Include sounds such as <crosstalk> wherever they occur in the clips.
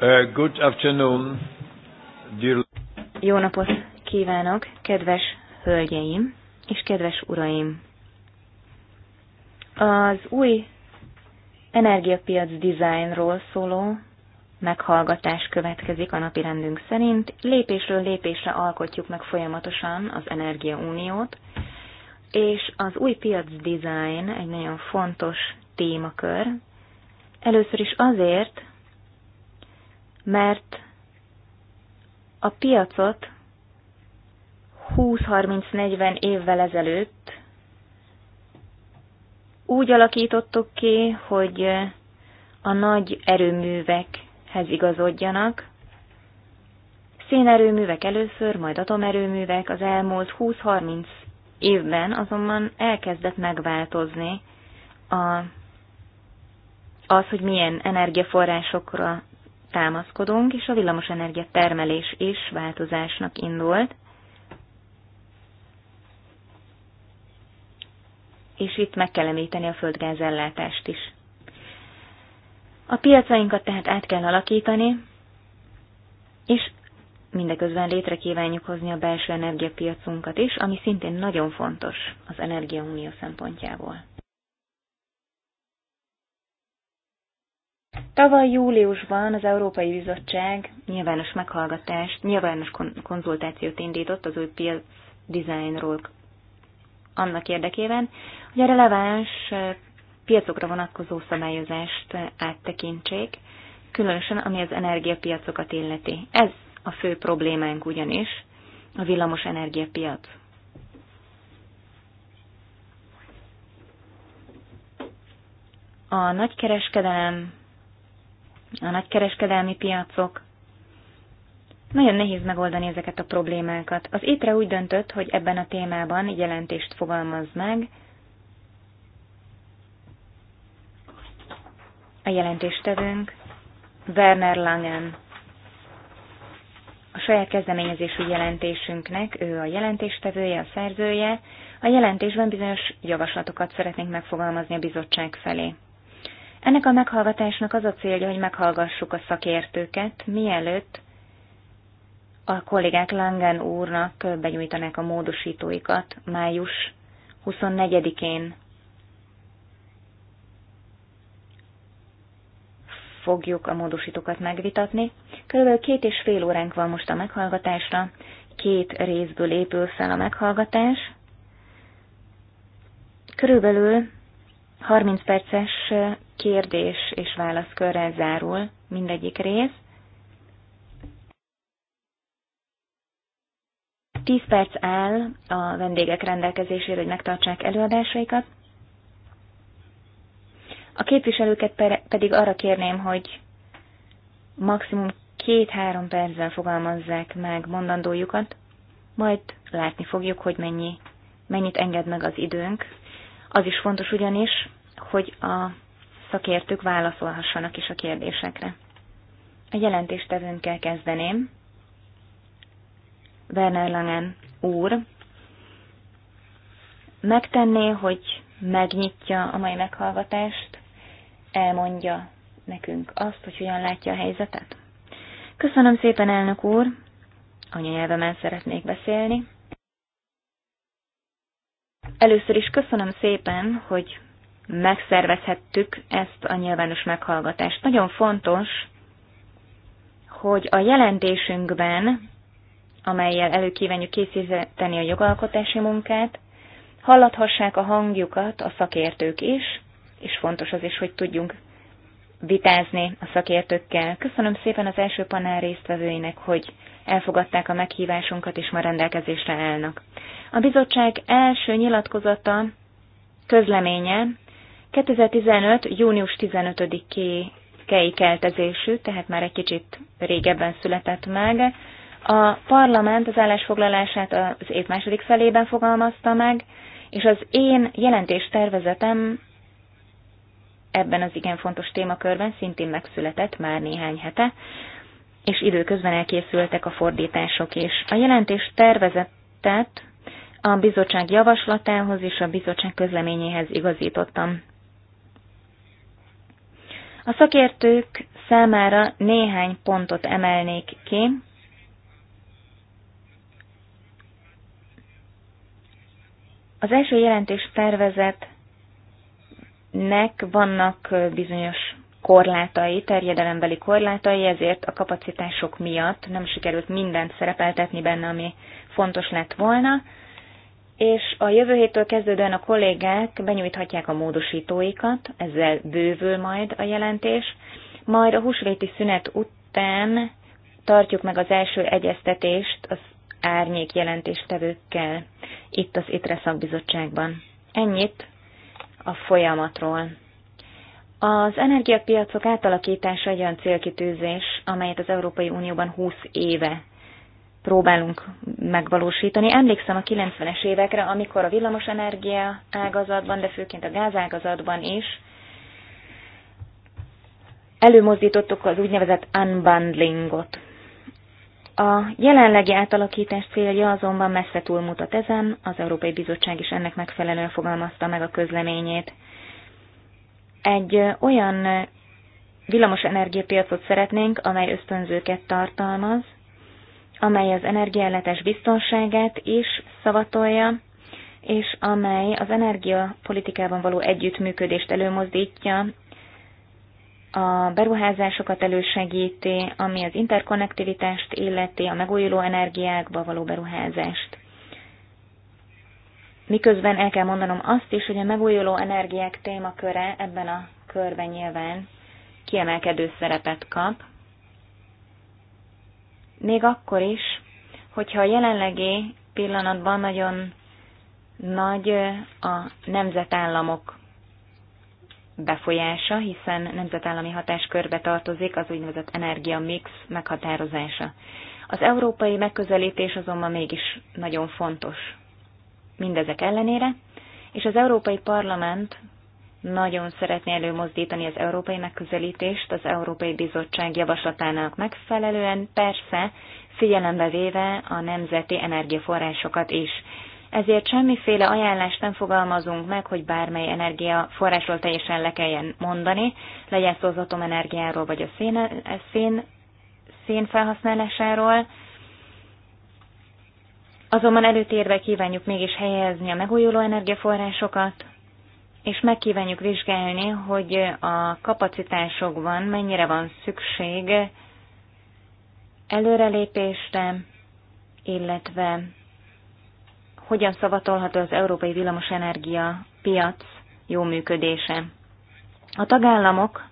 Uh, good afternoon, dear... Jó napot kívánok, kedves hölgyeim és kedves uraim! Az új energiapiac dizájnról szóló meghallgatás következik a napi rendünk szerint. Lépésről lépésre alkotjuk meg folyamatosan az Energiauniót, és az új piac dizájn egy nagyon fontos témakör. Először is azért, mert a piacot 20-30-40 évvel ezelőtt úgy alakítottuk ki, hogy a nagy erőművekhez igazodjanak. Szénerőművek először, majd atomerőművek az elmúlt 20-30 évben azonban elkezdett megváltozni a, az, hogy milyen energiaforrásokra támaszkodunk, és a villamosenergia termelés is változásnak indult. És itt meg kell említeni a földgázellátást is. A piacainkat tehát át kell alakítani, és mindeközben létre kívánjuk hozni a belső energiapiacunkat is, ami szintén nagyon fontos az energiaunió szempontjából. Tavaly júliusban az Európai Bizottság nyilvános meghallgatást, nyilvános konzultációt indított az új piac dizájnról annak érdekében, hogy a releváns piacokra vonatkozó szabályozást áttekintsék, különösen ami az energiapiacokat illeti. Ez a fő problémánk ugyanis, a villamos energiapiac. A nagykereskedelem a nagykereskedelmi piacok. Nagyon nehéz megoldani ezeket a problémákat. Az étre úgy döntött, hogy ebben a témában jelentést fogalmaz meg. A jelentéstevőnk Werner Langen. A saját kezdeményezésű jelentésünknek ő a jelentéstevője, a szerzője. A jelentésben bizonyos javaslatokat szeretnénk megfogalmazni a bizottság felé. Ennek a meghallgatásnak az a célja, hogy meghallgassuk a szakértőket, mielőtt a kollégák Langen úrnak benyújtanák a módosítóikat május 24-én. Fogjuk a módosítókat megvitatni. Körülbelül két és fél óránk van most a meghallgatásra. Két részből épül fel a meghallgatás. Körülbelül 30 perces kérdés és válaszkörrel zárul mindegyik rész. Tíz perc áll a vendégek rendelkezésére, hogy megtartsák előadásaikat. A képviselőket pedig arra kérném, hogy maximum két-három perccel fogalmazzák meg mondandójukat, majd látni fogjuk, hogy mennyi, mennyit enged meg az időnk. Az is fontos ugyanis, hogy a szakértők válaszolhassanak is a kérdésekre. A jelentéstevőnkkel kezdeném. Werner Langen úr megtenné, hogy megnyitja a mai meghallgatást, elmondja nekünk azt, hogy hogyan látja a helyzetet. Köszönöm szépen, elnök úr! Anyanyelvemen szeretnék beszélni. Először is köszönöm szépen, hogy megszervezhettük ezt a nyilvános meghallgatást. Nagyon fontos, hogy a jelentésünkben, amelyel előkívánjuk készíteni a jogalkotási munkát, hallathassák a hangjukat a szakértők is, és fontos az is, hogy tudjunk vitázni a szakértőkkel. Köszönöm szépen az első panel résztvevőinek, hogy elfogadták a meghívásunkat, és ma rendelkezésre állnak. A bizottság első nyilatkozata, közleménye 2015. június 15-i keltezésű, tehát már egy kicsit régebben született meg. A parlament az állásfoglalását az év második felében fogalmazta meg, és az én jelentés tervezetem ebben az igen fontos témakörben szintén megszületett már néhány hete, és időközben elkészültek a fordítások is. A jelentés tervezettet a bizottság javaslatához és a bizottság közleményéhez igazítottam. A szakértők számára néhány pontot emelnék ki. Az első jelentés tervezetnek vannak bizonyos korlátai, terjedelembeli korlátai, ezért a kapacitások miatt nem sikerült mindent szerepeltetni benne, ami fontos lett volna és a jövő héttől kezdődően a kollégák benyújthatják a módosítóikat, ezzel bővül majd a jelentés, majd a húsvéti szünet után tartjuk meg az első egyeztetést az árnyék jelentéstevőkkel itt az ITRE szakbizottságban. Ennyit a folyamatról. Az energiapiacok átalakítása egy olyan célkitűzés, amelyet az Európai Unióban 20 éve próbálunk megvalósítani. Emlékszem a 90-es évekre, amikor a villamos energia ágazatban, de főként a gázágazatban is előmozdítottuk az úgynevezett unbundlingot. A jelenlegi átalakítás célja azonban messze túlmutat ezen, az Európai Bizottság is ennek megfelelően fogalmazta meg a közleményét. Egy olyan villamos energiapiacot szeretnénk, amely ösztönzőket tartalmaz, amely az energiállátás biztonságát is szavatolja, és amely az energiapolitikában való együttműködést előmozdítja, a beruházásokat elősegíti, ami az interkonnektivitást illeti, a megújuló energiákba való beruházást. Miközben el kell mondanom azt is, hogy a megújuló energiák témaköre ebben a körben nyilván kiemelkedő szerepet kap, még akkor is, hogyha a jelenlegi pillanatban nagyon nagy a nemzetállamok befolyása, hiszen nemzetállami hatáskörbe tartozik az úgynevezett energiamix meghatározása. Az európai megközelítés azonban mégis nagyon fontos mindezek ellenére, és az Európai Parlament nagyon szeretné előmozdítani az európai megközelítést az Európai Bizottság javaslatának megfelelően, persze figyelembe véve a nemzeti energiaforrásokat is. Ezért semmiféle ajánlást nem fogalmazunk meg, hogy bármely energiaforrásról teljesen le kelljen mondani, legyen szó az atomenergiáról vagy a szén, szén, szén felhasználásáról, Azonban előtérbe kívánjuk mégis helyezni a megújuló energiaforrásokat, és megkívánjuk vizsgálni, hogy a kapacitásokban mennyire van szükség előrelépésre, illetve hogyan szavatolható az európai villamosenergia piac jó működése. A tagállamok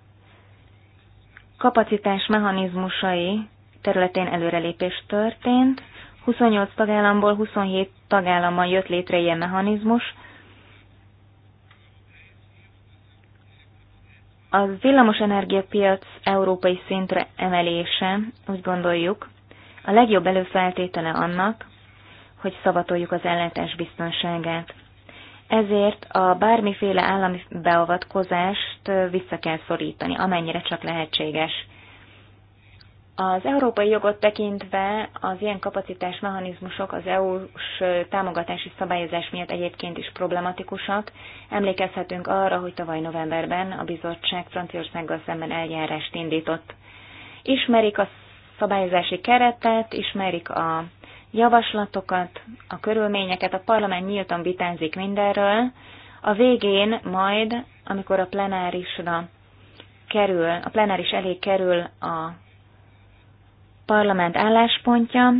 kapacitás mechanizmusai területén előrelépés történt, 28 tagállamból 27 tagállamban jött létre ilyen mechanizmus, A villamos energiapiac európai szintre emelése, úgy gondoljuk, a legjobb előfeltétele annak, hogy szavatoljuk az ellátás biztonságát. Ezért a bármiféle állami beavatkozást vissza kell szorítani, amennyire csak lehetséges. Az európai jogot tekintve az ilyen kapacitás mechanizmusok az EU-s támogatási szabályozás miatt egyébként is problematikusak. Emlékezhetünk arra, hogy tavaly novemberben a bizottság Franciaországgal szemben eljárást indított. Ismerik a szabályozási keretet, ismerik a javaslatokat, a körülményeket, a parlament nyíltan vitázik mindenről. A végén majd, amikor a plenárisra kerül, a plenáris elé kerül a Parlament álláspontja,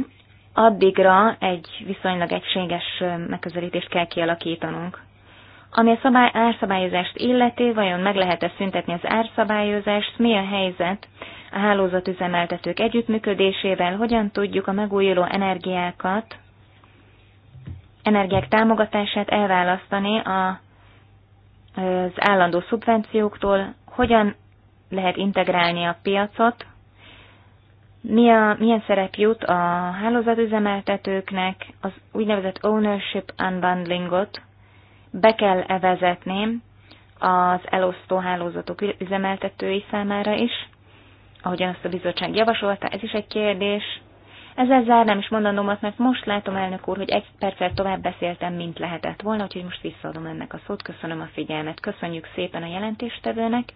addigra egy viszonylag egységes megközelítést kell kialakítanunk. Ami a szabály, árszabályozást illeti, vajon meg lehet-e szüntetni az árszabályozást, mi a helyzet a hálózatüzemeltetők együttműködésével, hogyan tudjuk a megújuló energiákat, energiák támogatását elválasztani a, az állandó szubvencióktól, hogyan lehet integrálni a piacot, mi a, milyen szerep jut a hálózatüzemeltetőknek, az úgynevezett ownership unbundlingot be kell evezetni az elosztó hálózatok üzemeltetői számára is, ahogyan azt a bizottság javasolta, ez is egy kérdés. Ezzel zárnám is mondanomat, mert most látom, elnök úr, hogy egy perccel tovább beszéltem, mint lehetett volna, úgyhogy most visszaadom ennek a szót. Köszönöm a figyelmet, köszönjük szépen a jelentéstevőnek,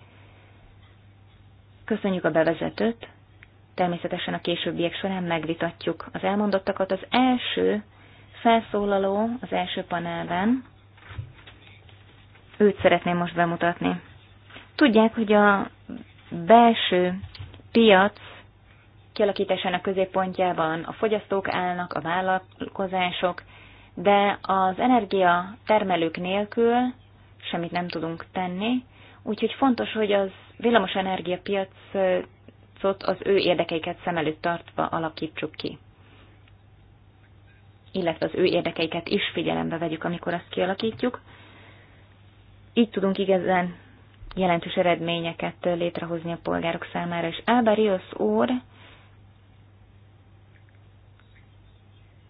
köszönjük a bevezetőt, Természetesen a későbbiek során megvitatjuk az elmondottakat. Az első felszólaló az első panelben, őt szeretném most bemutatni. Tudják, hogy a belső piac kialakításának középpontjában a fogyasztók állnak, a vállalkozások, de az energia termelők nélkül semmit nem tudunk tenni, úgyhogy fontos, hogy az villamosenergia piac piacot az ő érdekeiket szem előtt tartva alakítsuk ki. Illetve az ő érdekeiket is figyelembe vegyük, amikor azt kialakítjuk. Így tudunk igazán jelentős eredményeket létrehozni a polgárok számára. És Ábarius úr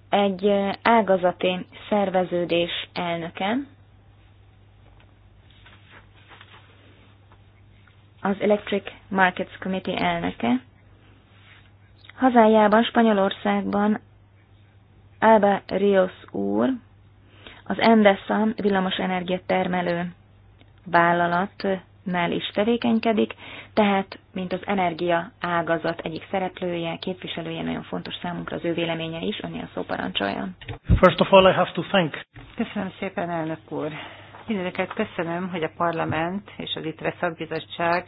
egy ágazati szerveződés elnöke, az Electric Markets Committee elnöke. Hazájában, Spanyolországban Alba Rios úr, az Endesa villamosenergia termelő vállalatnál is tevékenykedik, tehát mint az energia ágazat egyik szereplője, képviselője, nagyon fontos számunkra az ő véleménye is, önnél szó parancsoljon. First of all, I have to thank. Köszönöm szépen, elnök úr. Mindeneket köszönöm, hogy a parlament és az ITRE szakbizottság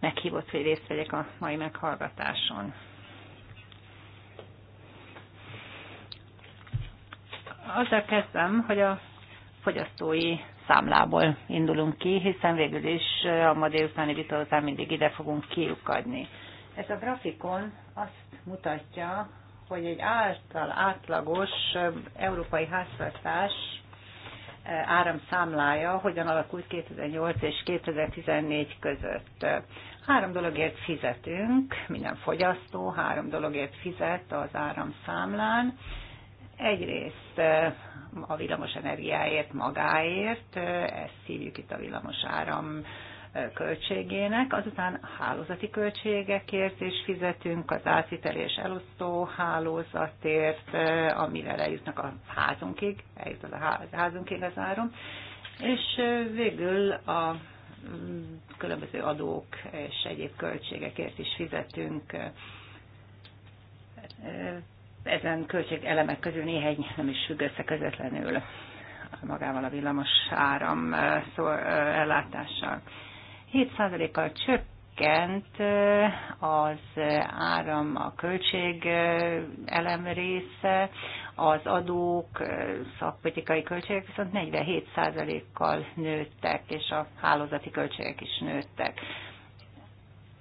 meghívott, hogy részt vegyek a mai meghallgatáson. Azzal kezdem, hogy a fogyasztói számlából indulunk ki, hiszen végül is a ma délutáni vita után mindig ide fogunk kiukadni. Ez a grafikon azt mutatja, hogy egy által átlagos európai háztartás áramszámlája hogyan alakult 2008 és 2014 között. Három dologért fizetünk, minden fogyasztó három dologért fizet az áramszámlán. Egyrészt eh, a villamos energiáért magáért, eh, ezt hívjuk itt a villamos áram költségének, azután hálózati költségekért is fizetünk, az átvitel és elosztó hálózatért, amivel eljutnak a házunkig, eljut az a házunkig az áron, és végül a mm, különböző adók és egyéb költségekért is fizetünk. Ezen költség elemek közül néhány nem is függ össze közvetlenül magával a villamos áram szó, ellátással. 7%-kal csökkent az áram, a költség elem része, az adók, szakpolitikai költségek viszont 47%-kal nőttek, és a hálózati költségek is nőttek.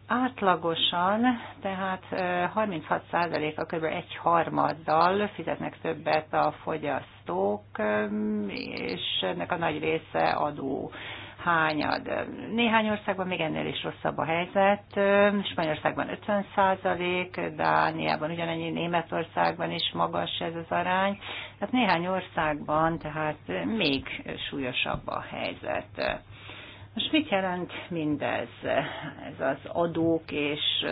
Átlagosan, tehát 36%-a kb. egy harmaddal fizetnek többet a fogyasztók, és ennek a nagy része adó hányad. Néhány országban még ennél is rosszabb a helyzet. Spanyolországban 50 százalék, Dániában ugyanennyi, Németországban is magas ez az arány. Tehát néhány országban tehát még súlyosabb a helyzet. Most mit jelent mindez? Ez az adók és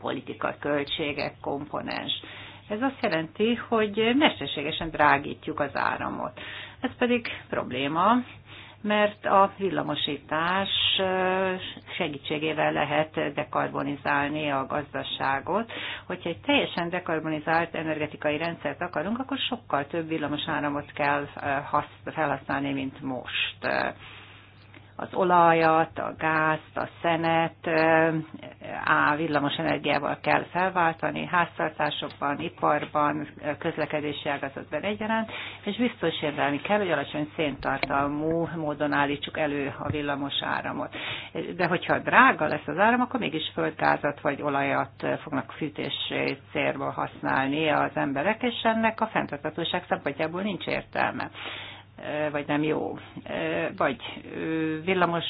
politika költségek komponens. Ez azt jelenti, hogy mesterségesen drágítjuk az áramot. Ez pedig probléma, mert a villamosítás segítségével lehet dekarbonizálni a gazdaságot. Hogyha egy teljesen dekarbonizált energetikai rendszert akarunk, akkor sokkal több villamos áramot kell felhasználni, mint most az olajat, a gázt, a szenet á, villamos energiával kell felváltani háztartásokban, iparban, közlekedési ágazatban egyaránt, és biztos érvelni kell, hogy alacsony széntartalmú módon állítsuk elő a villamos áramot. De hogyha drága lesz az áram, akkor mégis földgázat vagy olajat fognak fűtés célból használni az emberek, és ennek a fenntartatóság szempontjából nincs értelme vagy nem jó. Vagy villamos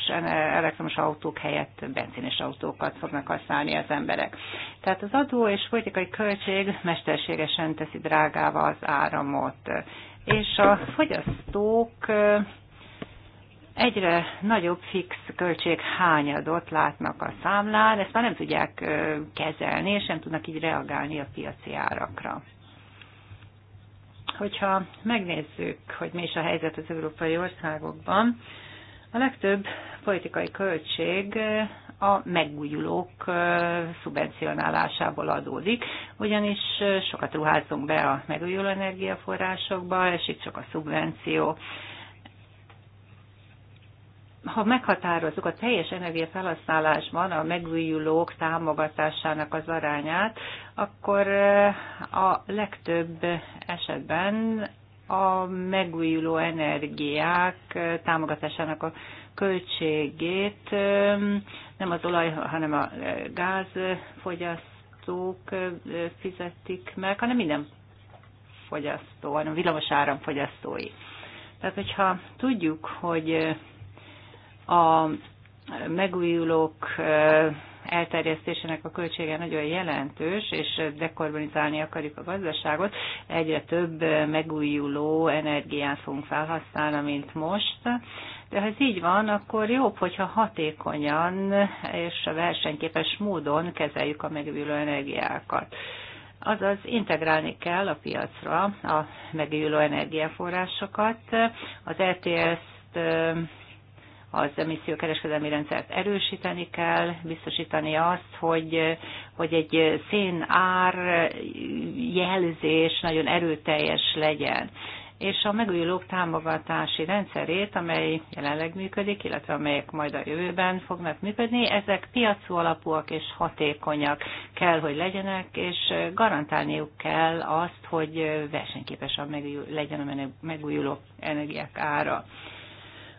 elektromos autók helyett benzines autókat fognak használni az emberek. Tehát az adó és politikai költség mesterségesen teszi drágává az áramot. És a fogyasztók egyre nagyobb fix költség hányadot látnak a számlán, ezt már nem tudják kezelni, és nem tudnak így reagálni a piaci árakra. Hogyha megnézzük, hogy mi is a helyzet az európai országokban, a legtöbb politikai költség a megújulók szubvencionálásából adódik, ugyanis sokat ruházunk be a megújuló energiaforrásokba, és itt a szubvenció ha meghatározzuk a teljes energiafelhasználásban a megújulók támogatásának az arányát, akkor eh, a legtöbb esetben a megújuló energiák eh, támogatásának a költségét eh, nem az olaj, hanem a gázfogyasztók fizetik meg, hanem minden fogyasztó, hanem villamos áramfogyasztói. Tehát, hogyha tudjuk, hogy a megújulók elterjesztésének a költsége nagyon jelentős, és dekarbonizálni akarjuk a gazdaságot, egyre több megújuló energiát fogunk felhasználni, mint most. De ha ez így van, akkor jobb, hogyha hatékonyan és a versenyképes módon kezeljük a megújuló energiákat. Azaz integrálni kell a piacra a megújuló energiaforrásokat. Az ETS-t az emissziókereskedelmi rendszert erősíteni kell, biztosítani azt, hogy, hogy egy ár jelzés nagyon erőteljes legyen és a megújulók támogatási rendszerét, amely jelenleg működik, illetve amelyek majd a jövőben fognak működni, ezek piacú alapúak és hatékonyak kell, hogy legyenek, és garantálniuk kell azt, hogy versenyképes a megújul, legyen a megújuló energiák ára.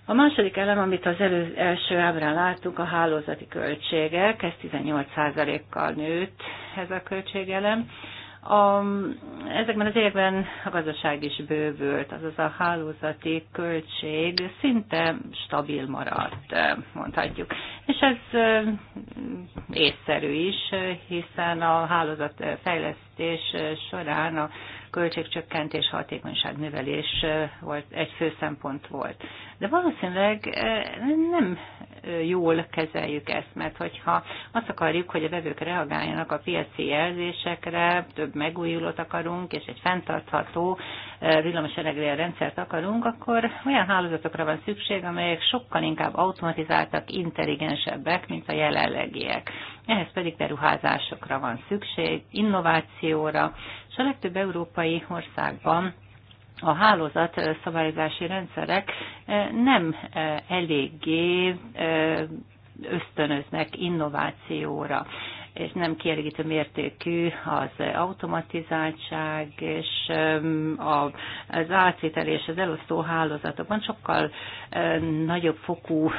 A második elem, amit az elő, első ábrán láttunk, a hálózati költségek, ez 18%-kal nőtt ez a költségelem. A, ezekben az években a gazdaság is bővült, azaz a hálózati költség szinte stabil maradt, mondhatjuk. És ez észszerű is, hiszen a hálózat fejlesz, fejlesztés eh, során a költségcsökkentés hatékonyság növelés eh, volt, egy fő szempont volt. De valószínűleg eh, nem jól kezeljük ezt, mert hogyha azt akarjuk, hogy a vevők reagáljanak a piaci jelzésekre, több megújulót akarunk, és egy fenntartható villamoseregre rendszert akarunk, akkor olyan hálózatokra van szükség, amelyek sokkal inkább automatizáltak, intelligensebbek, mint a jelenlegiek. Ehhez pedig beruházásokra van szükség, innováció, óra, És a legtöbb európai országban a hálózat szabályozási rendszerek eh, nem eh, eléggé eh, ösztönöznek innovációra és nem kielégítő mértékű az automatizáltság, és az átvételés és az elosztó hálózatokban sokkal nagyobb fokú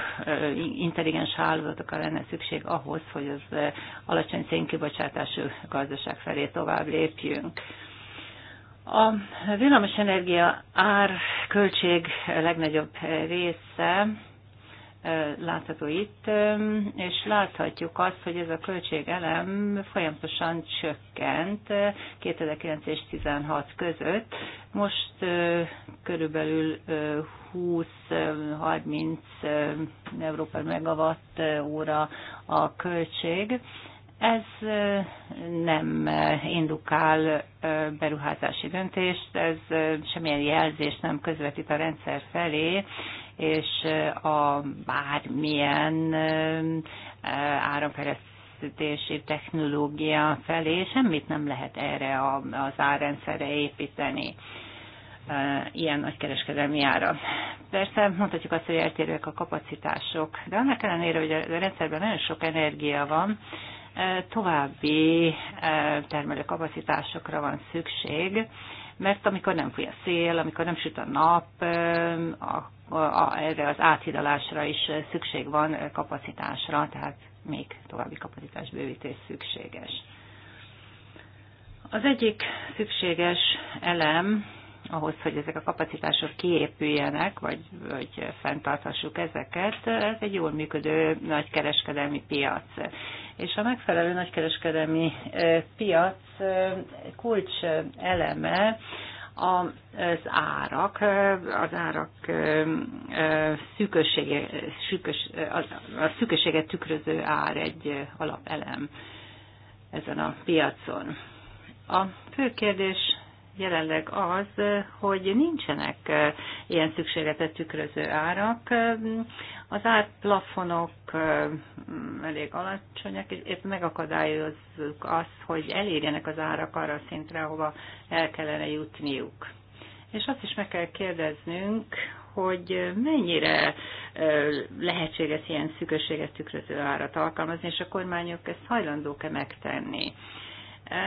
intelligens hálózatokra lenne szükség ahhoz, hogy az alacsony szénkibocsátású gazdaság felé tovább lépjünk. A villamosenergia ár költség legnagyobb része látható itt, és láthatjuk azt, hogy ez a költségelem folyamatosan csökkent 2009 és 2016 között. Most körülbelül 20-30 euró per megawatt óra a költség. Ez nem indukál beruházási döntést, ez semmilyen jelzést nem közvetít a rendszer felé, és a bármilyen áramfejlesztési technológia felé semmit nem lehet erre az árrendszerre építeni ilyen nagy kereskedelmi ára. Persze mondhatjuk azt, hogy eltérőek a kapacitások, de annak ellenére, hogy a rendszerben nagyon sok energia van, további termelő kapacitásokra van szükség, mert amikor nem fúj a szél, amikor nem süt a nap, a, a, a, erre az áthidalásra is szükség van eh, kapacitásra, tehát még további kapacitásbővítés szükséges. Az egyik szükséges elem ahhoz, hogy ezek a kapacitások kiépüljenek, vagy, vagy fenntarthassuk ezeket, ez egy jól működő nagy kereskedelmi piac és a megfelelő nagykereskedelmi piac kulcs eleme az árak, az árak szűkössége, szűkös, a szűkösséget tükröző ár egy alapelem ezen a piacon. A fő kérdés jelenleg az, hogy nincsenek ilyen szükségletet tükröző árak. Az árplafonok elég alacsonyak, és épp megakadályozzuk azt, hogy elérjenek az árak arra a szintre, ahova el kellene jutniuk. És azt is meg kell kérdeznünk, hogy mennyire lehetséges ilyen szükséget tükröző árat alkalmazni, és a kormányok ezt hajlandók-e megtenni.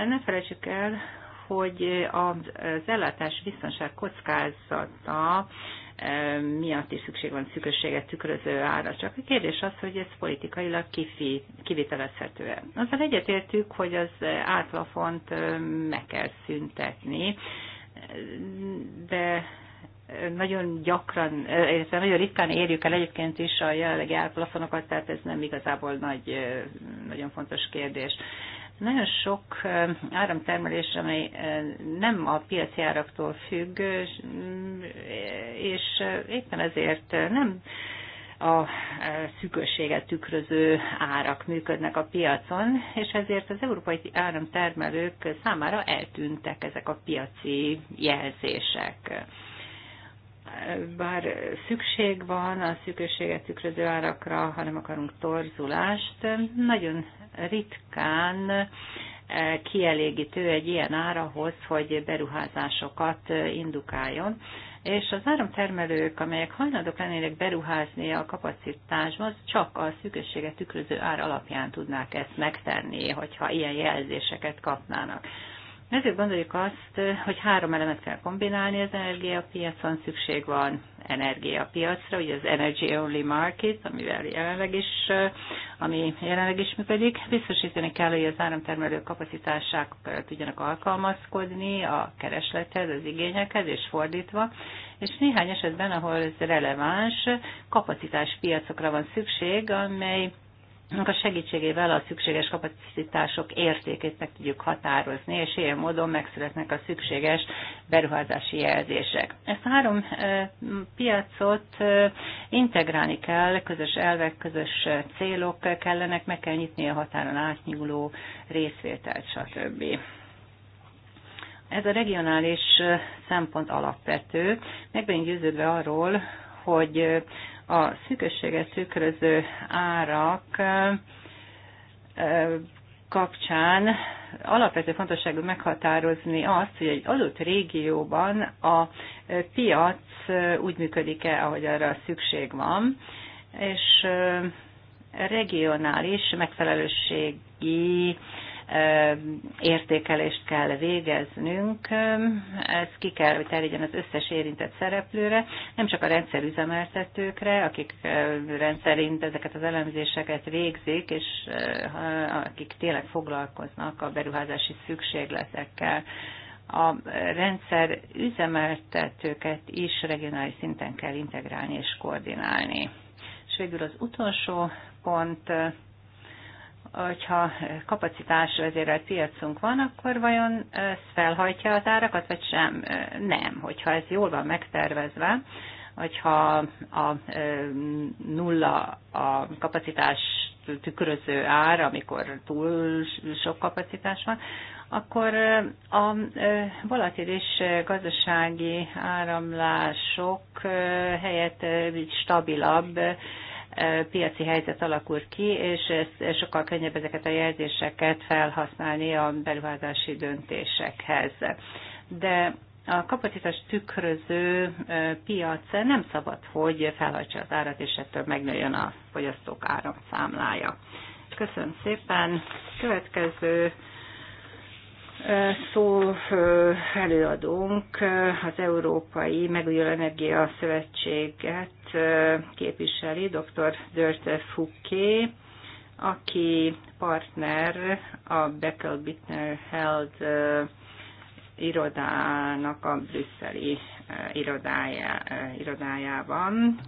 Ne felejtsük el, hogy az ellátás biztonság kockázata e, miatt is szükség van szükséget tükröző ára. Csak a kérdés az, hogy ez politikailag kifi, kivitelezhető-e. Azzal egyetértük, hogy az átlafont e, meg kell szüntetni, de e, nagyon gyakran, illetve nagyon ritkán érjük el egyébként is a jelenlegi átlafonokat, tehát ez nem igazából nagy, nagyon fontos kérdés. Nagyon sok áramtermelés, amely nem a piaci áraktól függ, és mm, éppen ezért nem a szűkösséget tükröző árak működnek a piacon, és ezért az európai áramtermelők számára eltűntek ezek a piaci jelzések bár szükség van a szükséget tükröző árakra, hanem akarunk torzulást, nagyon ritkán eh, kielégítő egy ilyen árahoz, hogy beruházásokat indukáljon. És az áramtermelők, amelyek hajlandók lennének beruházni a kapacitásba, az csak a szükséget tükröző ár alapján tudnák ezt megtenni, hogyha ilyen jelzéseket kapnának. Ezért gondoljuk azt, hogy három elemet kell kombinálni az energiapiacon, szükség van energiapiacra, ugye az Energy Only Market, amivel jelenleg is, ami jelenleg is működik. Biztosítani kell, hogy az áramtermelő kapacitásák tudjanak alkalmazkodni a kereslethez, az igényekhez, és fordítva. És néhány esetben, ahol ez releváns, kapacitáspiacokra van szükség, amely a segítségével a szükséges kapacitások értékét meg tudjuk határozni, és ilyen módon megszületnek a szükséges beruházási jelzések. Ezt a három piacot integrálni kell, közös elvek, közös célok kellenek, meg kell nyitni a határon átnyúló részvételt, stb. Ez a regionális szempont alapvető, meg győződve arról, hogy a szűkösséget tükröző árak kapcsán alapvető fontosságú meghatározni azt, hogy egy adott régióban a piac úgy működik-e, ahogy arra szükség van, és regionális megfelelősségi értékelést kell végeznünk, ez ki kell, hogy terjedjen az összes érintett szereplőre, nem csak a rendszer üzemeltetőkre, akik rendszerint ezeket az elemzéseket végzik, és akik tényleg foglalkoznak a beruházási szükségletekkel. A rendszer üzemeltetőket is regionális szinten kell integrálni és koordinálni. És végül az utolsó pont, hogyha kapacitás vezérelt piacunk van, akkor vajon ez felhajtja az árakat, vagy sem? Nem. Hogyha ez jól van megtervezve, hogyha a nulla a kapacitás tükröző ár, amikor túl sok kapacitás van, akkor a volatilis gazdasági áramlások helyett stabilabb piaci helyzet alakul ki, és ez sokkal könnyebb ezeket a jelzéseket felhasználni a beruházási döntésekhez. De a kapacitás tükröző piac nem szabad, hogy felhajtsa az árat, és ettől megnőjön a fogyasztók áramszámlája. Köszönöm szépen. Következő szó előadónk az Európai Megújuló Energia Szövetséget képviseli, dr. Dörte Fuké, aki partner a Beckel Bittner Held irodának a brüsszeli irodájá, irodájában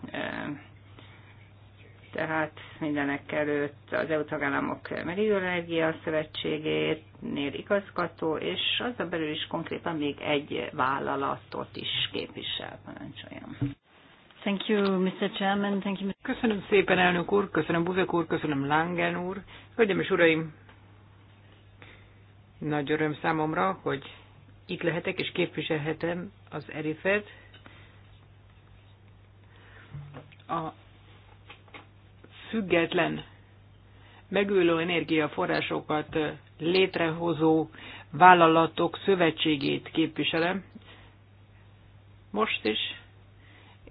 tehát mindenek előtt az EU tagállamok Meridioenergia Szövetségét, nél igazgató, és az a belül is konkrétan még egy vállalatot is képvisel, parancsoljam. Thank you, Mr. Chairman. Thank you, Mr. Köszönöm szépen, elnök úr, köszönöm Buzek úr, köszönöm Langen úr. Hölgyeim és uraim, nagy öröm számomra, hogy itt lehetek és képviselhetem az Erifet. A független megülő energiaforrásokat létrehozó vállalatok szövetségét képviselem. Most is,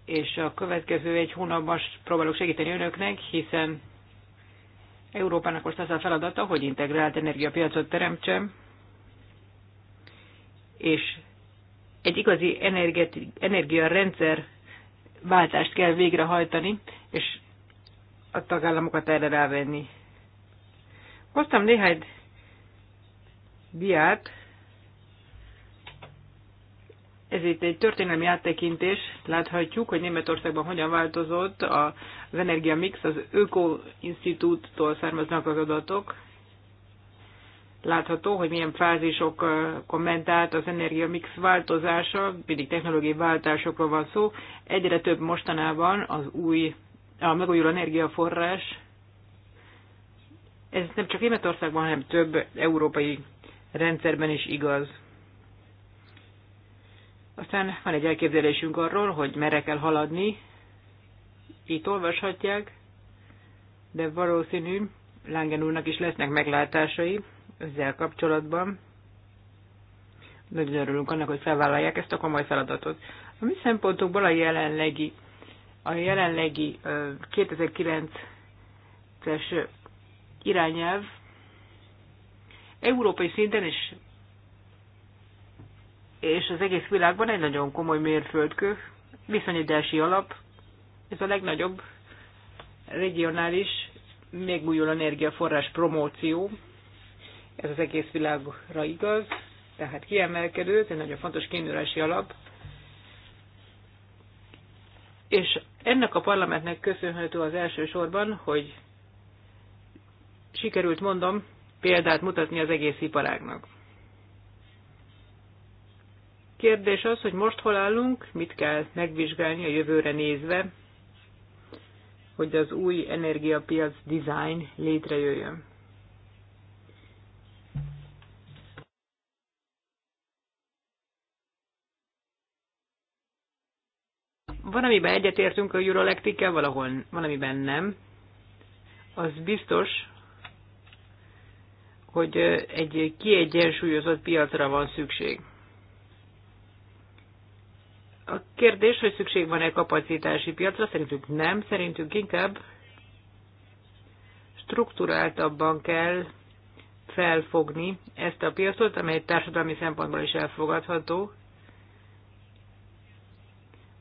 és a következő egy hónapban próbálok segíteni önöknek, hiszen Európának most az a feladata, hogy integrált energiapiacot teremtsen, és egy igazi energiarendszer váltást kell végrehajtani, és a tagállamokat erre rávenni. Hoztam néhány diát, ez itt egy történelmi áttekintés, láthatjuk, hogy Németországban hogyan változott az mix, az Öko Institúttól származnak az adatok. Látható, hogy milyen fázisok kommentált az energia mix változása, mindig technológiai váltásokról van szó. Egyre több mostanában az új a megújuló energiaforrás, ez nem csak Németországban, hanem több európai rendszerben is igaz. Aztán van egy elképzelésünk arról, hogy merre kell haladni. Itt olvashatják, de valószínű Lángen úrnak is lesznek meglátásai ezzel kapcsolatban. Nagyon örülünk annak, hogy felvállalják ezt a komoly feladatot. A mi szempontunkból a jelenlegi a jelenlegi 2009-es irányelv európai szinten is és az egész világban egy nagyon komoly mérföldkő, viszonyítási alap, ez a legnagyobb regionális megújuló energiaforrás promóció, ez az egész világra igaz, tehát kiemelkedő, ez egy nagyon fontos kiindulási alap, és ennek a parlamentnek köszönhető az első sorban, hogy sikerült, mondom, példát mutatni az egész iparágnak. Kérdés az, hogy most hol állunk, mit kell megvizsgálni a jövőre nézve, hogy az új energiapiac design létrejöjjön. Valamiben egyetértünk a Eurolektikkel, valahol valamiben nem. Az biztos, hogy egy kiegyensúlyozott piacra van szükség. A kérdés, hogy szükség van-e kapacitási piacra, szerintünk nem, szerintünk inkább struktúráltabban kell felfogni ezt a piacot, amely társadalmi szempontból is elfogadható,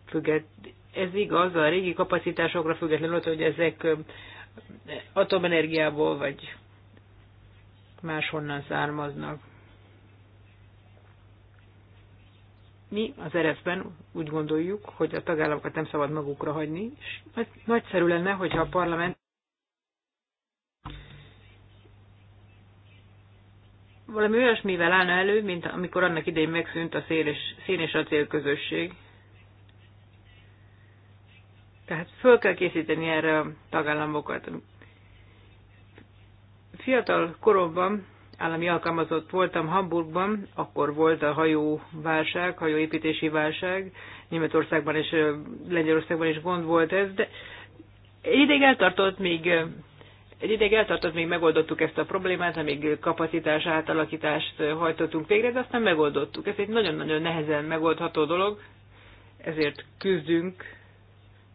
függet, ez igaz a régi kapacitásokra függetlenül, hogy ezek atomenergiából vagy máshonnan származnak. Mi az RF-ben úgy gondoljuk, hogy a tagállamokat nem szabad magukra hagyni, és nagyszerű lenne, hogyha a parlament valami olyasmivel állna elő, mint amikor annak idején megszűnt a szén és, szén és acél közösség, tehát föl kell készíteni erre a tagállamokat. Fiatal koromban állami alkalmazott voltam Hamburgban, akkor volt a hajóválság, hajóépítési válság, Németországban és Lengyelországban is gond volt ez, de egy ideig eltartott, még egy ideig eltartott, még megoldottuk ezt a problémát, amíg kapacitás átalakítást hajtottunk végre, de aztán megoldottuk. Ez egy nagyon-nagyon nehezen megoldható dolog, ezért küzdünk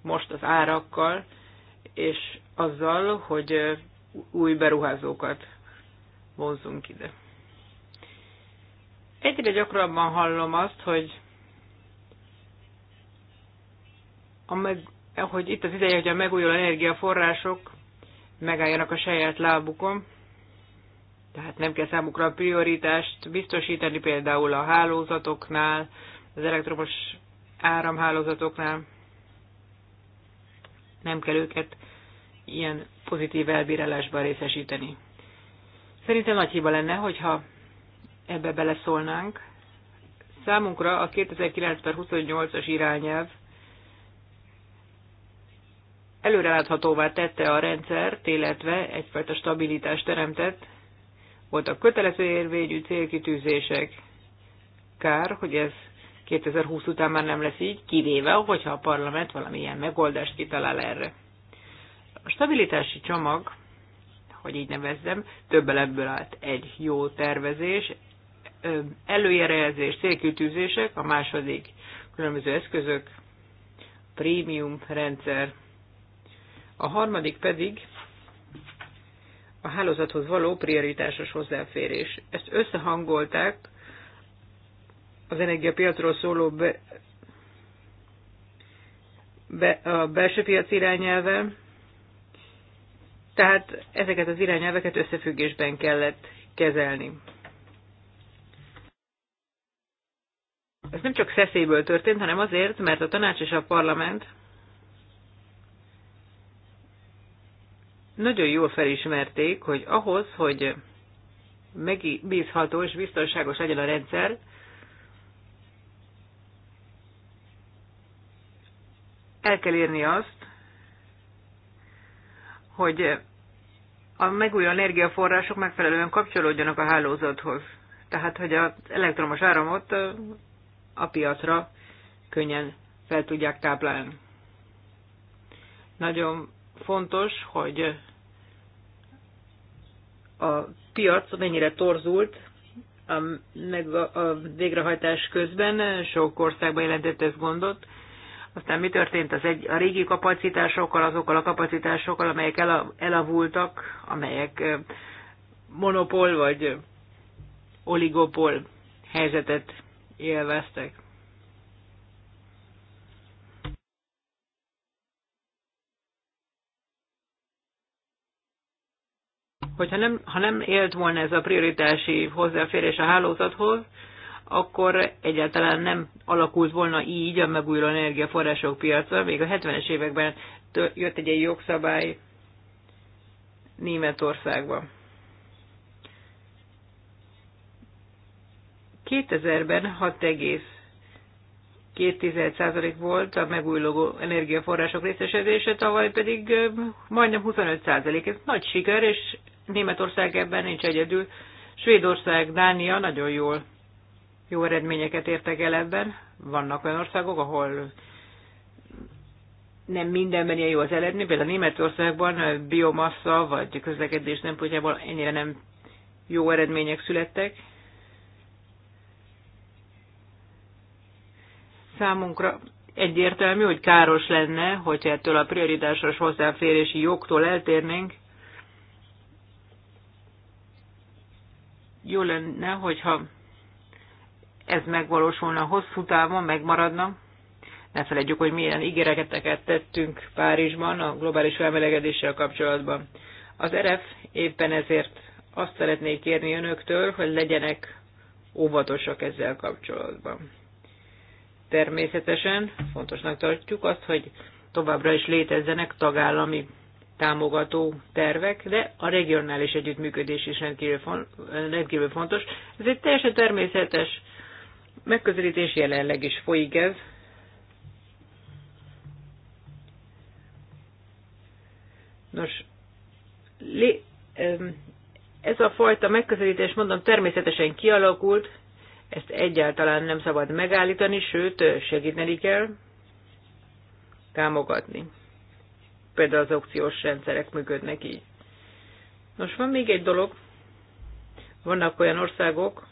most az árakkal, és azzal, hogy új beruházókat vonzunk ide. Egyre gyakrabban hallom azt, hogy, a meg, hogy itt az ideje, hogy a megújuló energiaforrások megálljanak a saját lábukon, tehát nem kell számukra a prioritást biztosítani például a hálózatoknál, az elektromos áramhálózatoknál nem kell őket ilyen pozitív elbírálásban részesíteni. Szerintem nagy hiba lenne, hogyha ebbe beleszólnánk. Számunkra a 2009-28-as irányelv előreláthatóvá tette a rendszert, illetve egyfajta stabilitást teremtett. Voltak kötelező érvényű célkitűzések. Kár, hogy ez 2020 után már nem lesz így, kivéve, hogyha a parlament valamilyen megoldást kitalál erre. A stabilitási csomag, hogy így nevezzem, több ebből állt egy jó tervezés, előjelezés, célkültűzések, a második különböző eszközök, prémium rendszer, a harmadik pedig a hálózathoz való prioritásos hozzáférés. Ezt összehangolták az energiapiacról szóló be, be, a belső piac irányelve, tehát ezeket az irányelveket összefüggésben kellett kezelni. Ez nem csak szeszélyből történt, hanem azért, mert a tanács és a parlament nagyon jól felismerték, hogy ahhoz, hogy megbízható és biztonságos legyen a rendszer, el kell érni azt, hogy a megújuló energiaforrások megfelelően kapcsolódjanak a hálózathoz. Tehát, hogy az elektromos áramot a piacra könnyen fel tudják táplálni. Nagyon fontos, hogy a piac mennyire torzult a, meg a, a végrehajtás közben, sok országban jelentett ez gondot, aztán mi történt az egy, a régi kapacitásokkal, azokkal a kapacitásokkal, amelyek el, elavultak, amelyek monopól vagy oligopol helyzetet élveztek? hogyha nem, ha nem élt volna ez a prioritási hozzáférés a hálózathoz, akkor egyáltalán nem alakult volna így a megújuló energiaforrások piaca. Még a 70-es években jött egy ilyen jogszabály Németországban. 2000-ben 6,2% volt a megújuló energiaforrások részesedése, tavaly pedig majdnem 25%. Ez nagy siker, és Németország ebben nincs egyedül. Svédország, Dánia nagyon jól jó eredményeket értek el ebben. Vannak olyan országok, ahol nem mindenben ilyen jó az eredmény, például Németországban biomassa vagy közlekedés nem szempontjából ennyire nem jó eredmények születtek. Számunkra egyértelmű, hogy káros lenne, hogyha ettől a prioritásos hozzáférési jogtól eltérnénk. Jó lenne, hogyha ez megvalósulna hosszú távon, megmaradna. Ne felejtjük, hogy milyen ígéreteket tettünk Párizsban a globális felmelegedéssel kapcsolatban. Az RF éppen ezért azt szeretnék kérni önöktől, hogy legyenek óvatosak ezzel kapcsolatban. Természetesen fontosnak tartjuk azt, hogy továbbra is létezzenek tagállami támogató tervek, de a regionális együttműködés is rendkívül, rendkívül fontos. Ez egy teljesen természetes megközelítés jelenleg is folyik ez. Nos, ez a fajta megközelítés, mondom, természetesen kialakult, ezt egyáltalán nem szabad megállítani, sőt, segíteni kell támogatni. Például az aukciós rendszerek működnek így. Nos, van még egy dolog, vannak olyan országok,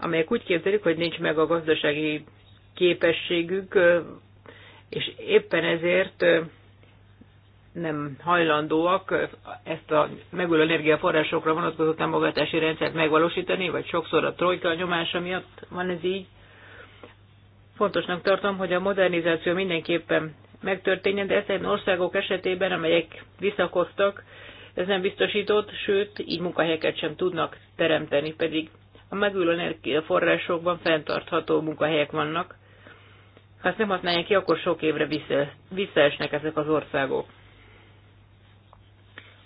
amelyek úgy képzelik, hogy nincs meg a gazdasági képességük, és éppen ezért nem hajlandóak ezt a megújuló energiaforrásokra vonatkozó támogatási rendszert megvalósítani, vagy sokszor a trojka nyomása miatt van ez így. Fontosnak tartom, hogy a modernizáció mindenképpen megtörténjen, de ezen országok esetében, amelyek visszakoztak, ez nem biztosított, sőt, így munkahelyeket sem tudnak teremteni, pedig a megülő energiaforrásokban fenntartható munkahelyek vannak. Ha ezt nem használják ki, akkor sok évre visszaesnek ezek az országok.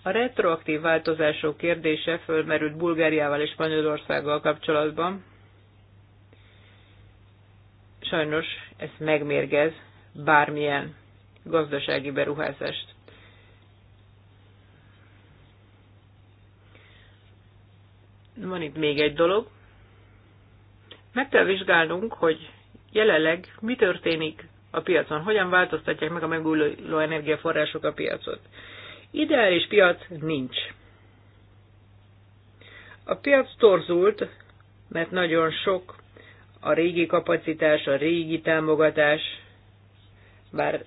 A retroaktív változások kérdése fölmerült Bulgáriával és Spanyolországgal kapcsolatban. Sajnos ez megmérgez bármilyen gazdasági beruházást. Van itt még egy dolog. Meg kell vizsgálnunk, hogy jelenleg mi történik a piacon, hogyan változtatják meg a megújuló energiaforrások a piacot. Ideális piac nincs. A piac torzult, mert nagyon sok a régi kapacitás, a régi támogatás, bár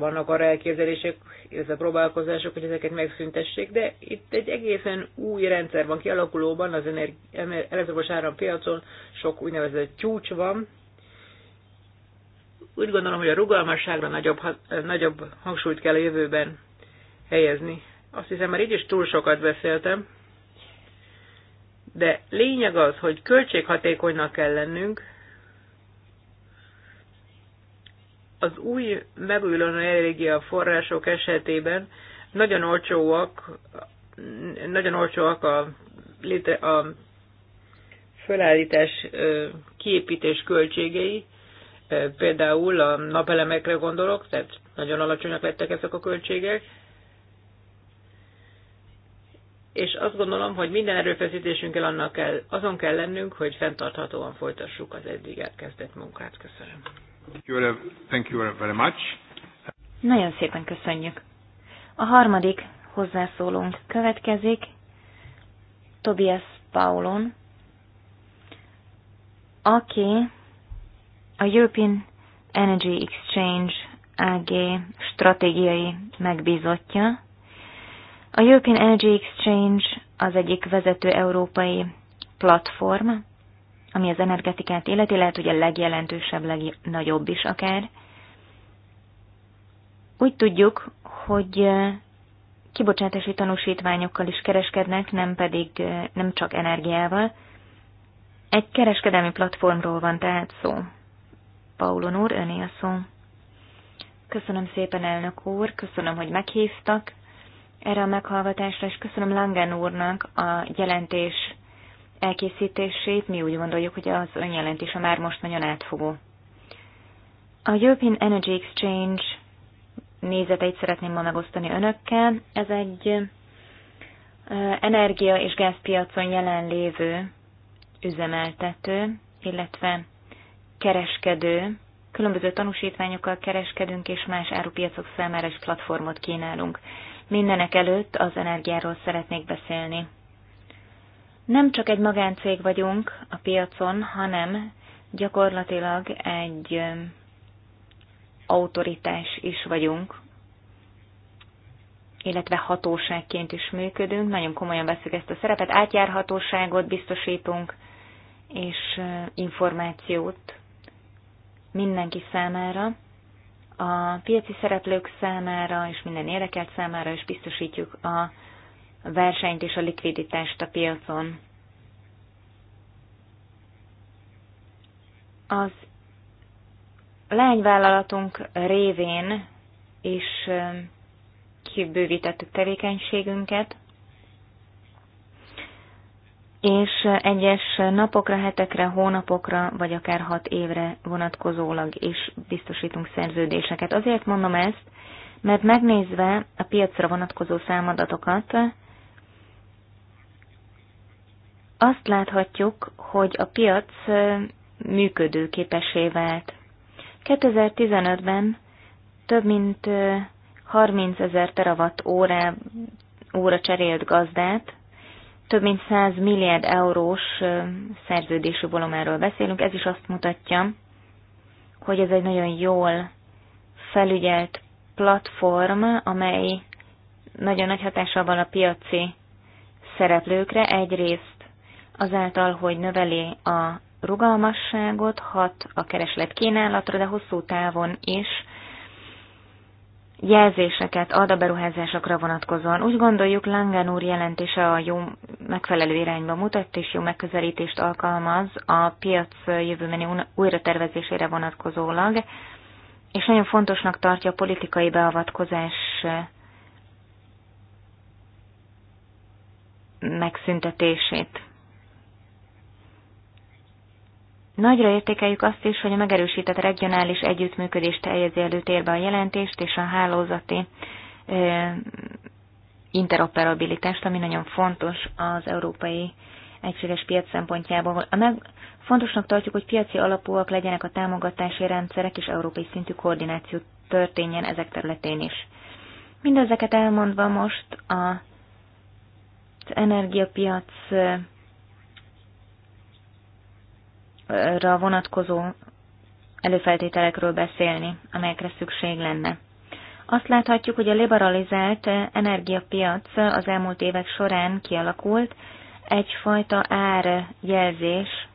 vannak arra elképzelések, illetve próbálkozások, hogy ezeket megszüntessék, de itt egy egészen új rendszer van kialakulóban, az elektromos árampiacon sok úgynevezett csúcs van. Úgy gondolom, hogy a rugalmasságra nagyobb, nagyobb hangsúlyt kell a jövőben helyezni. Azt hiszem, már így is túl sokat beszéltem, de lényeg az, hogy költséghatékonynak kell lennünk, az új megújuló energiaforrások esetében nagyon olcsóak, nagyon olcsóak a, létre, a felállítás kiépítés költségei, például a napelemekre gondolok, tehát nagyon alacsonyak lettek ezek a költségek, és azt gondolom, hogy minden erőfeszítésünkkel annak kell, azon kell lennünk, hogy fenntarthatóan folytassuk az eddig elkezdett munkát. Köszönöm. Thank you very much. Nagyon szépen köszönjük. A harmadik hozzászólónk következik, Tobias Paulon, aki a European Energy Exchange AG stratégiai megbízottja. A European Energy Exchange az egyik vezető európai platform, ami az energetikát életi, lehet, hogy a legjelentősebb, legnagyobb is akár. Úgy tudjuk, hogy kibocsátási tanúsítványokkal is kereskednek, nem pedig nem csak energiával. Egy kereskedelmi platformról van tehát szó. Paulon úr, öné a szó. Köszönöm szépen, elnök úr, köszönöm, hogy meghívtak erre a meghallgatásra, és köszönöm Langen úrnak a jelentés elkészítését, mi úgy gondoljuk, hogy az önjelentése már most nagyon átfogó. A European Energy Exchange nézeteit szeretném ma megosztani önökkel. Ez egy energia- és gázpiacon jelenlévő üzemeltető, illetve kereskedő, különböző tanúsítványokkal kereskedünk, és más árupiacok számára is platformot kínálunk. Mindenek előtt az energiáról szeretnék beszélni nem csak egy magáncég vagyunk a piacon, hanem gyakorlatilag egy autoritás is vagyunk, illetve hatóságként is működünk, nagyon komolyan veszük ezt a szerepet, átjárhatóságot biztosítunk, és információt mindenki számára, a piaci szereplők számára és minden érdekelt számára is biztosítjuk a a versenyt és a likviditást a piacon. Az lányvállalatunk révén is um, kibővítettük tevékenységünket, és egyes napokra, hetekre, hónapokra, vagy akár hat évre vonatkozólag is biztosítunk szerződéseket. Azért mondom ezt, mert megnézve a piacra vonatkozó számadatokat, azt láthatjuk, hogy a piac működőképessé vált. 2015-ben több mint 30 ezer terawatt óra óra cserélt gazdát, több mint 100 milliárd eurós szerződésű volumáról beszélünk. Ez is azt mutatja, hogy ez egy nagyon jól felügyelt platform, amely nagyon nagy hatással van a piaci szereplőkre. Egyrészt azáltal, hogy növeli a rugalmasságot, hat a kereslet kínálatra, de hosszú távon is jelzéseket ad a beruházásokra vonatkozóan. Úgy gondoljuk, Langen úr jelentése a jó megfelelő irányba mutat, és jó megközelítést alkalmaz a piac jövőbeni újratervezésére vonatkozólag, és nagyon fontosnak tartja a politikai beavatkozás megszüntetését. Nagyra értékeljük azt is, hogy a megerősített regionális együttműködést helyezi előtérbe a jelentést és a hálózati interoperabilitást, ami nagyon fontos az európai egységes piac szempontjából. A meg, fontosnak tartjuk, hogy piaci alapúak legyenek a támogatási rendszerek, és európai szintű koordináció történjen ezek területén is. Mindezeket elmondva most a, az energiapiac ra vonatkozó előfeltételekről beszélni, amelyekre szükség lenne. Azt láthatjuk, hogy a liberalizált energiapiac az elmúlt évek során kialakult, egyfajta árjelzés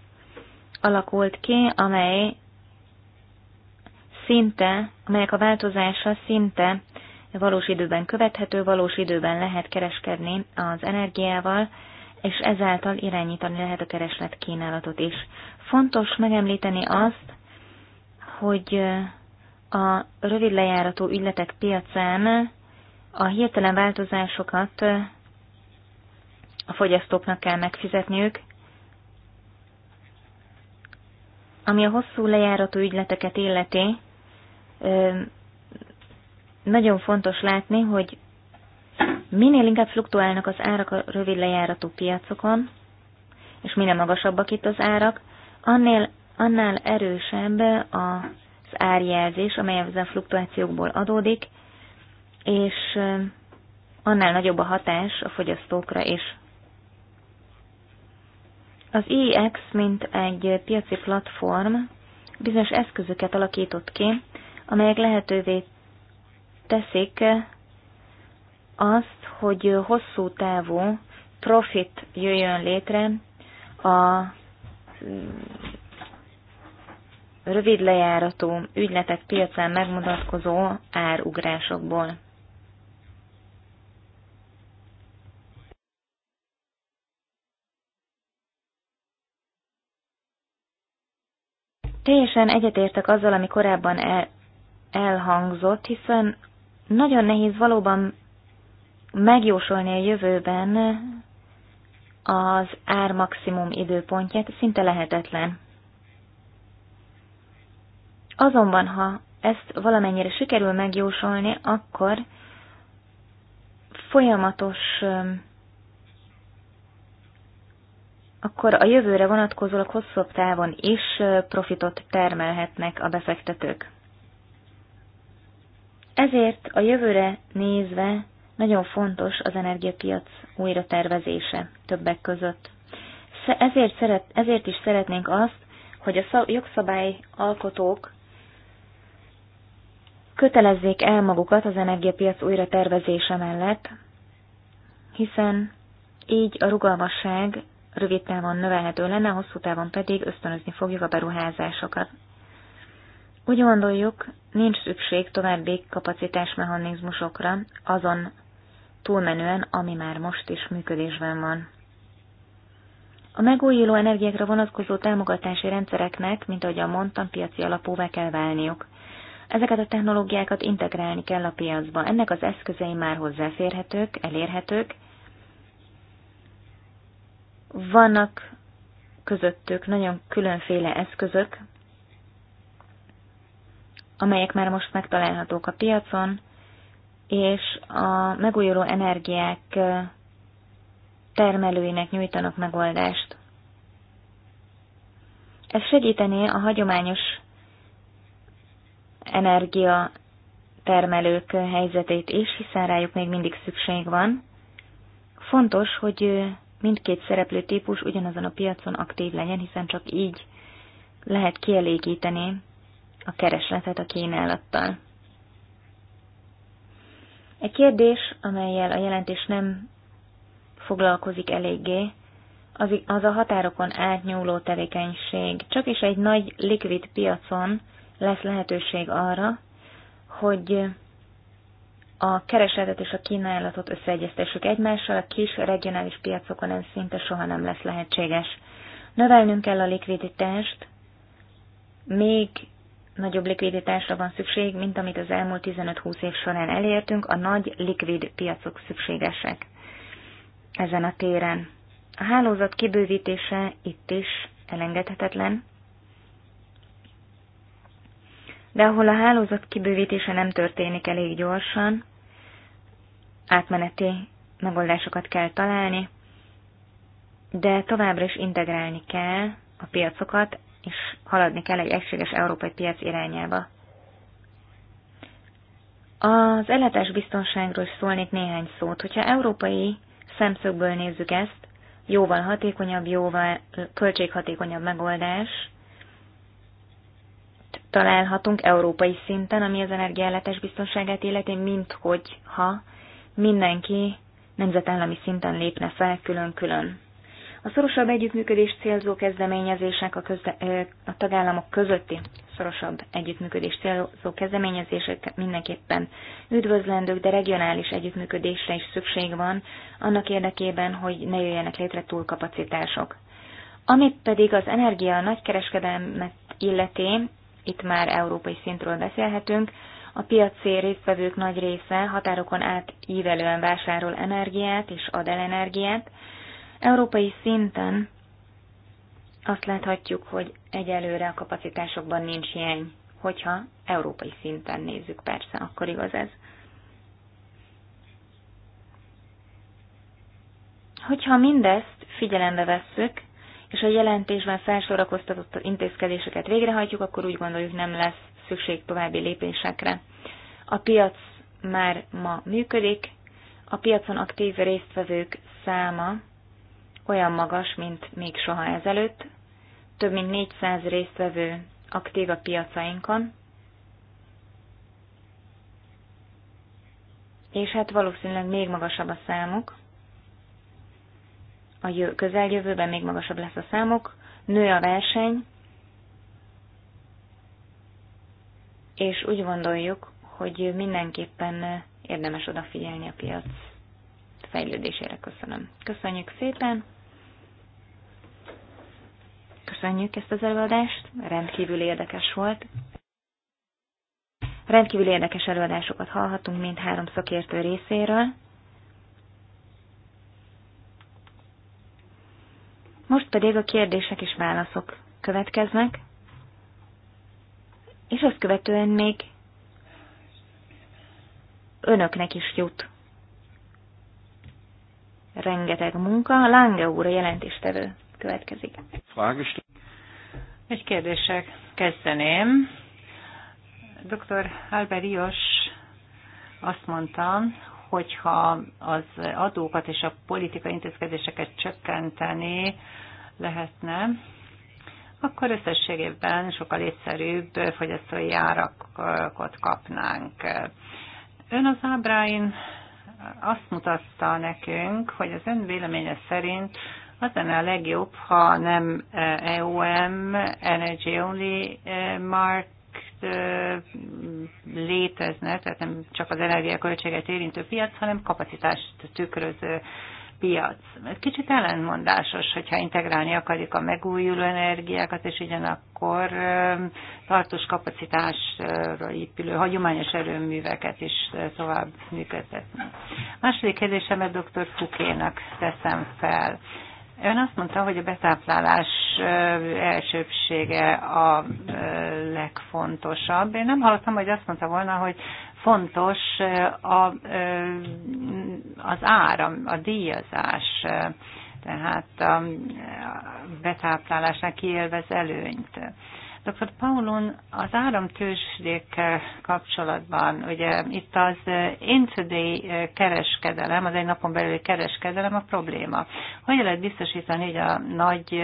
alakult ki, amely szinte, amelyek a változása szinte valós időben követhető, valós időben lehet kereskedni az energiával, és ezáltal irányítani lehet a kereslet kínálatot is. Fontos megemlíteni azt, hogy a rövid lejáratú ügyletek piacán a hirtelen változásokat a fogyasztóknak kell megfizetniük, ami a hosszú lejáratú ügyleteket illeti, nagyon fontos látni, hogy Minél inkább fluktuálnak az árak a rövid lejáratú piacokon, és minél magasabbak itt az árak, annél, annál erősebb az árjelzés, amely ezen fluktuációkból adódik, és annál nagyobb a hatás a fogyasztókra is. Az iEX mint egy piaci platform, bizonyos eszközöket alakított ki, amelyek lehetővé teszik azt, hogy hosszú távú profit jöjjön létre a mm, rövid lejáratú ügyletek piacán megmutatkozó árugrásokból. Teljesen egyetértek azzal, ami korábban el, elhangzott, hiszen nagyon nehéz valóban megjósolni a jövőben az ármaximum időpontját szinte lehetetlen. Azonban, ha ezt valamennyire sikerül megjósolni, akkor folyamatos, akkor a jövőre vonatkozólag hosszabb távon is profitot termelhetnek a befektetők. Ezért a jövőre nézve nagyon fontos az energiapiac újra tervezése többek között. Ezért, szeret, ezért is szeretnénk azt, hogy a jogszabály alkotók kötelezzék el magukat az energiapiac újra tervezése mellett, hiszen így a rugalmasság rövid távon növelhető lenne, hosszú távon pedig ösztönözni fogjuk a beruházásokat. Úgy gondoljuk, nincs szükség további kapacitásmechanizmusokra azon túlmenően, ami már most is működésben van. A megújuló energiákra vonatkozó támogatási rendszereknek, mint a mondtam, piaci alapúvá kell válniuk. Ezeket a technológiákat integrálni kell a piacba. Ennek az eszközei már hozzáférhetők, elérhetők. Vannak közöttük nagyon különféle eszközök, amelyek már most megtalálhatók a piacon, és a megújuló energiák termelőinek nyújtanak megoldást. Ez segítené a hagyományos energia termelők helyzetét is, hiszen rájuk még mindig szükség van. Fontos, hogy mindkét szereplő típus ugyanazon a piacon aktív legyen, hiszen csak így lehet kielégíteni a keresletet a kínálattal. Egy kérdés, amelyel a jelentés nem foglalkozik eléggé, az, az a határokon átnyúló tevékenység. Csak is egy nagy likvid piacon lesz lehetőség arra, hogy a keresletet és a kínálatot összeegyeztessük egymással, a kis regionális piacokon ez szinte soha nem lesz lehetséges. Növelnünk kell a likviditást, még nagyobb likviditásra van szükség, mint amit az elmúlt 15-20 év során elértünk, a nagy likvid piacok szükségesek ezen a téren. A hálózat kibővítése itt is elengedhetetlen, de ahol a hálózat kibővítése nem történik elég gyorsan, átmeneti megoldásokat kell találni, de továbbra is integrálni kell a piacokat, és haladni kell egy egységes európai piac irányába. Az ellátás biztonságról szólnék néhány szót. Hogyha európai szemszögből nézzük ezt, jóval hatékonyabb, jóval költséghatékonyabb megoldás találhatunk európai szinten, ami az energiállátás biztonságát illeti, mint hogyha mindenki nemzetállami szinten lépne fel külön-külön. A szorosabb együttműködés célzó kezdeményezések a, közde, a tagállamok közötti szorosabb együttműködés célzó kezdeményezések mindenképpen üdvözlendők, de regionális együttműködésre is szükség van, annak érdekében, hogy ne jöjjenek létre túlkapacitások. Amit pedig az energia nagykereskedelmet illeti, itt már európai szintről beszélhetünk, a piaci résztvevők nagy része határokon átívelően vásárol energiát és ad el energiát, Európai szinten azt láthatjuk, hogy egyelőre a kapacitásokban nincs hiány, hogyha európai szinten nézzük, persze, akkor igaz ez. Hogyha mindezt figyelembe vesszük, és a jelentésben felsorakoztatott intézkedéseket végrehajtjuk, akkor úgy gondoljuk nem lesz szükség további lépésekre. A piac már ma működik, a piacon aktív résztvevők száma olyan magas, mint még soha ezelőtt. Több mint 400 résztvevő aktív a piacainkon, és hát valószínűleg még magasabb a számuk. A közeljövőben még magasabb lesz a számuk, nő a verseny, és úgy gondoljuk, hogy mindenképpen érdemes odafigyelni a piac fejlődésére. Köszönöm. Köszönjük szépen! Köszönjük ezt az előadást, rendkívül érdekes volt. Rendkívül érdekes előadásokat hallhatunk mind három szakértő részéről. Most pedig a kérdések és válaszok következnek, és azt követően még önöknek is jut rengeteg munka. Lange úr a jelentéstevő következik. Egy kérdéssel kezdeném. Dr. Albert Ios azt mondta, hogyha az adókat és a politikai intézkedéseket csökkenteni lehetne, akkor összességében sokkal egyszerűbb fogyasztói árakot kapnánk. Ön az ábráin azt mutatta nekünk, hogy az ön véleménye szerint az lenne a legjobb, ha nem EOM, e Energy Only e, Mark e, létezne, tehát nem csak az energiaköltséget érintő piac, hanem kapacitást tükröző piac. Ez kicsit ellenmondásos, hogyha integrálni akarjuk a megújuló energiákat, és ugyanakkor tartós kapacitásra épülő hagyományos erőműveket is tovább működtetni. Második kérdésemet dr. Fukénak teszem fel. Ön azt mondta, hogy a betáplálás elsőbsége a legfontosabb. Én nem hallottam, hogy azt mondta volna, hogy fontos a, az ára, a díjazás, tehát a betáplálásnak kiélvez előnyt. Dr. Paulon az áramtősdékkel kapcsolatban, ugye itt az intraday kereskedelem, az egy napon belüli kereskedelem a probléma. Hogy lehet biztosítani, hogy a nagy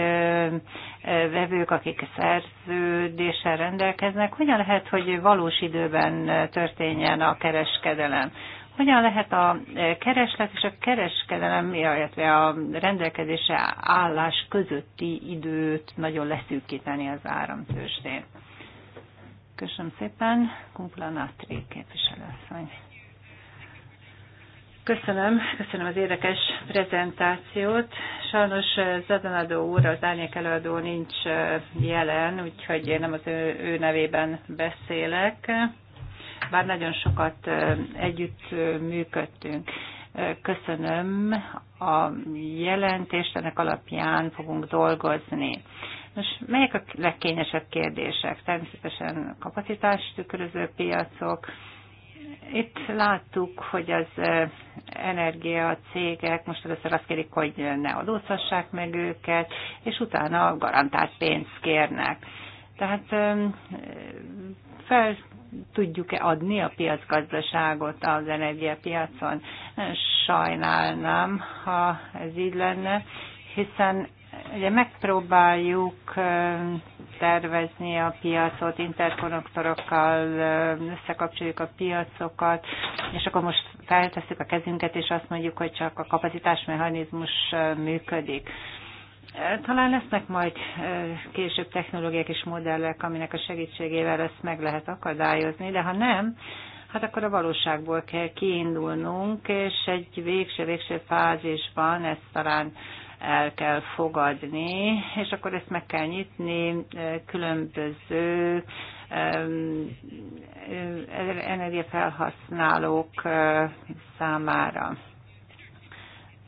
vevők, akik szerződéssel rendelkeznek, hogyan lehet, hogy valós időben történjen a kereskedelem? hogyan lehet a e, kereslet és a kereskedelem, illetve a rendelkezése állás közötti időt nagyon leszűkíteni az áramtősdén. Köszönöm szépen, Kumpula Nátré képviselőasszony. Köszönöm, köszönöm az érdekes prezentációt. Sajnos e, Zadanadó úr, az árnyék előadó nincs e, jelen, úgyhogy én nem az ő, ő nevében beszélek bár nagyon sokat együtt működtünk. Köszönöm a jelentést, ennek alapján fogunk dolgozni. Most melyek a legkényesebb kérdések? Természetesen kapacitás tükröző piacok. Itt láttuk, hogy az energia cégek most először azt kérik, hogy ne adózhassák meg őket, és utána garantált pénzt kérnek. Tehát fel tudjuk-e adni a piacgazdaságot az energiapiacon. Sajnálnám, ha ez így lenne, hiszen ugye megpróbáljuk tervezni a piacot, interkonnektorokkal összekapcsoljuk a piacokat, és akkor most feltesszük a kezünket, és azt mondjuk, hogy csak a kapacitásmechanizmus működik. Talán lesznek majd később technológiák és modellek, aminek a segítségével ezt meg lehet akadályozni, de ha nem, hát akkor a valóságból kell kiindulnunk, és egy végső-végső fázisban ezt talán el kell fogadni, és akkor ezt meg kell nyitni különböző energiafelhasználók számára.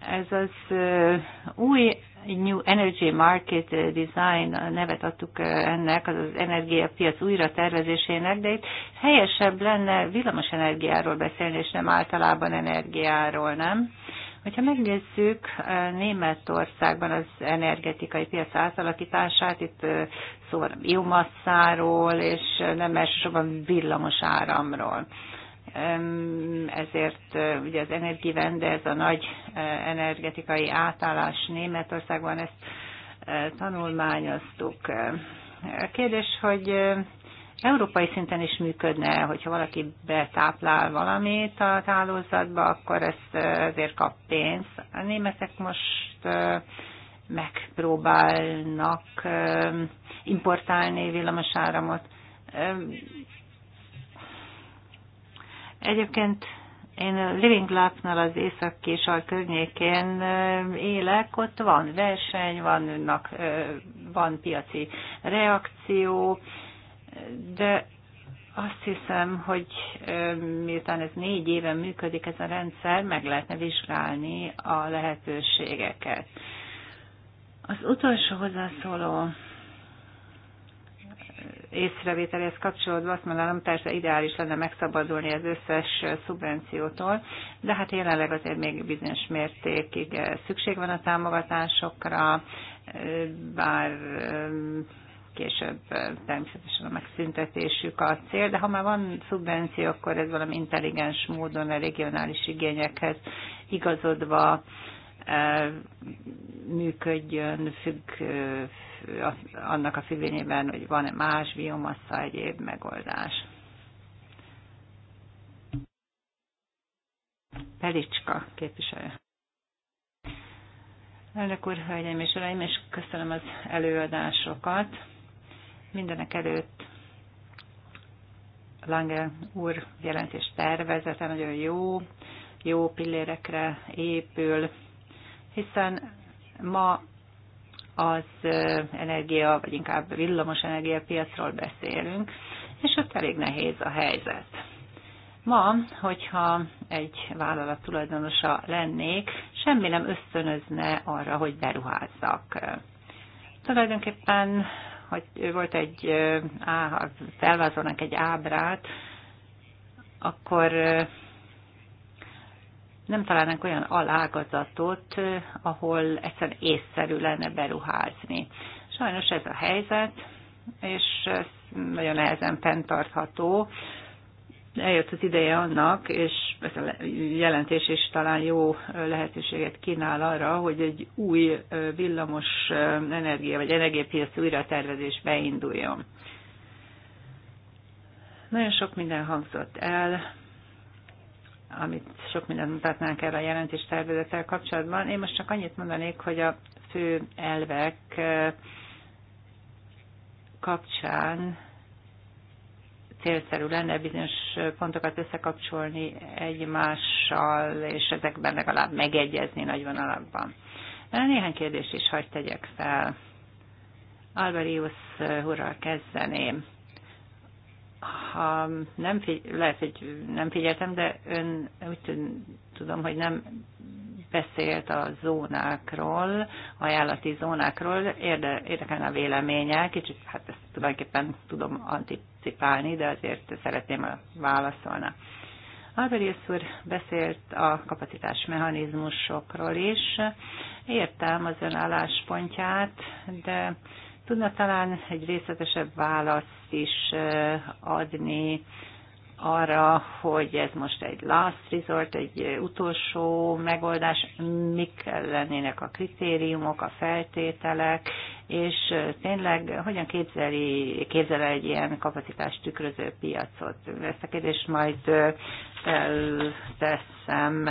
Ez az új New Energy Market Design a nevet adtuk eh, ennek, az az energiapiac újra tervezésének, de itt helyesebb lenne villamos energiáról beszélni, és nem általában energiáról, nem? Hogyha megnézzük eh, Németországban az energetikai piac átalakítását, itt eh, szó biomasszáról, és nem elsősorban villamos áramról ezért ugye az energivende, ez a nagy energetikai átállás Németországban, ezt tanulmányoztuk. A kérdés, hogy európai szinten is működne, hogyha valaki betáplál valamit a tálózatba, akkor ezt azért kap pénzt. A németek most megpróbálnak importálni villamosáramot. Egyébként én a Living Lab-nál az északi sar környékén élek, ott van verseny, önnak, van piaci reakció, de azt hiszem, hogy miután ez négy éven működik ez a rendszer, meg lehetne vizsgálni a lehetőségeket. Az utolsó hozzászóló észrevételhez kapcsolódva azt mondanám, persze ideális lenne megszabadulni az összes szubvenciótól, de hát jelenleg azért még bizonyos mértékig eh, szükség van a támogatásokra, eh, bár eh, később természetesen a megszüntetésük a cél, de ha már van szubvenció, akkor ez valami intelligens módon a regionális igényekhez igazodva működjön, függ, annak a függvényében, hogy van-e más biomassa egyéb megoldás. Pelicska képviselő. Elnök úr, hölgyeim és uraim, és köszönöm az előadásokat. Mindenek előtt Lange úr jelentés tervezete nagyon jó, jó pillérekre épül, hiszen ma az energia, vagy inkább villamos energiapiacról beszélünk, és ott elég nehéz a helyzet. Ma, hogyha egy vállalat tulajdonosa lennék, semmi nem ösztönözne arra, hogy beruházzak. Tulajdonképpen, hogy volt egy, felvázolnak egy ábrát, akkor nem találnánk olyan alágazatot, ahol egyszerűen észszerű lenne beruházni. Sajnos ez a helyzet, és ez nagyon nehezen fenntartható. Eljött az ideje annak, és ez a jelentés is talán jó lehetőséget kínál arra, hogy egy új villamos energia vagy energiapiac újra tervezés beinduljon. Nagyon sok minden hangzott el, amit sok mindent mutatnánk erre a jelentés tervezettel kapcsolatban. Én most csak annyit mondanék, hogy a fő elvek kapcsán célszerű lenne bizonyos pontokat összekapcsolni egymással, és ezekben legalább megegyezni nagy vonalakban. Néhány kérdést is hagyd tegyek fel. Alvarius úrral kezdeném ha nem figy- lehet, hogy nem figyeltem, de ön úgy tudom, hogy nem beszélt a zónákról, ajánlati zónákról, érde, érdekelne a véleménye, kicsit, hát ezt tulajdonképpen tudom anticipálni, de azért szeretném válaszolni. Alberius úr beszélt a kapacitás mechanizmusokról is. Értem az ön álláspontját, de Tudna talán egy részletesebb választ is adni arra, hogy ez most egy last resort, egy utolsó megoldás, mik lennének a kritériumok, a feltételek, és tényleg hogyan képzeli, képzel egy ilyen kapacitást tükröző piacot? Ezt a kérdést majd elteszem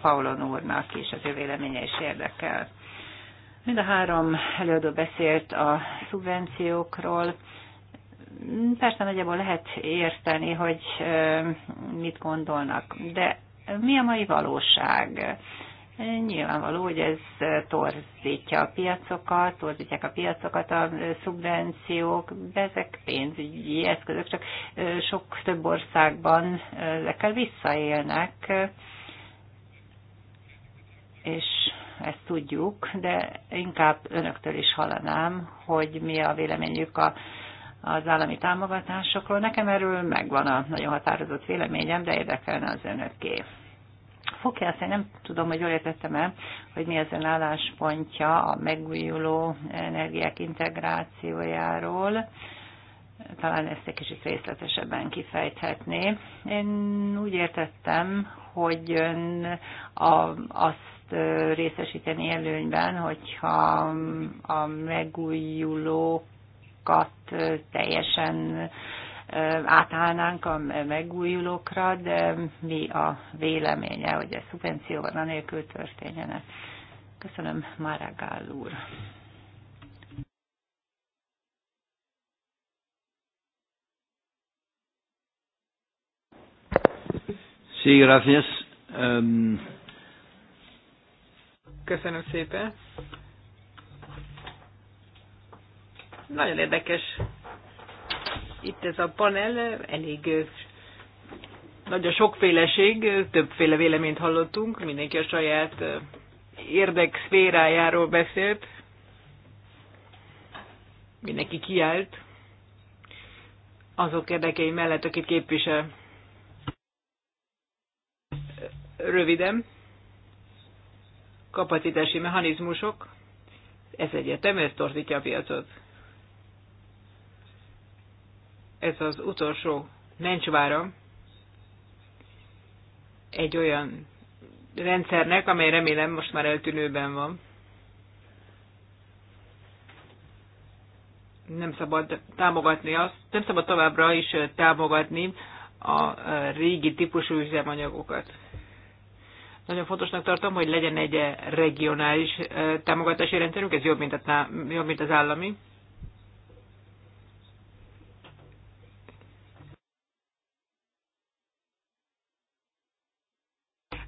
Paulon úrnak is, az ő véleménye is érdekel. Mind a három előadó beszélt a szubvenciókról. Persze nagyjából lehet érteni, hogy mit gondolnak, de mi a mai valóság? Nyilvánvaló, hogy ez torzítja a piacokat, torzítják a piacokat a szubvenciók, de ezek pénzügyi eszközök, csak sok több országban ezekkel visszaélnek, és ezt tudjuk, de inkább önöktől is hallanám, hogy mi a véleményük a az állami támogatásokról. Nekem erről megvan a nagyon határozott véleményem, de érdekelne az önöké. Foké, azt én nem tudom, hogy jól értettem-e, hogy mi az ön álláspontja a megújuló energiák integrációjáról. Talán ezt egy kicsit részletesebben kifejthetné. Én úgy értettem, hogy ön a, azt azt részesíteni előnyben, hogyha a megújulókat teljesen átállnánk a megújulókra, de mi a véleménye, hogy ez szubvencióban anélkül történjene. Köszönöm, Mára Gál úr. Sí, gracias. Um... Köszönöm szépen. Nagyon érdekes itt ez a panel, elég nagy a sokféleség, többféle véleményt hallottunk, mindenki a saját szférájáról beszélt, mindenki kiállt azok érdekei mellett, akit képvisel. Röviden, kapacitási mechanizmusok, ez egyetem, ez torzítja a piacot. Ez az utolsó mencsvára egy olyan rendszernek, amely remélem most már eltűnőben van. Nem szabad támogatni azt, nem szabad továbbra is támogatni a régi típusú üzemanyagokat. Nagyon fontosnak tartom, hogy legyen egy eh, regionális eh, támogatási rendszerünk, ez jobb, mint, a, jobb, mint az állami.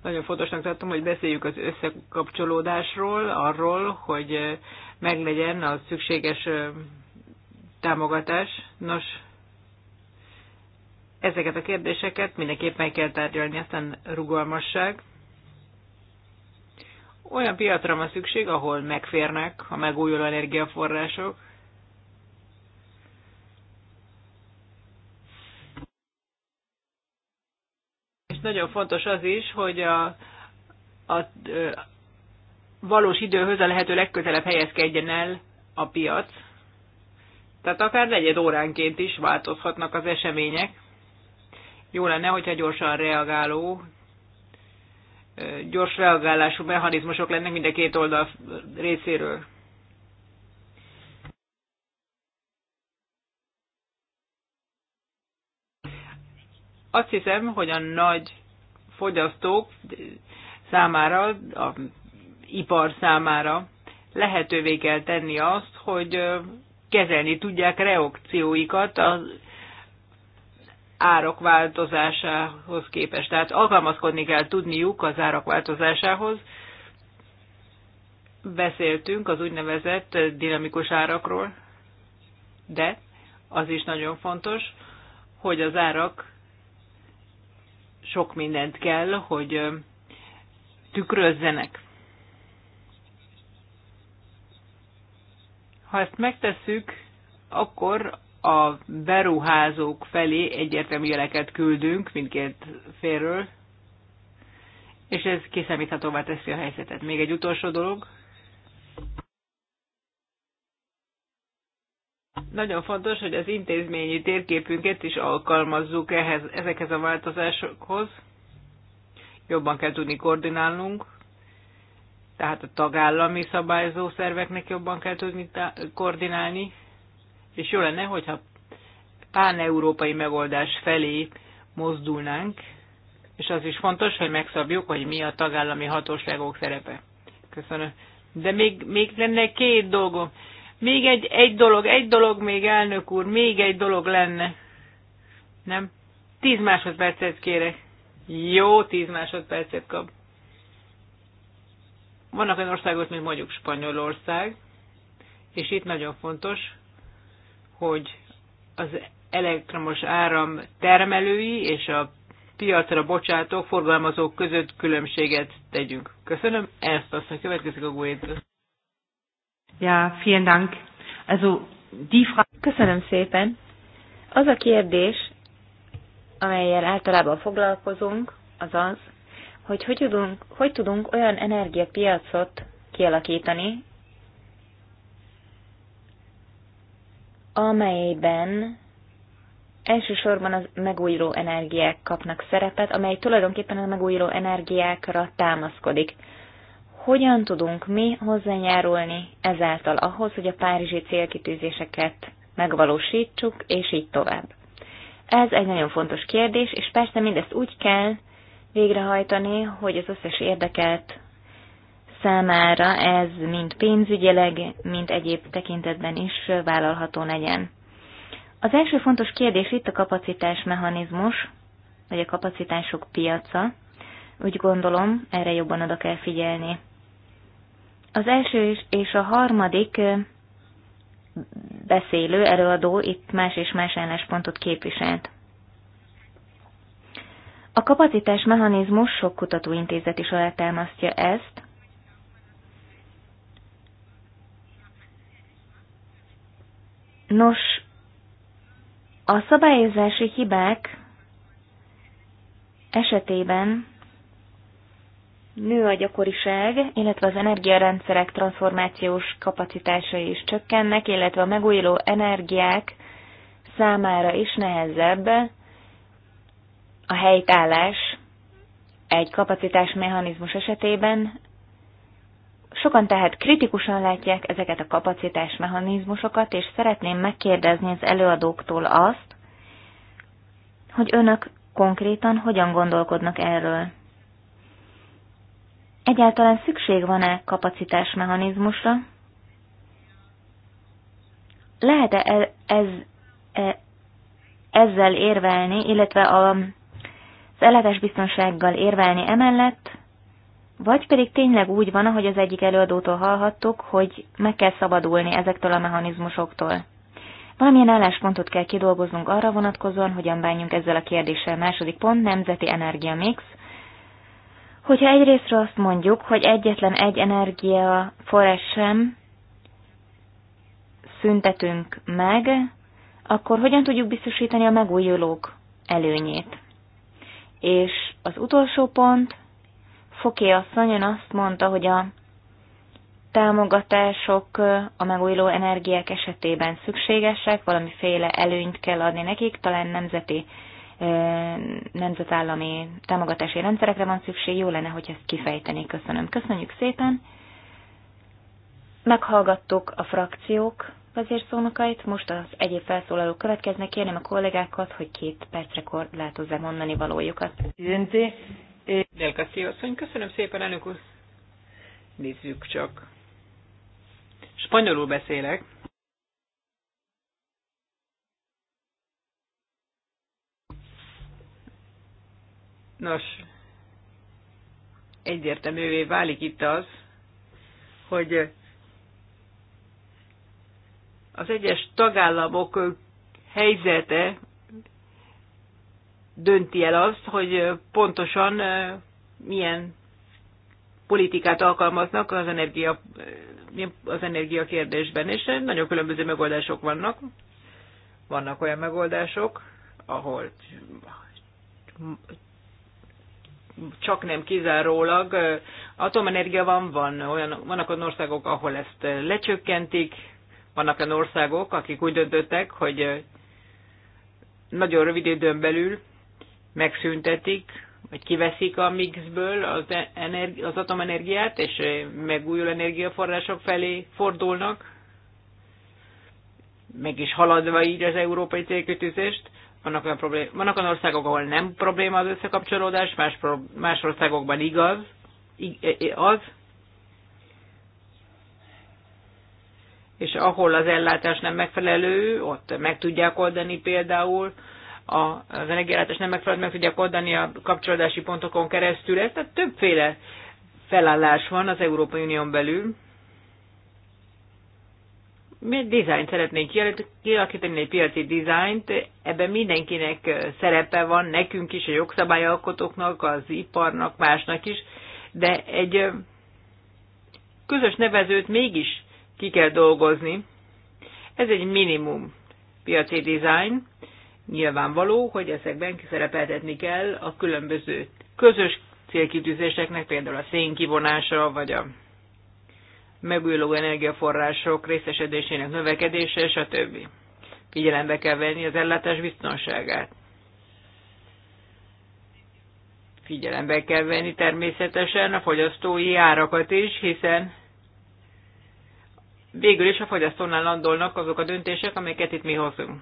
Nagyon fontosnak tartom, hogy beszéljük az összekapcsolódásról, arról, hogy eh, meglegyen a szükséges támogatás. Nos, ezeket a kérdéseket mindenképp meg kell tárgyalni, aztán rugalmasság. Olyan piacra van szükség, ahol megférnek a megújuló energiaforrások, És nagyon fontos az is, hogy a, a, a valós időhöz a lehető legközelebb helyezkedjen el a piac. Tehát akár negyed óránként is változhatnak az események. Jó lenne, hogyha gyorsan reagáló gyors reagálású mechanizmusok lennek mind a két oldal részéről. Azt hiszem, hogy a nagy fogyasztók számára, a ipar számára lehetővé kell tenni azt, hogy kezelni tudják reakcióikat az árak változásához képest. Tehát alkalmazkodni kell tudniuk az árak változásához. Beszéltünk az úgynevezett dinamikus árakról, de az is nagyon fontos, hogy az árak sok mindent kell, hogy tükrözzenek. Ha ezt megtesszük, akkor a beruházók felé egyértelmű jeleket küldünk mindkét félről, és ez kiszámíthatóvá teszi a helyzetet. Még egy utolsó dolog. Nagyon fontos, hogy az intézményi térképünket is alkalmazzuk ehhez, ezekhez a változásokhoz. Jobban kell tudni koordinálnunk, tehát a tagállami szabályozó szerveknek jobban kell tudni koordinálni, és jó lenne, hogyha pán-európai megoldás felé mozdulnánk, és az is fontos, hogy megszabjuk, hogy mi a tagállami hatóságok szerepe. Köszönöm. De még, még lenne két dolgom. Még egy, egy dolog, egy dolog még, elnök úr, még egy dolog lenne. Nem? Tíz másodpercet kérek. Jó, tíz másodpercet kap. Vannak olyan országok, mint mondjuk Spanyolország, és itt nagyon fontos, hogy az elektromos áram termelői és a piacra bocsátók, forgalmazók között különbséget tegyünk. Köszönöm, ezt a következik a Guétől. Ja, vielen Dank. Also, die Frage. Köszönöm szépen. Az a kérdés, amelyel általában foglalkozunk, az az, hogy hogy tudunk, hogy tudunk olyan energiapiacot kialakítani, amelyben elsősorban az megújuló energiák kapnak szerepet, amely tulajdonképpen a megújuló energiákra támaszkodik. Hogyan tudunk mi hozzájárulni ezáltal ahhoz, hogy a párizsi célkitűzéseket megvalósítsuk, és így tovább? Ez egy nagyon fontos kérdés, és persze mindezt úgy kell végrehajtani, hogy az összes érdekelt számára ez mind pénzügyileg, mind egyéb tekintetben is vállalható legyen. Az első fontos kérdés itt a kapacitás mechanizmus, vagy a kapacitások piaca. Úgy gondolom, erre jobban oda kell figyelni. Az első és a harmadik beszélő, előadó itt más és más álláspontot képviselt. A kapacitás mechanizmus sok kutatóintézet is alátámasztja ezt, Nos, a szabályozási hibák esetében nő a gyakoriság, illetve az energiarendszerek transformációs kapacitása is csökkennek, illetve a megújuló energiák számára is nehezebb a helytállás egy kapacitás mechanizmus esetében, Sokan tehát kritikusan látják ezeket a kapacitás mechanizmusokat, és szeretném megkérdezni az előadóktól azt, hogy önök konkrétan hogyan gondolkodnak erről. Egyáltalán szükség van-e mechanizmusra? Lehet-e e- ez, e, ezzel érvelni, illetve a, az ellátásbiztonsággal érvelni emellett, vagy pedig tényleg úgy van, ahogy az egyik előadótól hallhattuk, hogy meg kell szabadulni ezektől a mechanizmusoktól. Valamilyen álláspontot kell kidolgoznunk arra vonatkozóan, hogyan bánjunk ezzel a kérdéssel. Második pont, nemzeti energiamix. Hogyha egyrésztről azt mondjuk, hogy egyetlen egy energia forrás sem szüntetünk meg, akkor hogyan tudjuk biztosítani a megújulók előnyét? És az utolsó pont, Foké asszony azt mondta, hogy a támogatások a megújuló energiák esetében szükségesek, valamiféle előnyt kell adni nekik, talán nemzeti, nemzetállami támogatási rendszerekre van szükség, jó lenne, hogy ezt kifejteni. Köszönöm. Köszönjük szépen. Meghallgattuk a frakciók vezérszónokait, most az egyéb felszólalók következnek. Kérném a kollégákat, hogy két percre korlátozzák mondani valójukat. Delkaszi asszony, köszönöm szépen, elnök úr. Nézzük csak. Spanyolul beszélek. Nos, egyértelművé válik itt az, hogy az egyes tagállamok helyzete dönti el azt, hogy pontosan milyen politikát alkalmaznak az energia, az energia kérdésben, és nagyon különböző megoldások vannak. Vannak olyan megoldások, ahol csak nem kizárólag atomenergia van, van olyan, vannak olyan országok, ahol ezt lecsökkentik, vannak olyan országok, akik úgy döntöttek, hogy nagyon rövid időn belül megszüntetik, vagy kiveszik a mixből az, e- energi- az atomenergiát, és megújuló energiaforrások felé fordulnak, meg is haladva így az európai célkötőzést. Vannak olyan, problém- vannak olyan országok, ahol nem probléma az összekapcsolódás, más, pro- más országokban igaz, ig- e- e- az, és ahol az ellátás nem megfelelő, ott meg tudják oldani például a energiállátás nem megfelelően meg tudják oldani a kapcsolódási pontokon keresztül. Ez tehát többféle felállás van az Európai Unión belül. Mi egy dizájnt szeretnénk kialakítani, egy piaci dizájnt, ebben mindenkinek szerepe van, nekünk is, a jogszabályalkotóknak, az iparnak, másnak is, de egy közös nevezőt mégis ki kell dolgozni. Ez egy minimum piaci dizájn, Nyilvánvaló, hogy ezekben kiszerepeltetni kell a különböző közös célkitűzéseknek, például a szénkivonása, vagy a megújuló energiaforrások részesedésének növekedése, stb. Figyelembe kell venni az ellátás biztonságát. Figyelembe kell venni természetesen a fogyasztói árakat is, hiszen végül is a fogyasztónál landolnak azok a döntések, amelyeket itt mi hozunk.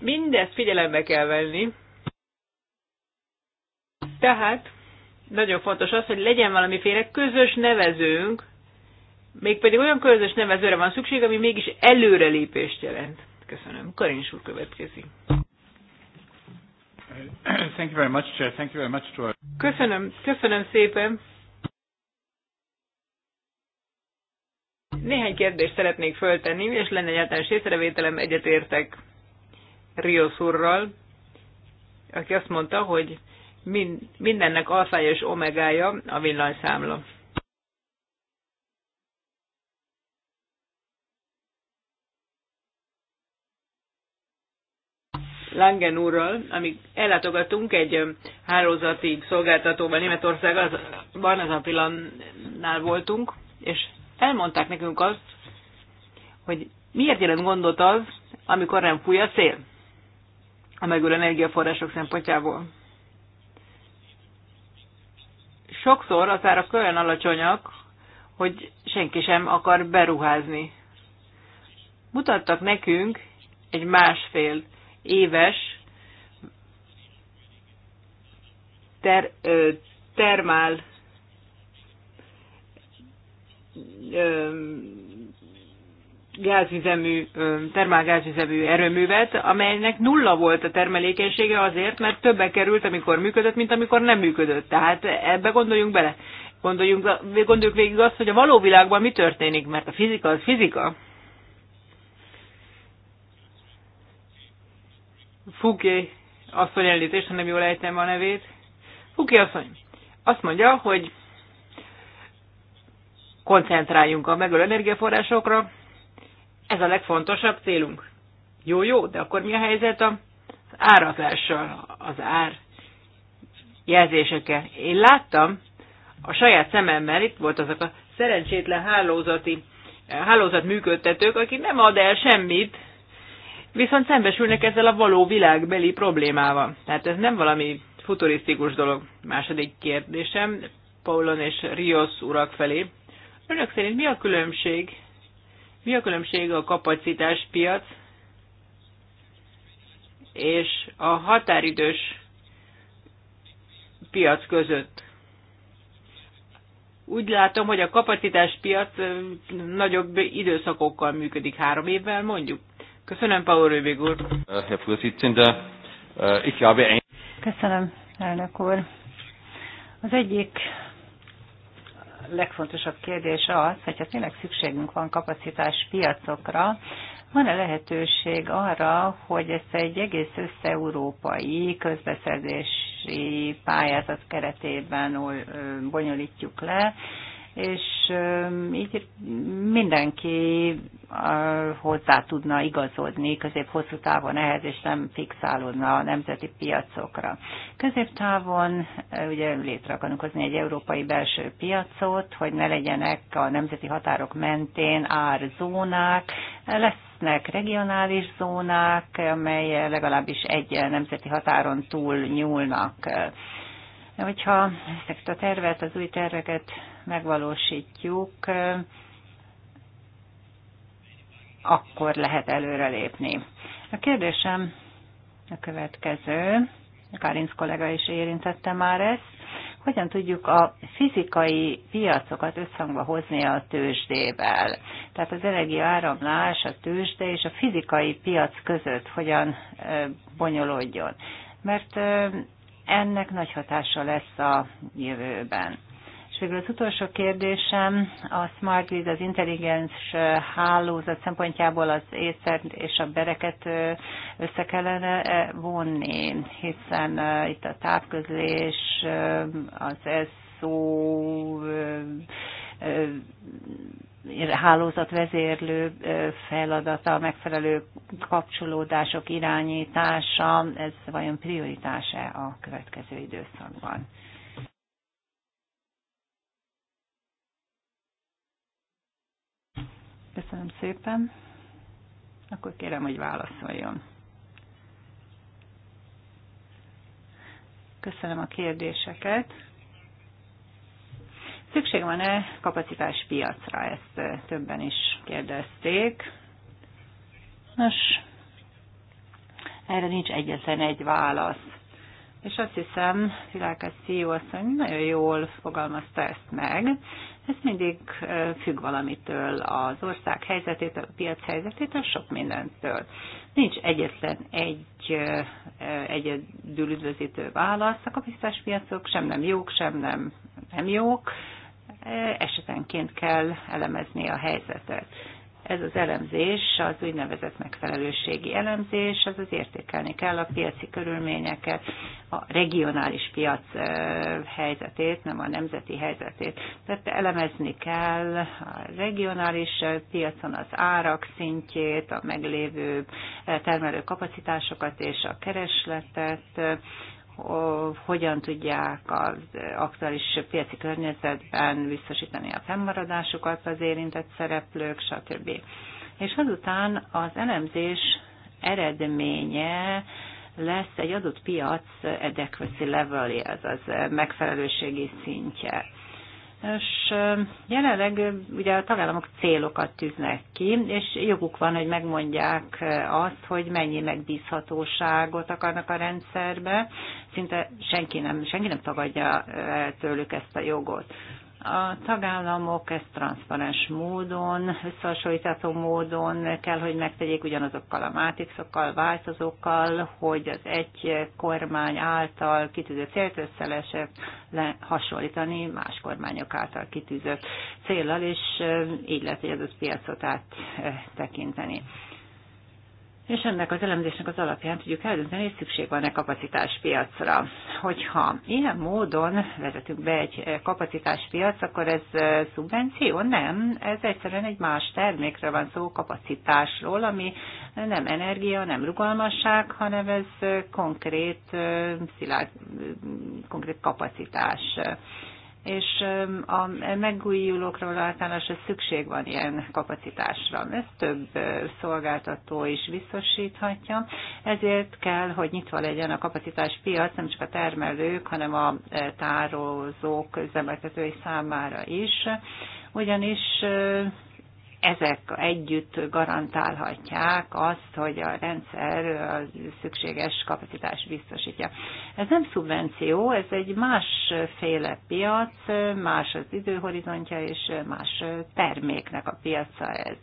Mindezt figyelembe kell venni. Tehát nagyon fontos az, hogy legyen valamiféle közös nevezőnk, mégpedig olyan közös nevezőre van szükség, ami mégis előrelépést jelent. Köszönöm. Karincs úr következik. Thank you very much, Chair. Thank you very much to our... Köszönöm, köszönöm szépen. Néhány kérdést szeretnék föltenni, és lenne egy észrevételem, egyetértek Rios úrral, aki azt mondta, hogy mind, mindennek alfája és omegája a villanyszámla. Langen úrral, amíg ellátogatunk egy hálózati szolgáltatóban Németországban, az Barnazapilannál voltunk, és elmondták nekünk azt, hogy miért jelent gondot az, amikor nem fúj a szél a megújuló energiaforrások szempontjából. Sokszor az árak olyan alacsonyak, hogy senki sem akar beruházni. Mutattak nekünk egy másfél éves ter, ö, termál gázüzemű, termálgázüzemű erőművet, amelynek nulla volt a termelékenysége azért, mert többe került, amikor működött, mint amikor nem működött. Tehát ebbe gondoljunk bele. Gondoljunk, gondoljuk végig azt, hogy a való világban mi történik, mert a fizika az fizika. Fuké asszony elnézést, ha nem jól ejtem a nevét. Fuké asszony azt mondja, hogy koncentráljunk a megölő energiaforrásokra, ez a legfontosabb célunk. Jó, jó, de akkor mi a helyzet az árazással, az ár jelzésekkel? Én láttam a saját szememmel, itt volt azok a szerencsétlen hálózati, hálózat működtetők, akik nem ad el semmit, viszont szembesülnek ezzel a való világbeli problémával. Tehát ez nem valami futurisztikus dolog. Második kérdésem, Paulon és Rios urak felé. Önök szerint mi a különbség mi a különbség a kapacitás piac és a határidős piac között? Úgy látom, hogy a kapacitás piac nagyobb időszakokkal működik, három évvel mondjuk. Köszönöm, Paul Rübig úr. Äh, Köszönöm, elnök úr. Az egyik legfontosabb kérdés az, hogyha tényleg szükségünk van kapacitás piacokra, van-e lehetőség arra, hogy ezt egy egész össze-európai közbeszerzési pályázat keretében bonyolítjuk le, és így mindenki hozzá tudna igazodni közép-hosszú távon ehhez, és nem fixálódna a nemzeti piacokra. Középtávon ugye létre akarunk hozni egy európai belső piacot, hogy ne legyenek a nemzeti határok mentén árzónák, lesznek regionális zónák, amely legalábbis egy nemzeti határon túl nyúlnak. Hogyha ezt a tervet, az új terveket megvalósítjuk, akkor lehet előrelépni. A kérdésem a következő, Karinc kollega is érintette már ezt, hogyan tudjuk a fizikai piacokat összhangba hozni a tőzsdével. Tehát az energiaáramlás, a tőzsde és a fizikai piac között hogyan bonyolódjon. Mert ennek nagy hatása lesz a jövőben. És végül az utolsó kérdésem, a Smart Grid az intelligens hálózat szempontjából az észert és a bereket össze kellene vonni, hiszen itt a távközlés, az ez szó hálózatvezérlő feladata, megfelelő kapcsolódások irányítása, ez vajon prioritás-e a következő időszakban? Köszönöm szépen. Akkor kérem, hogy válaszoljon. Köszönöm a kérdéseket. Szükség van-e kapacitás piacra? Ezt többen is kérdezték. Nos, erre nincs egyetlen egy válasz. És azt hiszem, Világás CEO hogy nagyon jól fogalmazta ezt meg. Ez mindig függ valamitől, az ország helyzetétől, a piac helyzetétől, sok mindentől. Nincs egyetlen egy egyedül üdvözítő válasz, a kapisztás piacok sem nem jók, sem nem, nem jók, esetenként kell elemezni a helyzetet. Ez az elemzés, az úgynevezett megfelelőségi elemzés, az az értékelni kell a piaci körülményeket, a regionális piac helyzetét, nem a nemzeti helyzetét. Tehát elemezni kell a regionális piacon az árak szintjét, a meglévő termelő kapacitásokat és a keresletet, hogyan tudják az aktuális piaci környezetben biztosítani a fennmaradásukat az érintett szereplők, stb. És azután az elemzés eredménye lesz egy adott piac adequacy levelje, azaz megfelelőségi szintje és jelenleg ugye a tagállamok célokat tűznek ki, és joguk van, hogy megmondják azt, hogy mennyi megbízhatóságot akarnak a rendszerbe. Szinte senki nem, senki nem tagadja tőlük ezt a jogot. A tagállamok ezt transzparens módon, összehasonlítható módon kell, hogy megtegyék ugyanazokkal a mátrixokkal, változókkal, hogy az egy kormány által kitűzött célt össze lehessen hasonlítani más kormányok által kitűzött célral, és így lehet, hogy az piacot áttekinteni és ennek az elemzésnek az alapján tudjuk eldönteni, hogy szükség van-e kapacitáspiacra. Hogyha ilyen módon vezetünk be egy kapacitáspiac, akkor ez szubvenció? Nem, ez egyszerűen egy más termékre van szó, kapacitásról, ami nem energia, nem rugalmasság, hanem ez konkrét, szilárd, konkrét kapacitás és a megújulókra általános szükség van ilyen kapacitásra. Ezt több szolgáltató is biztosíthatja, ezért kell, hogy nyitva legyen a piac, nem csak a termelők, hanem a tározók, üzemeltetői számára is, ugyanis ezek együtt garantálhatják azt, hogy a rendszer a szükséges kapacitás biztosítja. Ez nem szubvenció, ez egy másféle piac, más az időhorizontja és más terméknek a piaca ez.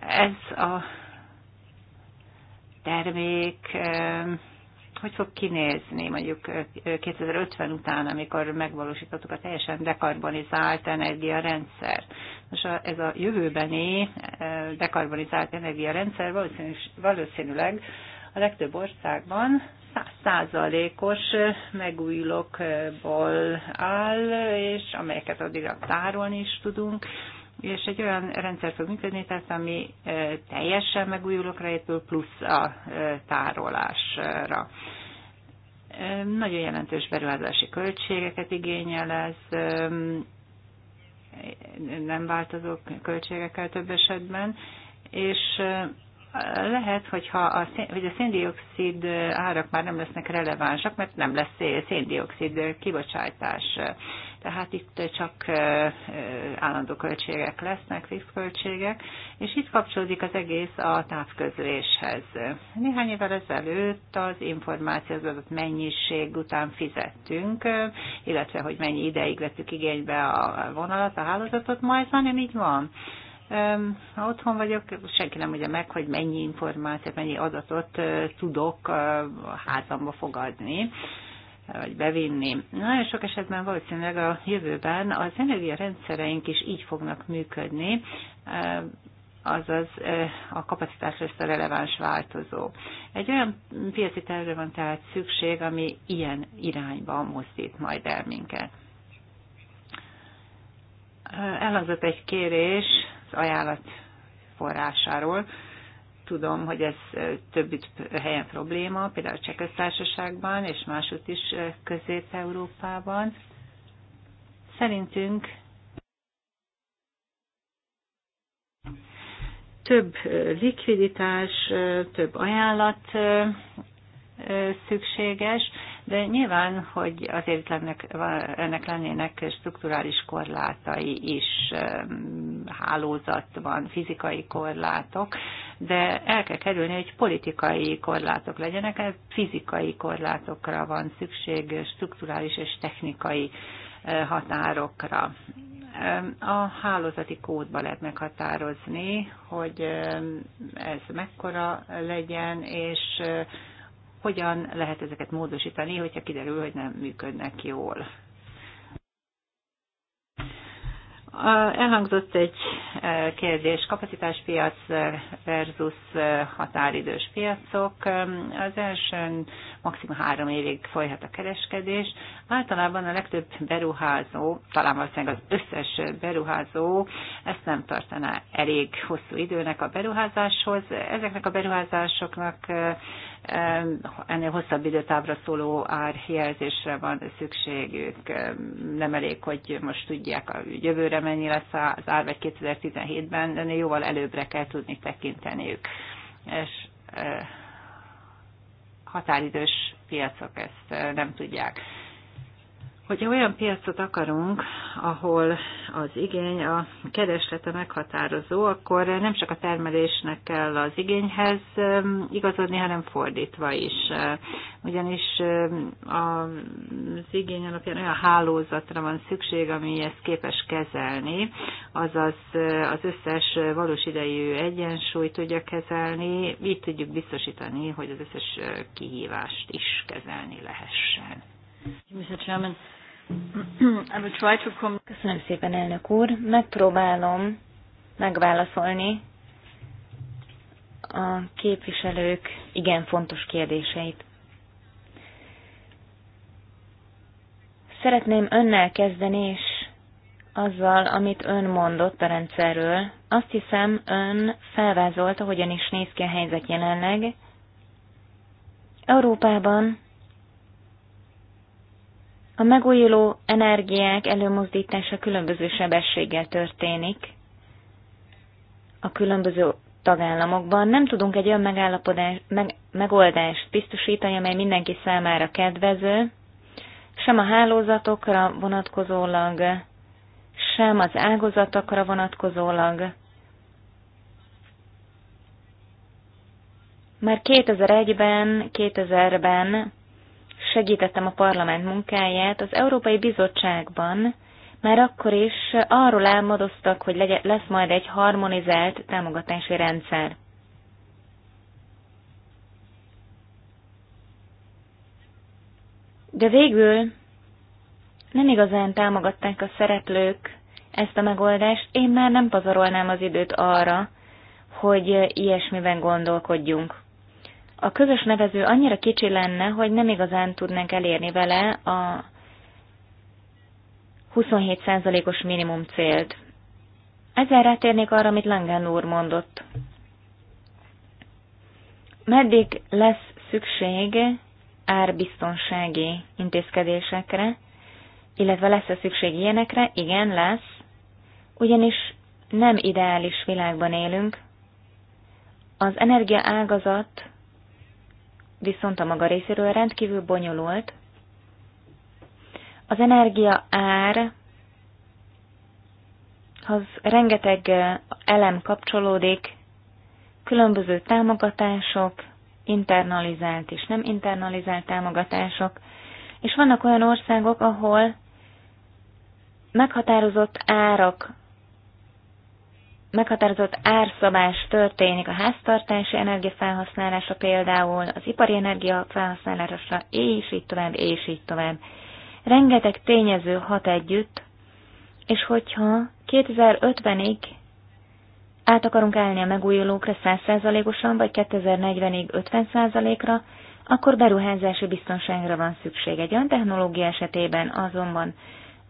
Ez a termék hogy fog kinézni mondjuk 2050 után, amikor megvalósítottuk a teljesen dekarbonizált energiarendszert. Most ez a jövőbeni eh, dekarbonizált energiarendszer valószínűleg, a legtöbb országban százalékos eh, megújulókból áll, és amelyeket a tárolni is tudunk, és egy olyan rendszer fog működni, tehát ami eh, teljesen megújulókra épül, plusz a tárolásra. Nagyon jelentős beruházási költségeket igényel ez, nem változó költségekkel több esetben, és lehet, hogyha a, szén, hogy a széndiokszid árak már nem lesznek relevánsak, mert nem lesz széndiokszid kibocsátás. Tehát itt csak állandó költségek lesznek, fix költségek, és itt kapcsolódik az egész a távközléshez. Néhány évvel ezelőtt az információ az adott mennyiség után fizettünk, illetve hogy mennyi ideig vettük igénybe a vonalat, a hálózatot, ma ez már nem így van. Ha otthon vagyok, senki nem ugye meg, hogy mennyi információt, mennyi adatot tudok házamba fogadni vagy bevinni. Nagyon sok esetben valószínűleg a jövőben az energiarendszereink is így fognak működni, eh, azaz eh, a kapacitás lesz a releváns változó. Egy olyan piaci tervre van tehát szükség, ami ilyen irányba mozdít majd el minket. Eh, elhangzott egy kérés az ajánlat forrásáról, tudom, hogy ez több helyen probléma, például a Csehköztársaságban és másutt is Közép-Európában. Szerintünk több likviditás, több ajánlat szükséges, de nyilván, hogy azért lennek, ennek lennének strukturális korlátai is, hálózat van, fizikai korlátok, de el kell kerülni, hogy politikai korlátok legyenek, fizikai korlátokra van szükség, strukturális és technikai határokra. A hálózati kódba lehet meghatározni, hogy ez mekkora legyen, és hogyan lehet ezeket módosítani, hogyha kiderül, hogy nem működnek jól. Elhangzott egy e, kérdés, kapacitáspiac versus e, határidős piacok. E, az első maximum három évig folyhat a kereskedés. Általában a legtöbb beruházó, talán valószínűleg az összes beruházó ezt nem tartaná elég hosszú időnek a beruházáshoz. Ezeknek a beruházásoknak ennél hosszabb időtávra szóló árjelzésre van szükségük. Nem elég, hogy most tudják a jövőre mennyi lesz az árvegy 2017-ben, de jóval előbbre kell tudni tekinteniük. És eh, határidős piacok ezt eh, nem tudják. Hogyha olyan piacot akarunk, ahol az igény, a kereslete meghatározó, akkor nem csak a termelésnek kell az igényhez igazodni, hanem fordítva is. Ugyanis az igény alapján olyan hálózatra van szükség, ami ezt képes kezelni, azaz az összes valós idejű egyensúlyt tudja kezelni, így tudjuk biztosítani, hogy az összes kihívást is kezelni lehessen. <clears throat> Köszönöm szépen, elnök úr. Megpróbálom megválaszolni a képviselők igen fontos kérdéseit. Szeretném önnel kezdeni, és azzal, amit ön mondott a rendszerről. Azt hiszem, ön felvázolta, hogyan is néz ki a helyzet jelenleg. Európában a megújuló energiák előmozdítása különböző sebességgel történik a különböző tagállamokban. Nem tudunk egy olyan megállapodás, meg, megoldást biztosítani, amely mindenki számára kedvező, sem a hálózatokra vonatkozólag, sem az ágazatokra vonatkozólag. Már 2001-ben, 2000-ben segítettem a parlament munkáját, az Európai Bizottságban már akkor is arról álmodoztak, hogy legyen, lesz majd egy harmonizált támogatási rendszer. De végül nem igazán támogatták a szereplők ezt a megoldást, én már nem pazarolnám az időt arra, hogy ilyesmiben gondolkodjunk a közös nevező annyira kicsi lenne, hogy nem igazán tudnánk elérni vele a 27%-os minimum célt. Ezzel rátérnék arra, amit Langen úr mondott. Meddig lesz szükség árbiztonsági intézkedésekre, illetve lesz-e szükség ilyenekre? Igen, lesz. Ugyanis nem ideális világban élünk. Az energia ágazat viszont a maga részéről rendkívül bonyolult. Az energia ár az rengeteg elem kapcsolódik, különböző támogatások, internalizált és nem internalizált támogatások, és vannak olyan országok, ahol meghatározott árak meghatározott árszabás történik a háztartási energiafelhasználása például, az ipari energia felhasználása, és így tovább, és így tovább. Rengeteg tényező hat együtt, és hogyha 2050-ig át akarunk állni a megújulókra 100%-osan, vagy 2040-ig 50%-ra, akkor beruházási biztonságra van szükség. Egy olyan technológia esetében azonban,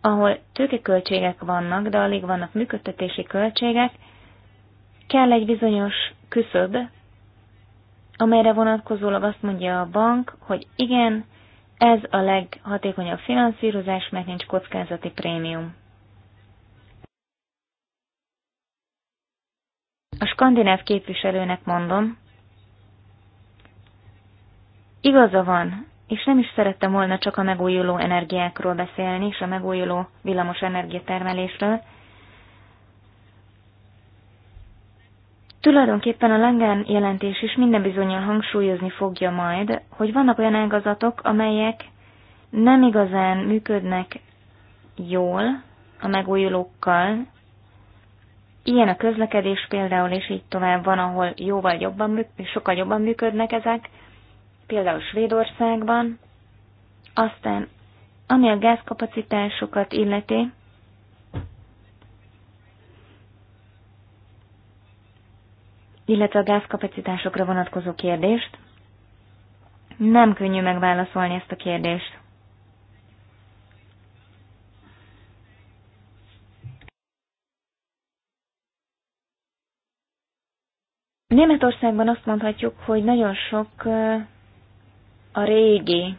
ahol tőkeköltségek vannak, de alig vannak működtetési költségek, kell egy bizonyos küszöb, amelyre vonatkozólag azt mondja a bank, hogy igen, ez a leghatékonyabb finanszírozás, mert nincs kockázati prémium. A skandináv képviselőnek mondom, igaza van, és nem is szerettem volna csak a megújuló energiákról beszélni, és a megújuló villamos energiatermelésről, Tulajdonképpen a Langen jelentés is minden bizonyal hangsúlyozni fogja majd, hogy vannak olyan ágazatok, amelyek nem igazán működnek jól a megújulókkal. Ilyen a közlekedés például, és így tovább van, ahol jóval jobban, sokkal jobban működnek ezek, például Svédországban. Aztán, ami a gázkapacitásokat illeti, illetve a gázkapacitásokra vonatkozó kérdést. Nem könnyű megválaszolni ezt a kérdést. Németországban azt mondhatjuk, hogy nagyon sok a régi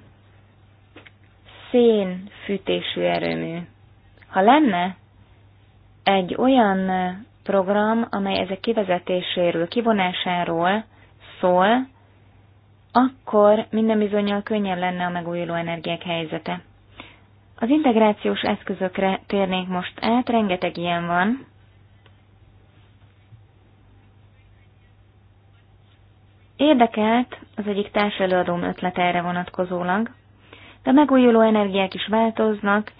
szénfűtésű erőmű. Ha lenne egy olyan program, amely ezek kivezetéséről, kivonásáról szól, akkor minden bizonyal könnyebb lenne a megújuló energiák helyzete. Az integrációs eszközökre térnék most át, rengeteg ilyen van. Érdekelt az egyik társelőadóm ötlet erre vonatkozólag, de a megújuló energiák is változnak,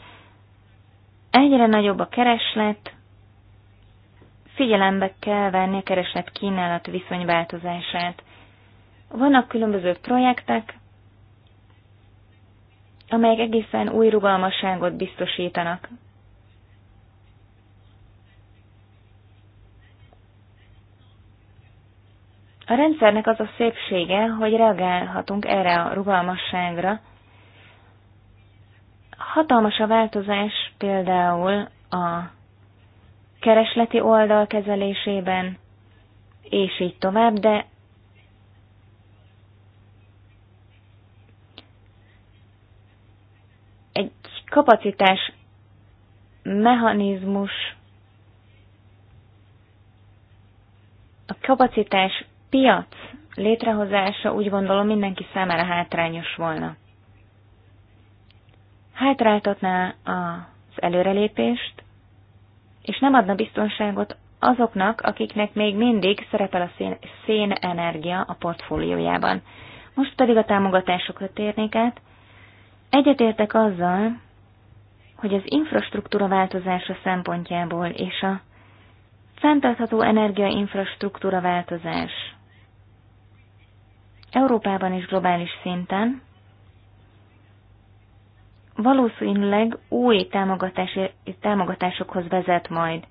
egyre nagyobb a kereslet, figyelembe kell venni a kereslet kínálat viszony változását. Vannak különböző projektek, amelyek egészen új rugalmasságot biztosítanak. A rendszernek az a szépsége, hogy reagálhatunk erre a rugalmasságra. Hatalmas a változás például a keresleti oldal kezelésében, és így tovább, de egy kapacitás mechanizmus, a kapacitás piac létrehozása úgy gondolom mindenki számára hátrányos volna. Hátráltatná az előrelépést, és nem adna biztonságot azoknak, akiknek még mindig szerepel a szén, energia a portfóliójában. Most pedig a támogatásokra térnék át. Egyetértek azzal, hogy az infrastruktúra változása szempontjából és a fenntartható energiainfrastruktúra változás Európában és globális szinten valószínűleg új támogatásokhoz vezet majd.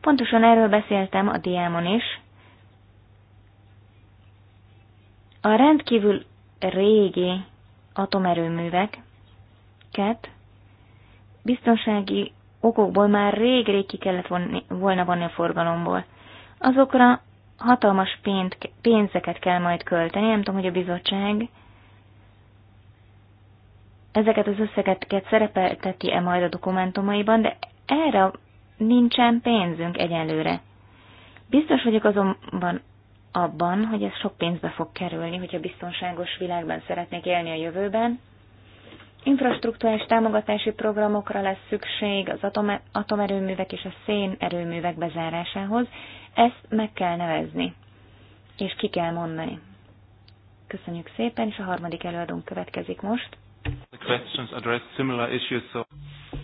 Pontosan erről beszéltem a diámon is. A rendkívül régi atomerőműveket biztonsági okokból már rég-rég ki kellett volna vonni a forgalomból. Azokra hatalmas pénzeket kell majd költeni, nem tudom, hogy a bizottság ezeket az összegeket szerepelteti-e majd a dokumentumaiban, de erre nincsen pénzünk egyenlőre. Biztos vagyok azonban abban, hogy ez sok pénzbe fog kerülni, hogyha biztonságos világban szeretnék élni a jövőben. Infrastruktúrás támogatási programokra lesz szükség az atomerőművek és a szénerőművek bezárásához. Ezt meg kell nevezni, és ki kell mondani. Köszönjük szépen, és a harmadik előadónk következik most questions address similar issues. So.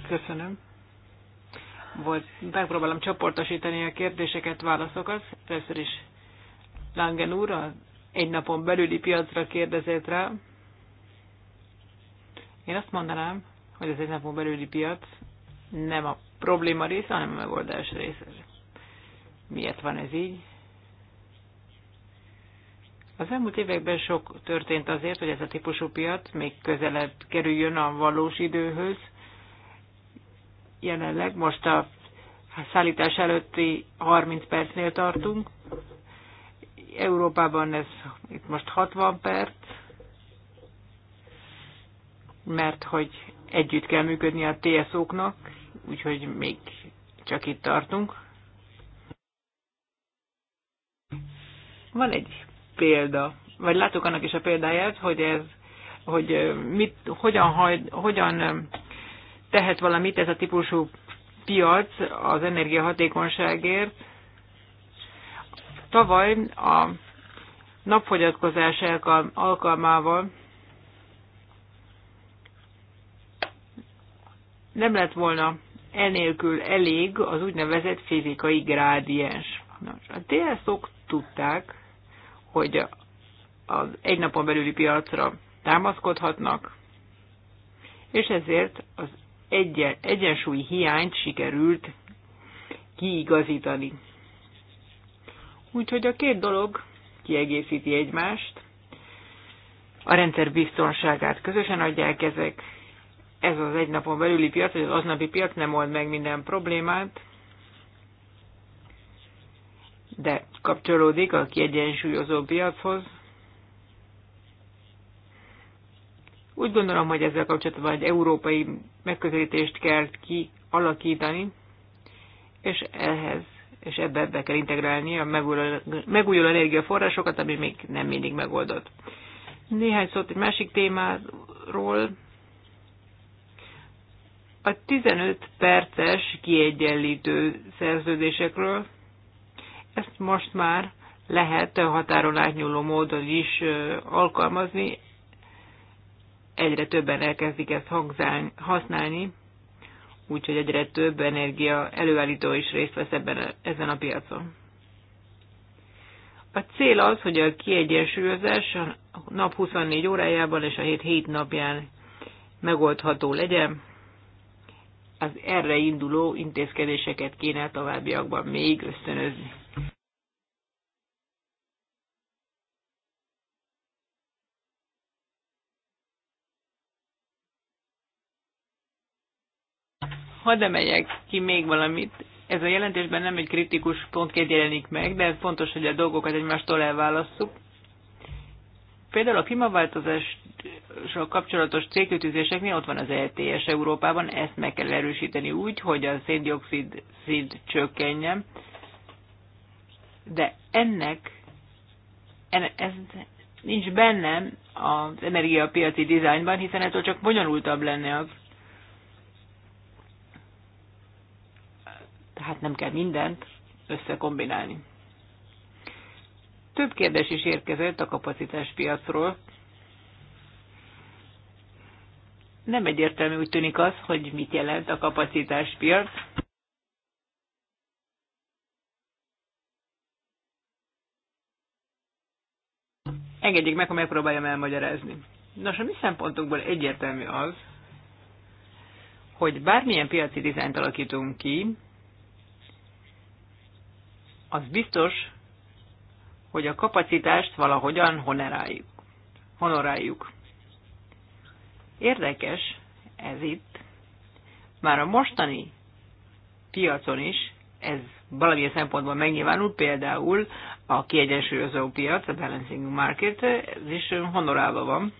Köszönöm. Volt, megpróbálom csoportosítani a kérdéseket, válaszokat. Először is Langen úr a egy napon belüli piacra kérdezett rá. Én azt mondanám, hogy az egy napon belüli piac nem a probléma része, hanem a megoldás része. Miért van ez így? Az elmúlt években sok történt azért, hogy ez a típusú piac még közelebb kerüljön a valós időhöz. Jelenleg most a szállítás előtti 30 percnél tartunk. Európában ez itt most 60 perc, mert hogy együtt kell működni a TSO-knak, úgyhogy még csak itt tartunk. Van egy példa, vagy látok annak is a példáját, hogy ez, hogy mit, hogyan, haj, hogyan tehet valamit ez a típusú piac az energiahatékonyságért. Tavaly a napfogyatkozás alkalmával nem lett volna enélkül elég az úgynevezett fizikai grádiens. Nos, a TSZ-ok tudták, hogy az egy napon belüli piacra támaszkodhatnak, és ezért az egyen, egyensúly hiányt sikerült kiigazítani. Úgyhogy a két dolog kiegészíti egymást, a rendszer biztonságát közösen adják ezek, ez az egy napon belüli piac, vagy az aznapi piac nem old meg minden problémát, de kapcsolódik a kiegyensúlyozó piachoz. Úgy gondolom, hogy ezzel kapcsolatban egy európai megközelítést kell kialakítani, és ehhez és ebbe be kell integrálni a megújuló energiaforrásokat, ami még nem mindig megoldott. Néhány szót egy másik témáról. A 15 perces kiegyenlítő szerződésekről ezt most már lehet határon átnyúló módon is alkalmazni. Egyre többen elkezdik ezt használni, úgyhogy egyre több energia előállító is részt vesz ebben, ezen a piacon. A cél az, hogy a kiegyensúlyozás a nap 24 órájában és a hét 7 napján megoldható legyen. Az erre induló intézkedéseket kéne továbbiakban még ösztönözni. Hadd emeljek ki még valamit. Ez a jelentésben nem egy kritikus pontként jelenik meg, de ez fontos, hogy a dolgokat egymástól elválasszuk. Például a klímaváltozással kapcsolatos célkötőzéseknél ott van az LTS e Európában, ezt meg kell erősíteni úgy, hogy a széndiokszid szint csökkenjen. De ennek, en, ez nincs benne az energiapiaci dizájnban, hiszen ettől csak bonyolultabb lenne a tehát nem kell mindent összekombinálni. Több kérdés is érkezett a kapacitáspiacról. Nem egyértelmű úgy tűnik az, hogy mit jelent a kapacitáspiac. Engedjék meg, ha megpróbáljam elmagyarázni. Nos, a mi szempontunkból egyértelmű az, hogy bármilyen piaci dizájnt alakítunk ki, az biztos, hogy a kapacitást valahogyan honoráljuk. honoráljuk. Érdekes ez itt. Már a mostani piacon is ez valamilyen szempontból megnyilvánul, például a kiegyensúlyozó piac, a balancing market, ez is honorálva van.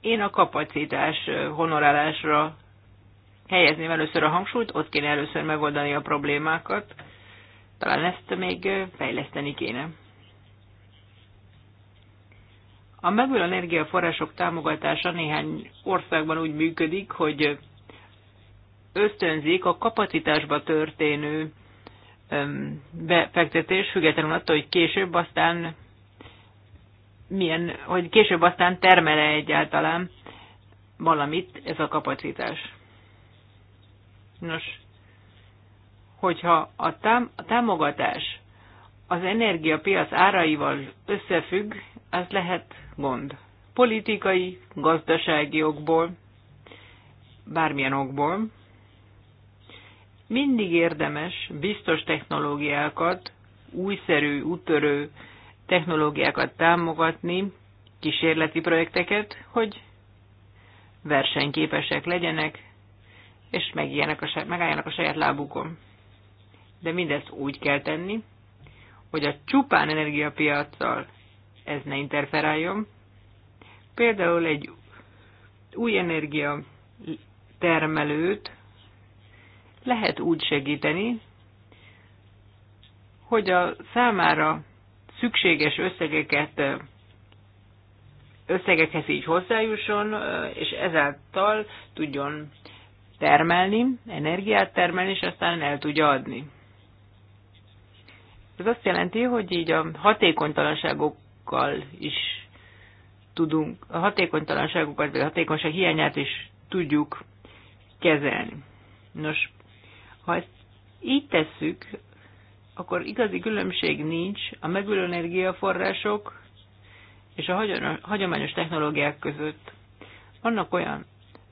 Én a kapacitás honorálásra helyezném először a hangsúlyt, ott kéne először megoldani a problémákat. Talán ezt még fejleszteni kéne. A megújuló energiaforrások támogatása néhány országban úgy működik, hogy ösztönzik a kapacitásba történő befektetés, függetlenül attól, hogy később aztán milyen, hogy később aztán termele egyáltalán valamit ez a kapacitás. Nos, hogyha a, tám- a támogatás az energiapiac áraival összefügg, az lehet gond. Politikai, gazdasági okból, bármilyen okból. Mindig érdemes biztos technológiákat, újszerű, úttörő technológiákat támogatni, kísérleti projekteket, hogy versenyképesek legyenek és megijenek a, megálljanak a saját lábukon. De mindezt úgy kell tenni, hogy a csupán energiapiacsal ez ne interferáljon. Például egy új energia termelőt lehet úgy segíteni, hogy a számára szükséges összegeket összegekhez így hozzájusson, és ezáltal tudjon termelni, energiát termelni, és aztán el tudja adni. Ez azt jelenti, hogy így a hatékonytalanságokkal is tudunk, a hatékonytalanságokat, vagy a hatékonyság hiányát is tudjuk kezelni. Nos, ha ezt így tesszük, akkor igazi különbség nincs a megülő energiaforrások és a hagyományos technológiák között. Vannak olyan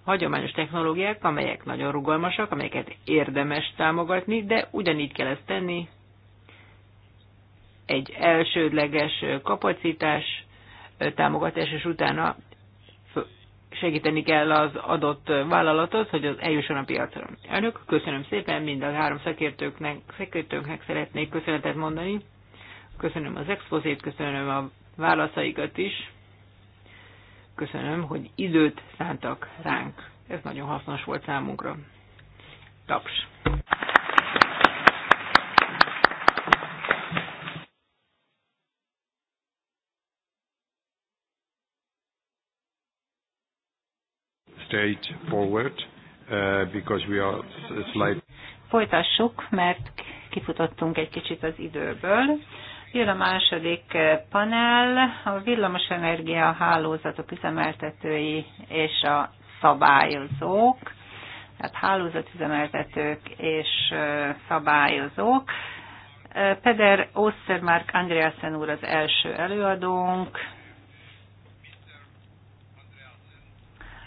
hagyományos technológiák, amelyek nagyon rugalmasak, amelyeket érdemes támogatni, de ugyanígy kell ezt tenni egy elsődleges kapacitás támogatás, és utána segíteni kell az adott vállalatot, hogy az eljusson a piacra. Elnök, köszönöm szépen, mind a három szakértőknek, szakértőknek szeretnék köszönetet mondani. Köszönöm az expozét, köszönöm a válaszaikat is köszönöm, hogy időt szántak ránk. Ez nagyon hasznos volt számunkra. Taps! straight forward uh, because we are slight. Folytassuk, mert kifutottunk egy kicsit az időből. Jön a második eh, panel, a villamosenergia hálózatok üzemeltetői és a szabályozók, tehát hálózatüzemeltetők és eh, szabályozók. Eh, Peder Ostermark Andreasen úr az első előadónk.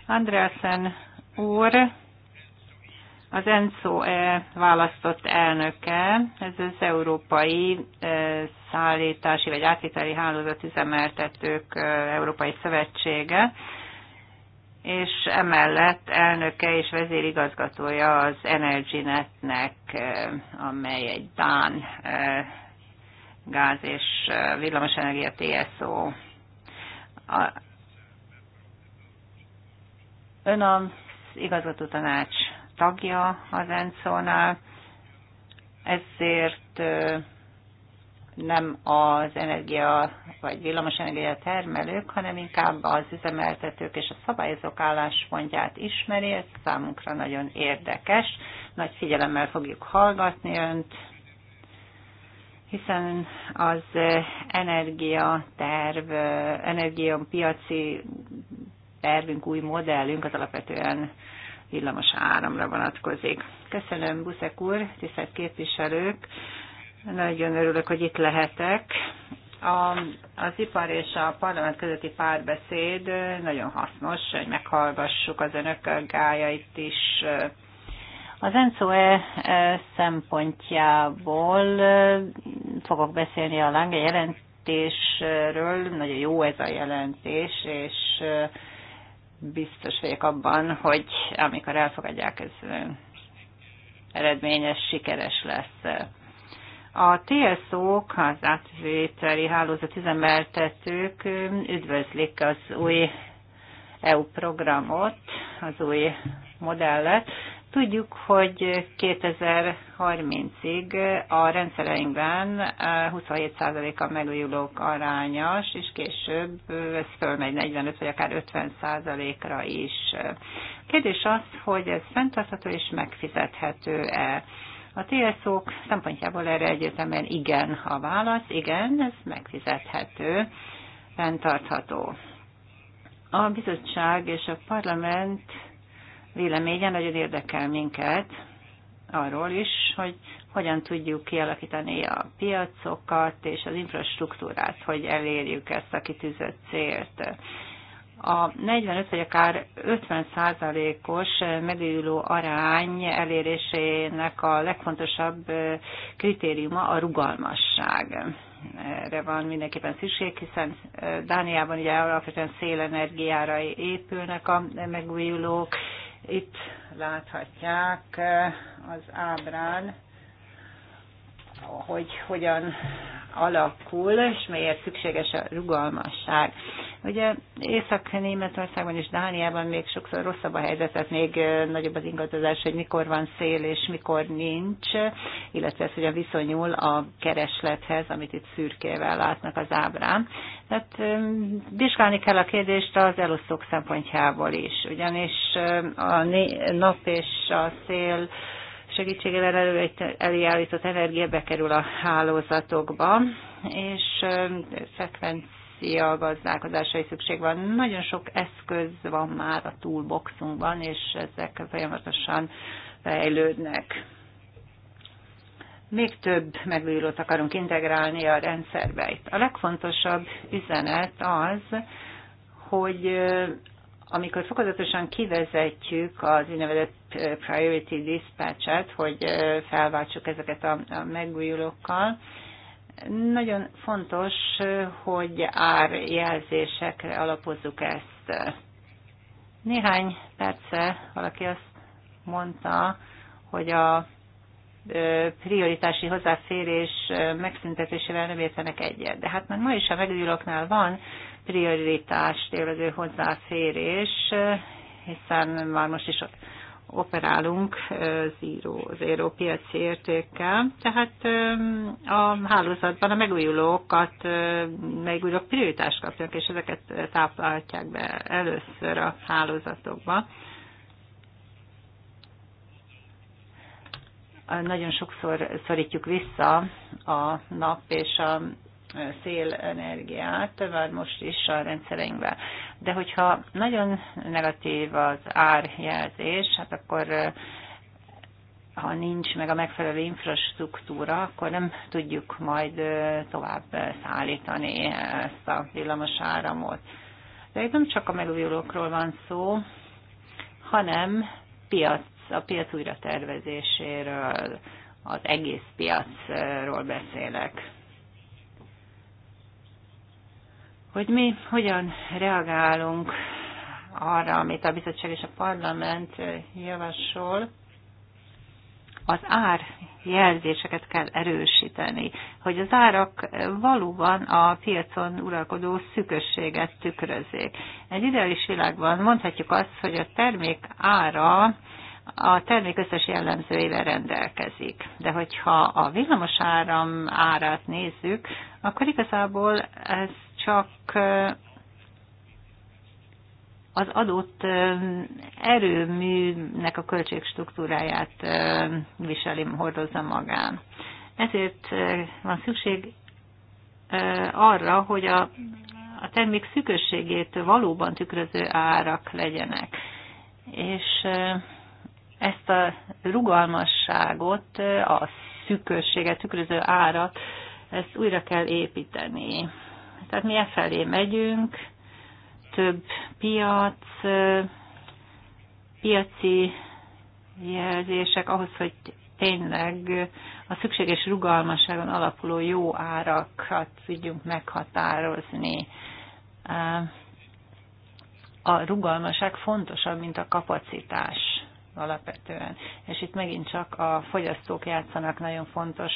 Andreasen úr az Enso e választott elnöke, ez az Európai e, Szállítási vagy Átviteli Hálózat Üzemeltetők e, Európai Szövetsége, és emellett elnöke és vezérigazgatója az EnergyNetnek, e, amely egy Dán gáz és villamosenergia TSO. A, ön az igazgató tanács tagja az ENSZO-nál, ezért nem az energia vagy villamosenergia termelők, hanem inkább az üzemeltetők és a szabályozók álláspontját ismeri, ez számunkra nagyon érdekes. Nagy figyelemmel fogjuk hallgatni önt, hiszen az energiaterv, energiapiaci tervünk, új modellünk az alapvetően villamos áramra vonatkozik. Köszönöm, Buszek úr, tisztelt képviselők! Nagyon örülök, hogy itt lehetek. A, az ipar és a parlament közötti párbeszéd nagyon hasznos, hogy meghallgassuk az önök gájait is. Az NCOE szempontjából fogok beszélni a Lange jelentésről. Nagyon jó ez a jelentés, és biztos vagyok abban, hogy amikor elfogadják, ez eredményes, sikeres lesz. A TSO-k, az átvételi hálózat üzemeltetők üdvözlik az új EU programot, az új modellet, Tudjuk, hogy 2030-ig a rendszereinkben 27%-a eh, megújulók arányas, és később ez fölmegy 45 vagy akár 50%-ra is. Kérdés az, hogy ez fenntartható és megfizethető-e. A TSO-k szempontjából erre egyértelműen igen a válasz, igen, ez megfizethető, fenntartható. A bizottság és a parlament véleménye nagyon érdekel minket arról is, hogy hogyan tudjuk kialakítani a piacokat és az infrastruktúrát, hogy elérjük ezt a kitűzött célt. A 45 vagy akár 50 százalékos megújuló arány elérésének a legfontosabb kritériuma a rugalmasság erre van mindenképpen szükség, hiszen Dániában ugye alapvetően szélenergiára épülnek a megújulók, itt láthatják eh, az ábrán, hogy hogyan alakul, és miért szükséges a rugalmasság. Ugye Észak-Németországban és Dániában még sokszor rosszabb a helyzet, tehát még nagyobb az ingadozás, hogy mikor van szél és mikor nincs, illetve ez ugye viszonyul a kereslethez, amit itt szürkével látnak az ábrán. Tehát vizsgálni kell a kérdést az elosztók szempontjából is, ugyanis a nap és a szél segítségével elő, egy eljállított energia bekerül a hálózatokba, és szekvenc francia gazdálkodásra is szükség van. Nagyon sok eszköz van már a toolboxunkban, és ezek folyamatosan fejlődnek. Még több megújulót akarunk integrálni a rendszerbe. Itt a legfontosabb üzenet az, hogy amikor fokozatosan kivezetjük az úgynevezett priority dispatch-et, hogy felváltsuk ezeket a, a megújulókkal, nagyon fontos, hogy árjelzésekre alapozzuk ezt. Néhány perce valaki azt mondta, hogy a prioritási hozzáférés megszüntetésével nem értenek egyet. De hát már ma is a megújulóknál van prioritást élvező hozzáférés, hiszen már most is ott operálunk zero, zero piaci értékkel, tehát a hálózatban a megújulókat, megújulók prioritást kapnak, és ezeket táplálhatják be először a hálózatokba. Nagyon sokszor szorítjuk vissza a nap és a szélenergiát, már most is a rendszereinkben. De hogyha nagyon negatív az árjelzés, hát akkor ha nincs meg a megfelelő infrastruktúra, akkor nem tudjuk majd tovább szállítani ezt a villamos áramot. De itt nem csak a megújulókról van szó, hanem piac, a piac újra tervezéséről, az egész piacról beszélek. hogy mi hogyan reagálunk arra, amit a bizottság és a parlament javasol, az ár jelzéseket kell erősíteni, hogy az árak valóban a piacon uralkodó szükösséget tükrözik. Egy ideális világban mondhatjuk azt, hogy a termék ára a termék összes jellemzőivel rendelkezik. De hogyha a villamos áram árát nézzük, akkor igazából ez csak az adott erőműnek a költségstruktúráját viseli, hordozza magán. Ezért van szükség arra, hogy a, a termék szükösségét valóban tükröző árak legyenek. És ezt a rugalmasságot, a szükösséget tükröző árat, ezt újra kell építeni tehát mi e felé megyünk, több piac, piaci jelzések ahhoz, hogy tényleg a szükséges rugalmasságon alapuló jó árakat tudjunk meghatározni. A rugalmasság fontosabb, mint a kapacitás alapvetően. És itt megint csak a fogyasztók játszanak nagyon fontos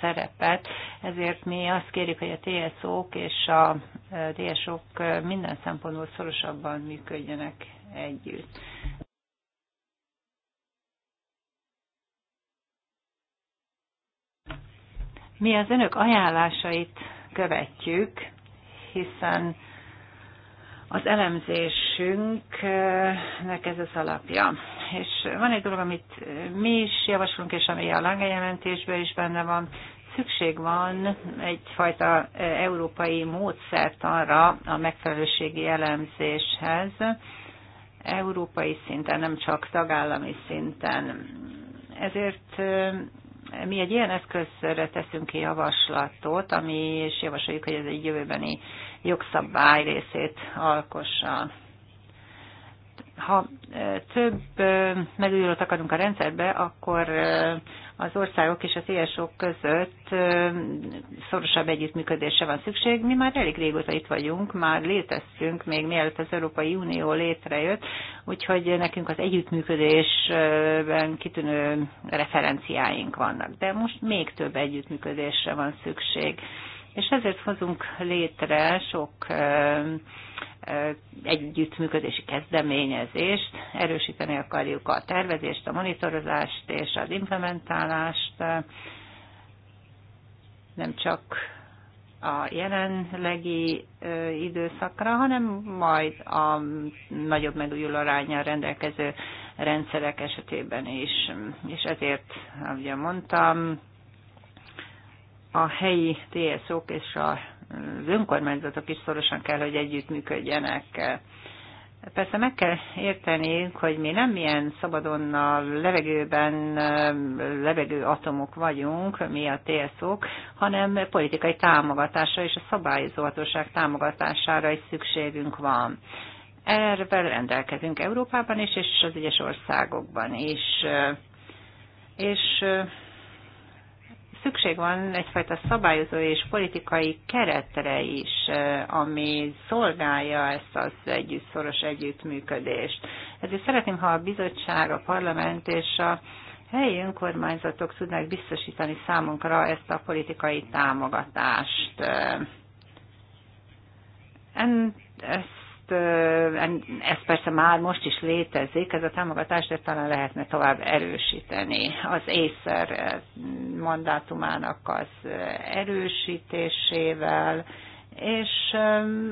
szerepet, ezért mi azt kérjük, hogy a TSO-k és a DSO-k minden szempontból szorosabban működjenek együtt. Mi az önök ajánlásait követjük, hiszen az elemzésünknek ez az alapja. És van egy dolog, amit mi is javaslunk, és ami a Lange jelentésben is benne van, szükség van egyfajta eh, európai módszert arra a megfelelőségi elemzéshez, európai szinten, nem csak tagállami szinten. Ezért eh, mi egy ilyen eszközre teszünk ki javaslatot, ami, és javasoljuk, hogy ez egy jövőbeni jogszabály részét alkossa. Ha több megújulót akarunk a rendszerbe, akkor az országok és az ISO között szorosabb együttműködésre van szükség. Mi már elég régóta itt vagyunk, már léteztünk, még mielőtt az Európai Unió létrejött, úgyhogy nekünk az együttműködésben kitűnő referenciáink vannak. De most még több együttműködésre van szükség. És ezért hozunk létre sok együttműködési kezdeményezést, erősíteni akarjuk a tervezést, a monitorozást és az implementálást, nem csak a jelenlegi időszakra, hanem majd a nagyobb megújuló arányjal rendelkező rendszerek esetében is. És ezért, ahogy mondtam, a helyi TSZ-ok és a az önkormányzatok is szorosan kell, hogy együttműködjenek. Persze meg kell értenünk, hogy mi nem ilyen szabadon a levegőben levegő atomok vagyunk, mi a TSZ-ok, hanem politikai támogatásra és a szabályozóhatóság támogatására is szükségünk van. Erre rendelkezünk Európában is, és az egyes országokban is. És szükség van egyfajta szabályozó és politikai keretre is, ami szolgálja ezt az együtt, szoros együttműködést. Ezért szeretném, ha a bizottság, a parlament és a helyi önkormányzatok tudnák biztosítani számunkra ezt a politikai támogatást. ezt ezt, ez persze már most is létezik, ez a támogatás, de talán lehetne tovább erősíteni. Az észer mandátumának az erősítésével, és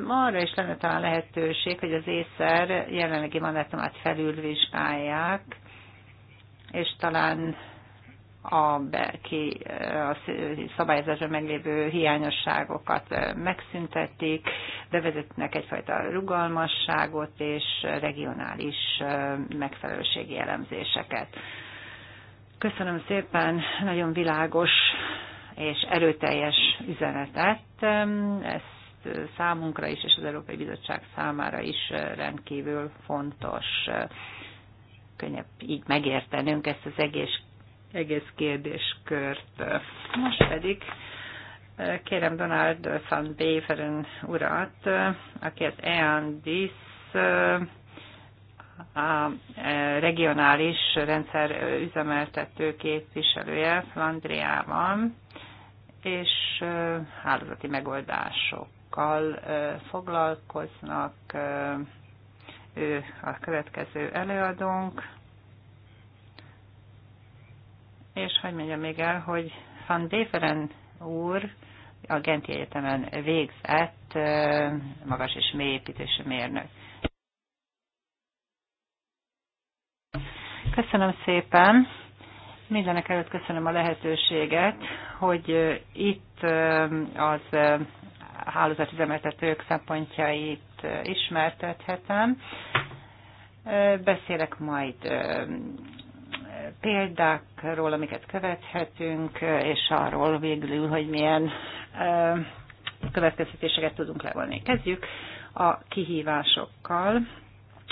arra is lenne talán lehetőség, hogy az észer jelenlegi mandátumát felülvizsgálják, és talán a, ki, eh, a szabályozásban meglévő hiányosságokat eh, megszüntetik, bevezetnek egyfajta rugalmasságot és regionális eh, megfelelőségi elemzéseket. Köszönöm szépen, nagyon világos és erőteljes üzenetet. Ezt számunkra is, és az Európai Bizottság számára is rendkívül fontos könnyebb így megértenünk ezt az egész egész kérdéskört. Most pedig eh, kérem Donald van Beveren urat, aki az EANDIS eh, a regionális rendszer üzemeltető képviselője Flandriában, és eh, hálózati megoldásokkal foglalkoznak. Ő a következő előadónk és hogy mondjam még el, hogy Van Beveren úr a Genti Egyetemen végzett magas és mély építési mérnök. Köszönöm szépen. Mindenek előtt köszönöm a lehetőséget, hogy itt az hálózatüzemeltetők szempontjait ismertethetem. Beszélek majd példákról, amiket követhetünk, és arról végül, hogy milyen következtetéseket tudunk levonni. Kezdjük a kihívásokkal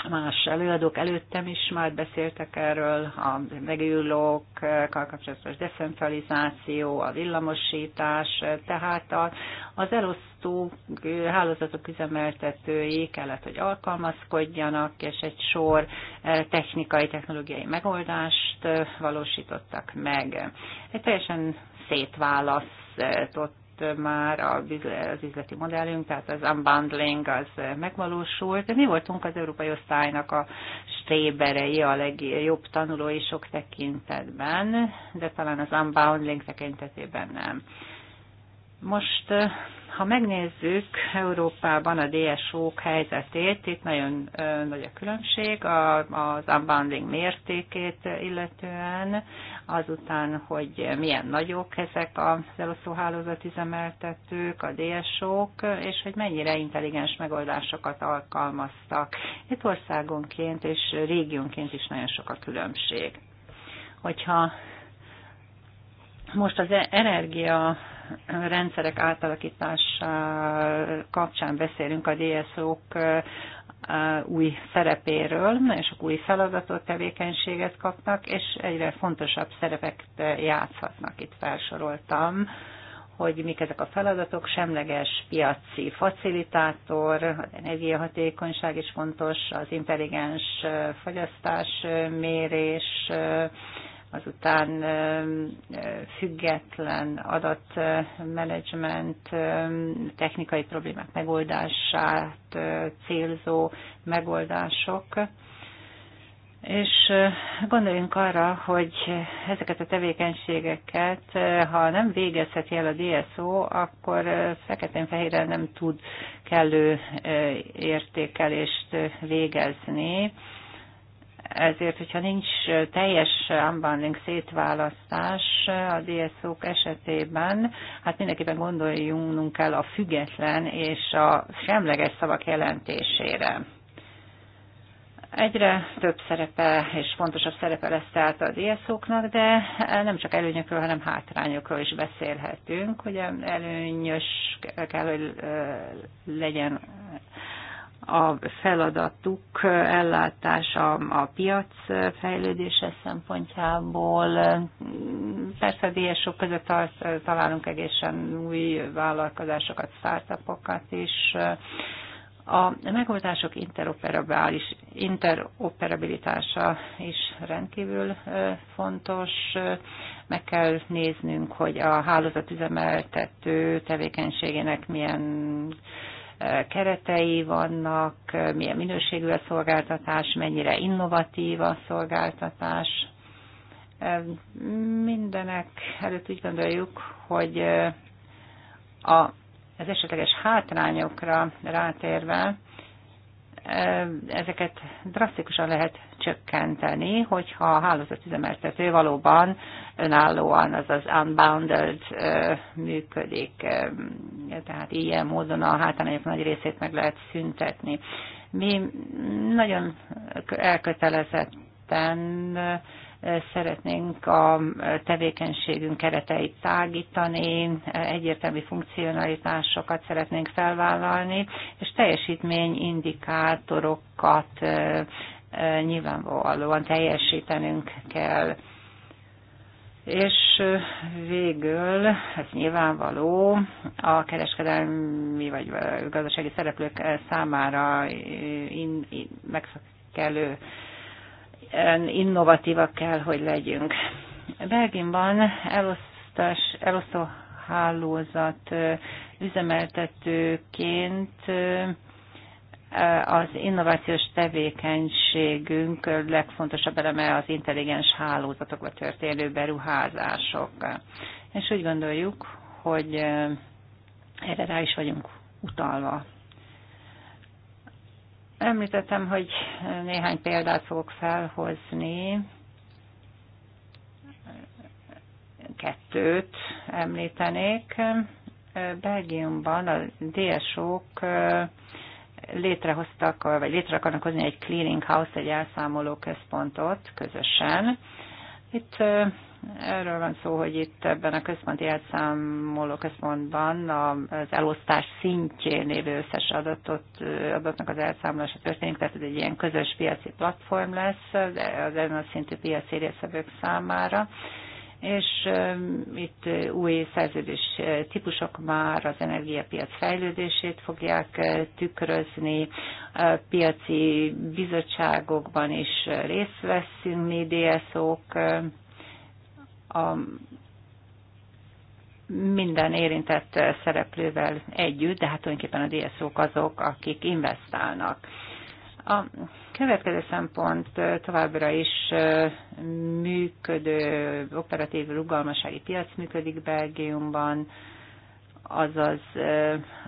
más előadók előttem is már beszéltek erről, a megülókkal kapcsolatos decentralizáció, a villamosítás, tehát a, az elosztó hálózatok üzemeltetői kellett, hogy alkalmazkodjanak, és egy sor e, technikai, technológiai megoldást e, valósítottak meg. Egy teljesen szétválasztott már az üzleti modellünk, tehát az unbundling az megvalósult. Mi voltunk az európai osztálynak a stréberei, a legjobb tanulói sok tekintetben, de talán az unbundling tekintetében nem. Most ha megnézzük Európában a DSO-k helyzetét, itt nagyon nagy a különbség az unbounding mértékét illetően, azután, hogy milyen nagyok ezek a eloszló üzemeltetők, a DSO-k, és hogy mennyire intelligens megoldásokat alkalmaztak. Itt országonként és régiónként is nagyon sok a különbség. Hogyha most az e-, energia rendszerek átalakítása kapcsán beszélünk a DSO-k uh, új szerepéről, nagyon sok új feladatot, tevékenységet kapnak, és egyre fontosabb szerepet játszhatnak. Itt felsoroltam, hogy mik ezek a feladatok, semleges piaci facilitátor, az energiahatékonyság is fontos, az intelligens uh, fogyasztás uh, mérés, azután független adatmenedzsment, technikai problémák megoldását célzó megoldások. És gondoljunk arra, hogy ezeket a tevékenységeket, ha nem végezheti el a DSO, akkor feketén-fehéren nem tud kellő értékelést végezni ezért, hogyha nincs teljes unbundling szétválasztás a DSO-k esetében, hát mindenképpen gondoljunk el a független és a semleges szavak jelentésére. Egyre több szerepe és fontosabb szerepe lesz tehát a dso oknak de nem csak előnyökről, hanem hátrányokról is beszélhetünk. Ugye előnyös kell, hogy legyen a feladatuk ellátása a piac fejlődése szempontjából. Persze a DSO-k között találunk egészen új vállalkozásokat, startupokat is. A megoldások interoperabilis, interoperabilitása is rendkívül fontos. Meg kell néznünk, hogy a hálózatüzemeltető tevékenységének milyen keretei vannak, milyen minőségű a szolgáltatás, mennyire innovatív a szolgáltatás. Mindenek előtt úgy gondoljuk, hogy a, az esetleges hátrányokra rátérve, ezeket drasztikusan lehet csökkenteni, hogyha a hálózatüzemeltető valóban önállóan, azaz unbounded működik, tehát ilyen módon a hátrányok nagy részét meg lehet szüntetni. Mi nagyon elkötelezetten szeretnénk a tevékenységünk kereteit tágítani, egyértelmű funkcionalitásokat szeretnénk felvállalni, és teljesítményindikátorokat nyilvánvalóan teljesítenünk kell. És végül, ez nyilvánvaló, a kereskedelmi vagy gazdasági szereplők számára in, in, meg kellő innovatívak kell, hogy legyünk. Belgiumban elosztás, elosztó hálózat üzemeltetőként az innovációs tevékenységünk legfontosabb eleme az intelligens hálózatokba történő beruházások. És úgy gondoljuk, hogy eh, erre rá is vagyunk utalva. Említettem, hogy néhány példát fogok felhozni, kettőt említenék. Belgiumban a DSO-k eh, létrehoztak, vagy létre akarnak hozni egy cleaning house, egy elszámoló központot közösen. Itt erről van szó, hogy itt ebben a központi elszámoló központban az elosztás szintjén lévő összes adatot, adatnak az elszámolása történik, tehát ez egy ilyen közös piaci platform lesz az ezen a szintű piaci részvevők számára és itt új szerződés típusok már az energiapiac fejlődését fogják tükrözni, a piaci bizottságokban is részt veszünk mi DSO-k, a minden érintett szereplővel együtt, de hát tulajdonképpen a DSO-k azok, akik investálnak. A következő szempont továbbra is működő operatív rugalmasági piac működik Belgiumban, azaz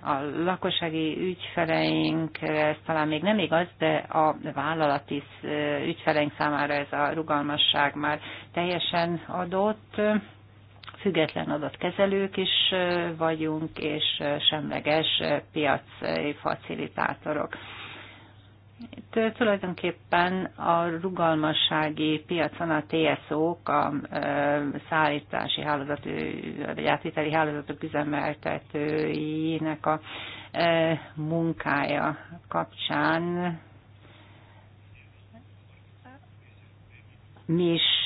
a lakossági ügyfeleink, ez talán még nem igaz, de a vállalati ügyfeleink számára ez a rugalmasság már teljesen adott. Független adatkezelők is vagyunk, és semleges piaci facilitátorok. Itt tulajdonképpen a rugalmassági piacon a TSO-k, a szállítási hálózat, vagy átviteli hálózatok üzemeltetőinek a munkája kapcsán mi is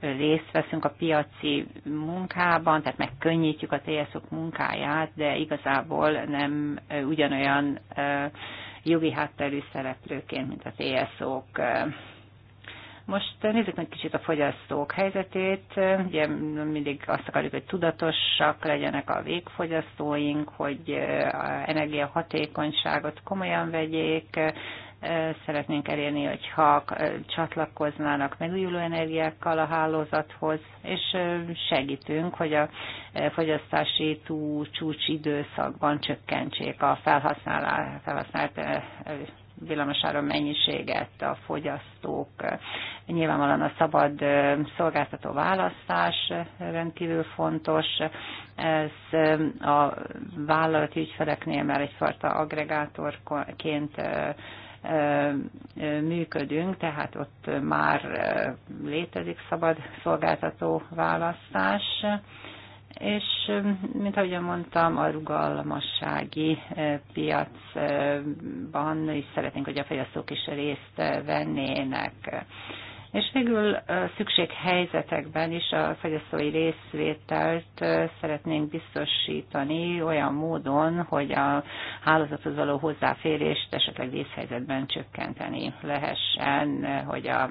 részt veszünk a piaci munkában, tehát megkönnyítjük a TSO k munkáját, de igazából nem ugyanolyan jogi hátterű szereplőként, mint az ESO-k. Most nézzük meg kicsit a fogyasztók helyzetét. Ugye mindig azt akarjuk, hogy tudatosak legyenek a végfogyasztóink, hogy a energiahatékonyságot komolyan vegyék, szeretnénk elérni, hogyha csatlakoznának megújuló energiákkal a hálózathoz, és segítünk, hogy a fogyasztási túl csúcs időszakban csökkentsék a felhasznált villamosáron mennyiséget a fogyasztók. Nyilvánvalóan a szabad szolgáltató választás rendkívül fontos. Ez a vállalati ügyfeleknél már egyfajta agregátorként működünk, tehát ott már létezik szabad szolgáltató választás, és mint ahogy mondtam, a rugalmassági piacban is szeretnénk, hogy a fogyasztók is részt vennének. És végül szükséghelyzetekben is a fogyasztói részvételt szeretnénk biztosítani olyan módon, hogy a hálózathoz való hozzáférést esetleg vészhelyzetben csökkenteni lehessen, hogy a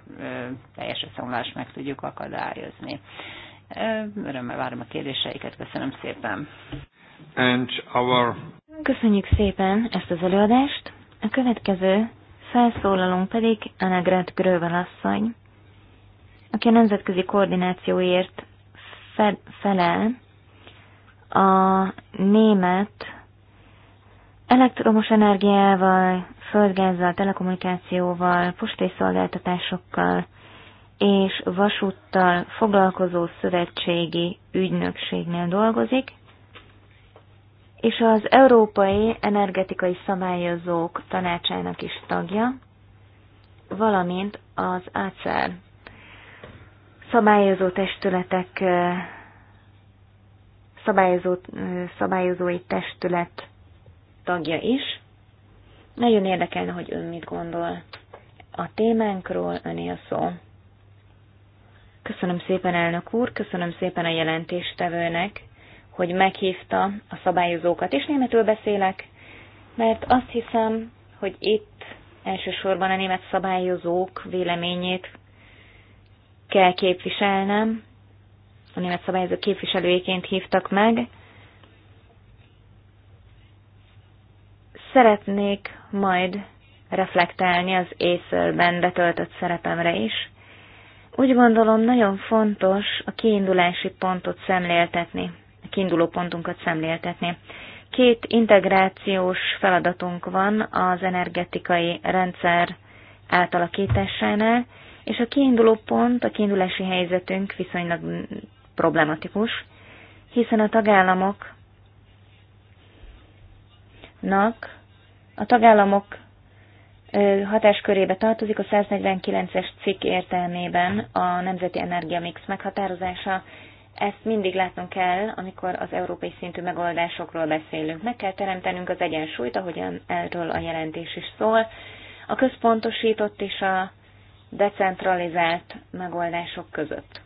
teljes összeomlást meg tudjuk akadályozni. Örömmel várom a kérdéseiket, köszönöm szépen. And our... Köszönjük szépen ezt az előadást. A következő felszólalunk pedig Anagret Grövel asszony aki a nemzetközi koordinációért fe, felel, a német elektromos energiával, földgázzal, telekommunikációval, postai szolgáltatásokkal és vasúttal foglalkozó szövetségi ügynökségnél dolgozik, és az Európai Energetikai Szabályozók Tanácsának is tagja, valamint az ACER szabályozó testületek, szabályozó, szabályozói testület tagja is. Nagyon érdekelne, hogy ön mit gondol a témánkról, öné a szó. Köszönöm szépen, elnök úr, köszönöm szépen a jelentéstevőnek, hogy meghívta a szabályozókat, és németül beszélek, mert azt hiszem, hogy itt elsősorban a német szabályozók véleményét kell képviselnem, a német szabályozó képviselőjéként hívtak meg. Szeretnék majd reflektálni az észölben betöltött szerepemre is. Úgy gondolom, nagyon fontos a kiindulási pontot szemléltetni, a kiinduló pontunkat szemléltetni. Két integrációs feladatunk van az energetikai rendszer átalakításánál, és a kiinduló pont, a kiindulási helyzetünk viszonylag problematikus, hiszen a tagállamoknak a tagállamok hatáskörébe tartozik a 149-es cikk értelmében a nemzeti energiamix meghatározása. Ezt mindig látnunk kell, amikor az európai szintű megoldásokról beszélünk. Meg kell teremtenünk az egyensúlyt, ahogyan erről a jelentés is szól. A központosított és a decentralizált megoldások között.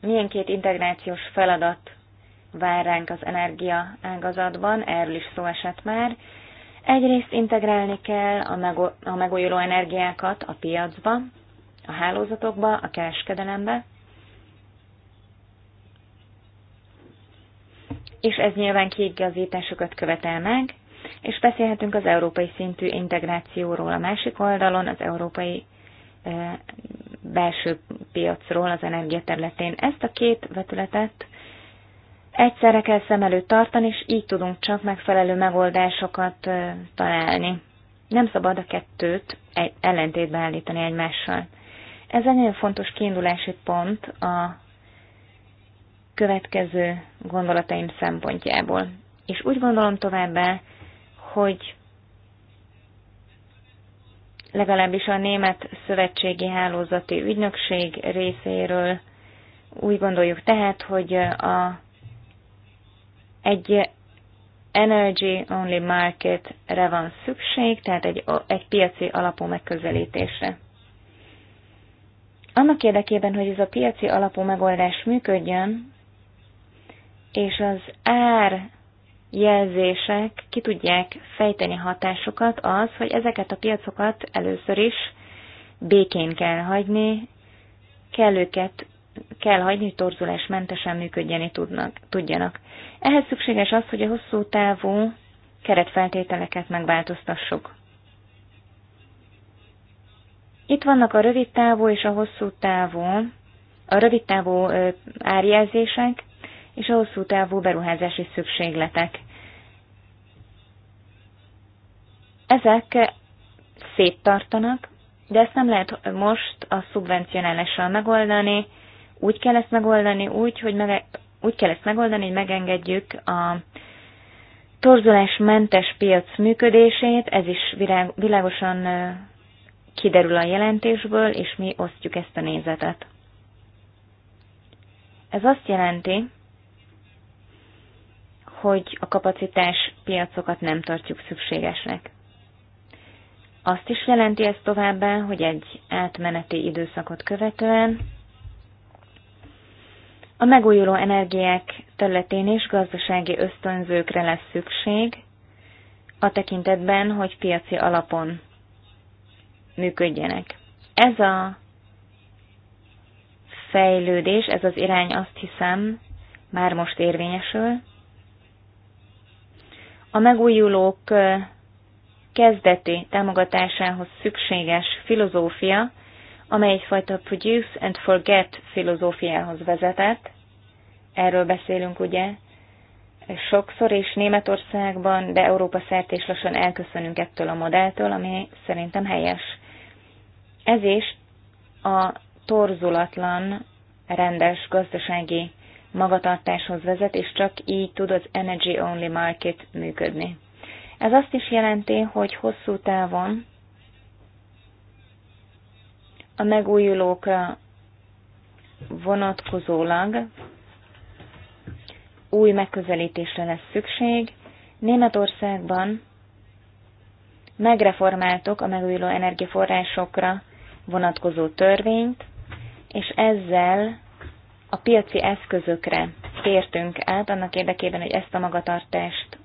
Milyen két integrációs feladat vár ránk az energia ágazatban, erről is szó esett már. Egyrészt integrálni kell a megújuló energiákat a piacba, a hálózatokba, a kereskedelembe, és ez nyilván kiigazításokat követel meg, és beszélhetünk az európai szintű integrációról a másik oldalon, az európai belső piacról az energia területén. Ezt a két vetületet egyszerre kell szem előtt tartani, és így tudunk csak megfelelő megoldásokat találni. Nem szabad a kettőt ellentétbe állítani egymással. Ez egy nagyon fontos kiindulási pont a következő gondolataim szempontjából. És úgy gondolom továbbá, hogy legalábbis a Német Szövetségi Hálózati Ügynökség részéről úgy gondoljuk tehát, hogy a, egy energy only marketre van szükség, tehát egy, egy piaci alapú megközelítésre. Annak érdekében, hogy ez a piaci alapú megoldás működjön, és az ár jelzések ki tudják fejteni hatásukat, az, hogy ezeket a piacokat először is békén kell hagyni, kell őket kell hagyni, hogy torzulásmentesen működjeni tudnak, tudjanak. Ehhez szükséges az, hogy a hosszú távú keretfeltételeket megváltoztassuk. Itt vannak a rövid távú és a hosszú távú, a rövid távú árjelzések, és a hosszú távú beruházási szükségletek. Ezek széttartanak, de ezt nem lehet most a szubvencionálással megoldani. Úgy kell ezt megoldani, úgy, hogy meg, úgy kell ezt megoldani, hogy megengedjük a torzulásmentes piac működését, ez is világosan kiderül a jelentésből, és mi osztjuk ezt a nézetet. Ez azt jelenti, hogy a kapacitás piacokat nem tartjuk szükségesnek. Azt is jelenti ez továbbá, hogy egy átmeneti időszakot követően a megújuló energiák területén is gazdasági ösztönzőkre lesz szükség, a tekintetben, hogy piaci alapon működjenek. Ez a fejlődés, ez az irány azt hiszem már most érvényesül, a megújulók kezdeti támogatásához szükséges filozófia, amely egyfajta produce and forget filozófiához vezetett. Erről beszélünk ugye sokszor, és Németországban, de Európa szerte is lassan elköszönünk ettől a modelltől, ami szerintem helyes. Ez is a torzulatlan, rendes gazdasági magatartáshoz vezet, és csak így tud az Energy Only Market működni. Ez azt is jelenti, hogy hosszú távon a megújulókra vonatkozólag új megközelítésre lesz szükség. Németországban megreformáltuk a megújuló energiaforrásokra vonatkozó törvényt, és ezzel a piaci eszközökre tértünk át annak érdekében, hogy ezt a magatartást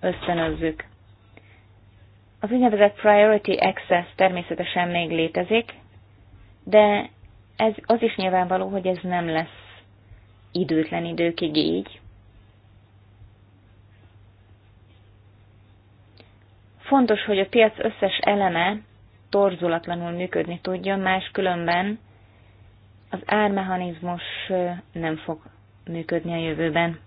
ösztönözzük. Az úgynevezett Priority Access természetesen még létezik, de ez, az is nyilvánvaló, hogy ez nem lesz időtlen időkig így. Fontos, hogy a piac összes eleme torzulatlanul működni tudjon, más különben az ármechanizmus nem fog működni a jövőben.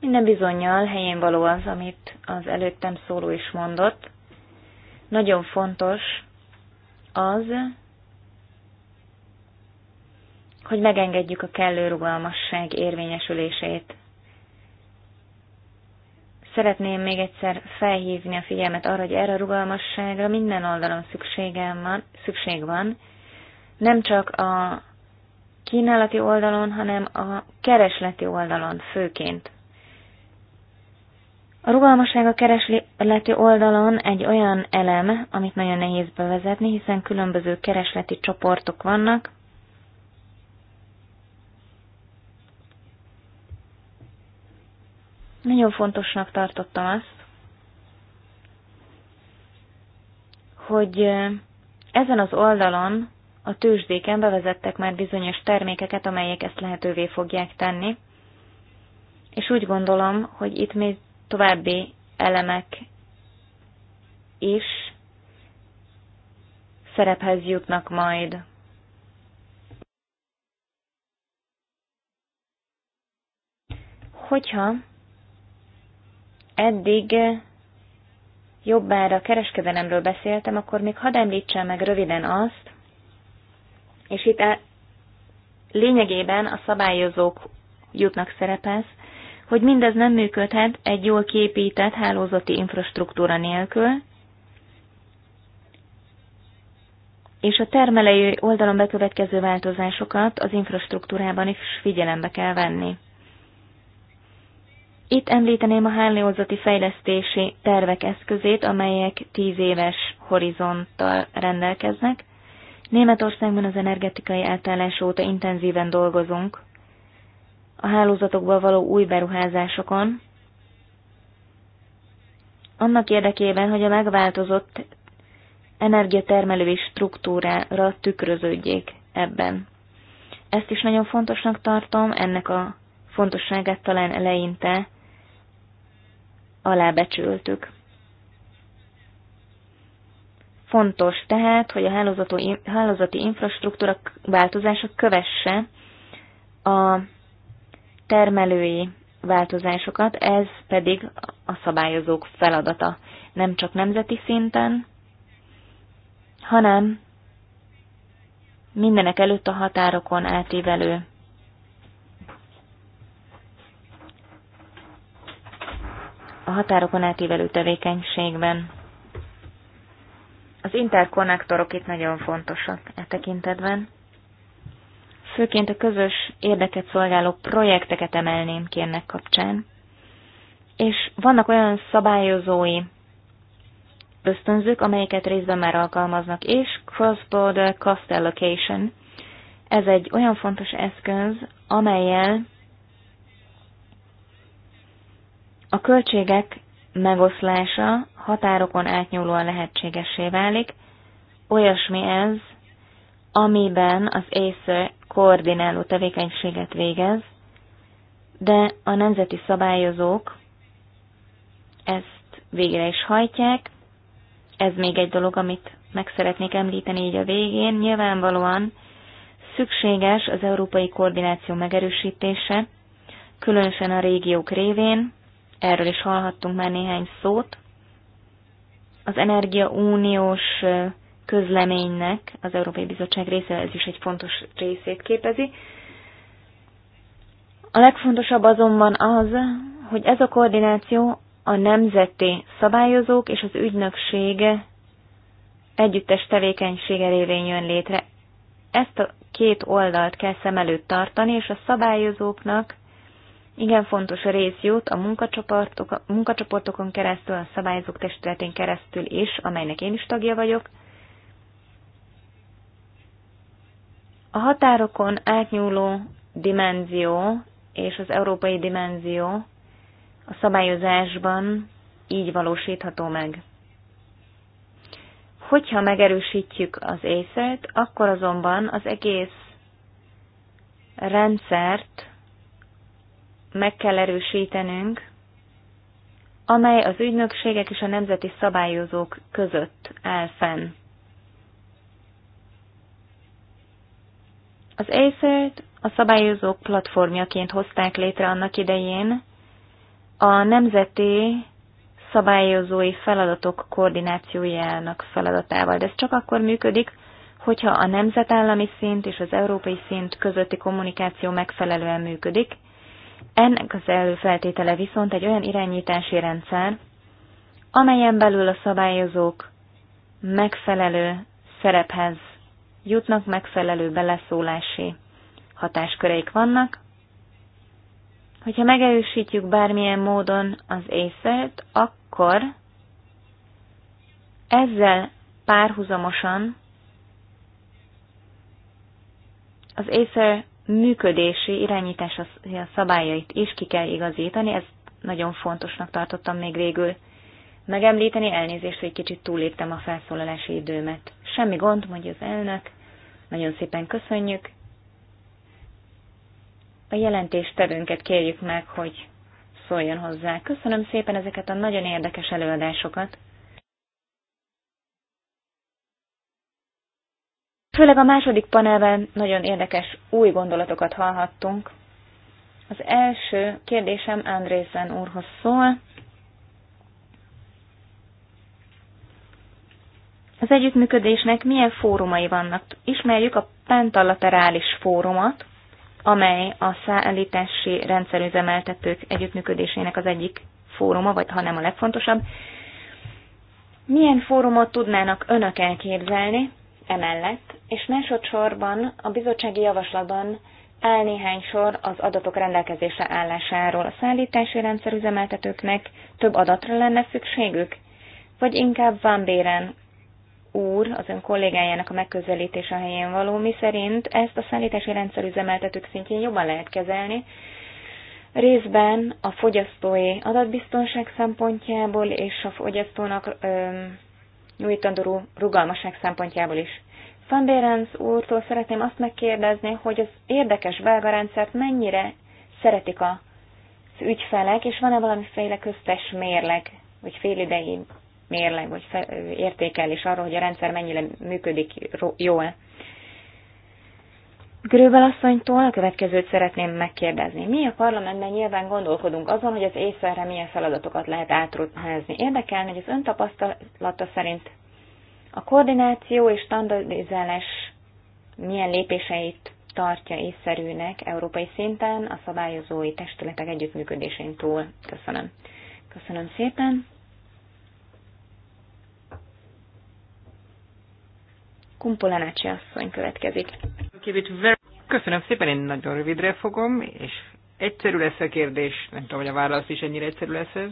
Minden bizonyal helyén való az, amit az előttem szóló is mondott. Nagyon fontos az, hogy megengedjük a kellő rugalmasság érvényesülését Szeretném még egyszer felhívni a figyelmet arra, hogy erre a rugalmasságra minden oldalon szükségem van, szükség van, nem csak a kínálati oldalon, hanem a keresleti oldalon főként. A rugalmasság a keresleti oldalon egy olyan elem, amit nagyon nehéz bevezetni, hiszen különböző keresleti csoportok vannak, Nagyon fontosnak tartottam azt, hogy ezen az oldalon a tőzsdéken bevezettek már bizonyos termékeket, amelyek ezt lehetővé fogják tenni, és úgy gondolom, hogy itt még további elemek is szerephez jutnak majd. Hogyha Eddig eh, jobbára kereskedelemről beszéltem, akkor még hadd említsen meg röviden azt, és itt a, lényegében a szabályozók jutnak szerepez, hogy mindez nem működhet egy jól képített hálózati infrastruktúra nélkül, és a termelői oldalon bekövetkező változásokat az infrastruktúrában is figyelembe kell venni. Itt említeném a hálózati fejlesztési tervek eszközét, amelyek tíz éves horizonttal rendelkeznek. Németországban az energetikai átállás óta intenzíven dolgozunk a hálózatokba való új beruházásokon, annak érdekében, hogy a megváltozott energiatermelői struktúrára tükröződjék ebben. Ezt is nagyon fontosnak tartom, ennek a fontosságát talán eleinte alábecsültük. Fontos tehát, hogy a hálózati infrastruktúra változása kövesse a termelői változásokat, ez pedig a szabályozók feladata, nem csak nemzeti szinten, hanem mindenek előtt a határokon átívelő a határokon átívelő tevékenységben. Az interkonnektorok itt nagyon fontosak e tekintetben. Főként a közös érdeket szolgáló projekteket emelném ki ennek kapcsán. És vannak olyan szabályozói ösztönzők, amelyeket részben már alkalmaznak, és cross-border cost allocation. Ez egy olyan fontos eszköz, amelyel A költségek megoszlása határokon átnyúlóan lehetségessé válik, olyasmi ez, amiben az észre koordináló tevékenységet végez, de a nemzeti szabályozók ezt végre is hajtják. Ez még egy dolog, amit meg szeretnék említeni így a végén. Nyilvánvalóan szükséges az európai koordináció megerősítése, különösen a régiók révén, erről is hallhattunk már néhány szót. Az energia uniós közleménynek az Európai Bizottság része ez is egy fontos részét képezi. A legfontosabb azonban az, hogy ez a koordináció a nemzeti szabályozók és az ügynökség együttes tevékenysége révén jön létre. Ezt a két oldalt kell szem előtt tartani, és a szabályozóknak igen fontos rész jut a munkacsoportok, munkacsoportokon keresztül, a szabályozók testületén keresztül is, amelynek én is tagja vagyok. A határokon átnyúló dimenzió és az európai dimenzió a szabályozásban így valósítható meg. Hogyha megerősítjük az észet, akkor azonban az egész rendszert meg kell erősítenünk, amely az ügynökségek és a nemzeti szabályozók között áll fenn. Az acer a szabályozók platformjaként hozták létre annak idején, a nemzeti szabályozói feladatok koordinációjának feladatával, de ez csak akkor működik, hogyha a nemzetállami szint és az európai szint közötti kommunikáció megfelelően működik, ennek az előfeltétele viszont egy olyan irányítási rendszer, amelyen belül a szabályozók megfelelő szerephez jutnak, megfelelő beleszólási hatásköreik vannak. Hogyha megerősítjük bármilyen módon az észert, akkor ezzel párhuzamosan az észre működési irányítása szabályait is ki kell igazítani, ez nagyon fontosnak tartottam még végül megemlíteni, elnézést, hogy kicsit túléptem a felszólalási időmet. Semmi gond, mondja az elnök, nagyon szépen köszönjük. A jelentéstevőnket kérjük meg, hogy szóljon hozzá. Köszönöm szépen ezeket a nagyon érdekes előadásokat. Főleg a második panelben nagyon érdekes új gondolatokat hallhattunk. Az első kérdésem Andrészen úrhoz szól. Az együttműködésnek milyen fórumai vannak? Ismerjük a pentalaterális fórumot, amely a szállítási rendszerüzemeltetők együttműködésének az egyik fóruma, vagy ha nem a legfontosabb. Milyen fórumot tudnának önök elképzelni, emellett, és másodszorban a bizottsági javaslatban áll néhány sor az adatok rendelkezése állásáról. A szállítási rendszer üzemeltetőknek több adatra lenne szükségük? Vagy inkább Van Béren úr, az ön kollégájának a megközelítése a helyén való, mi szerint ezt a szállítási rendszer üzemeltetők szintjén jobban lehet kezelni, részben a fogyasztói adatbiztonság szempontjából és a fogyasztónak öm, nyújtandó rugalmasság szempontjából is. Van Bérenc úrtól szeretném azt megkérdezni, hogy az érdekes belga rendszert mennyire szeretik az ügyfelek, és van-e valamiféle köztes mérleg, vagy félidei mérleg, vagy értékelés arról, hogy a rendszer mennyire működik jól. Grővel asszonytól a következőt szeretném megkérdezni. Mi a parlamentben nyilván gondolkodunk azon, hogy az észre milyen feladatokat lehet átruházni. Érdekelne, hogy az ön tapasztalata szerint a koordináció és standardizálás milyen lépéseit tartja észszerűnek európai szinten a szabályozói testületek együttműködésén túl. Köszönöm. Köszönöm szépen. Kumpolanácsi asszony következik. Köszönöm szépen, én nagyon rövidre fogom, és egyszerű lesz a kérdés, nem tudom, hogy a válasz is ennyire egyszerű lesz ez.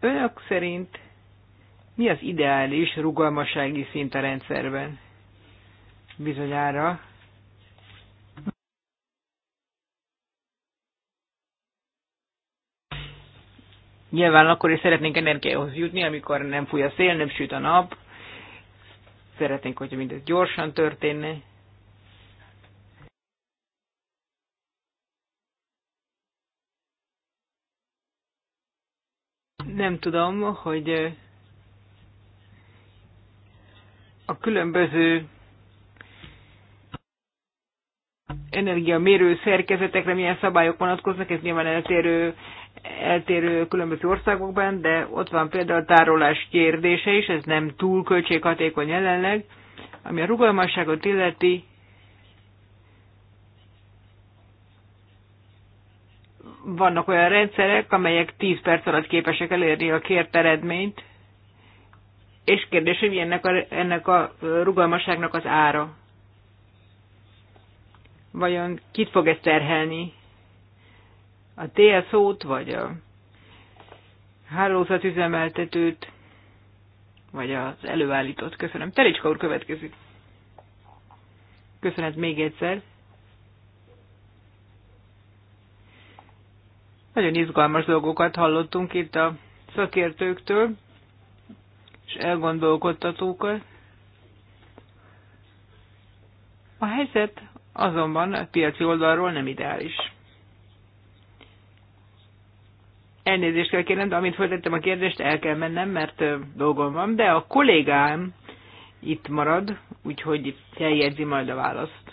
Önök szerint mi az ideális rugalmassági szint a rendszerben? Bizonyára Nyilván akkor is szeretnénk energiához jutni, amikor nem fúj a szél, nem süt a nap, Szeretnénk, hogy mindez gyorsan történne. Nem tudom, hogy a különböző energiamérő szerkezetekre milyen szabályok vonatkoznak, ez nyilván eltérő, eltérő különböző országokban, de ott van például a tárolás kérdése is, ez nem túl költséghatékony jelenleg, ami a rugalmasságot illeti, vannak olyan rendszerek, amelyek 10 perc alatt képesek elérni a kért eredményt, és kérdés, hogy ennek a, ennek a rugalmasságnak az ára vajon kit fog ez terhelni? A TSO-t, vagy a hálózatüzemeltetőt, vagy az előállított? Köszönöm. Telicska úr következik. Köszönet még egyszer. Nagyon izgalmas dolgokat hallottunk itt a szakértőktől, és elgondolkodtatókat. A helyzet azonban a piaci oldalról nem ideális. Elnézést kell kérnem, de amint folytattam a kérdést, el kell mennem, mert dolgom van, de a kollégám itt marad, úgyhogy feljegyzi majd a választ.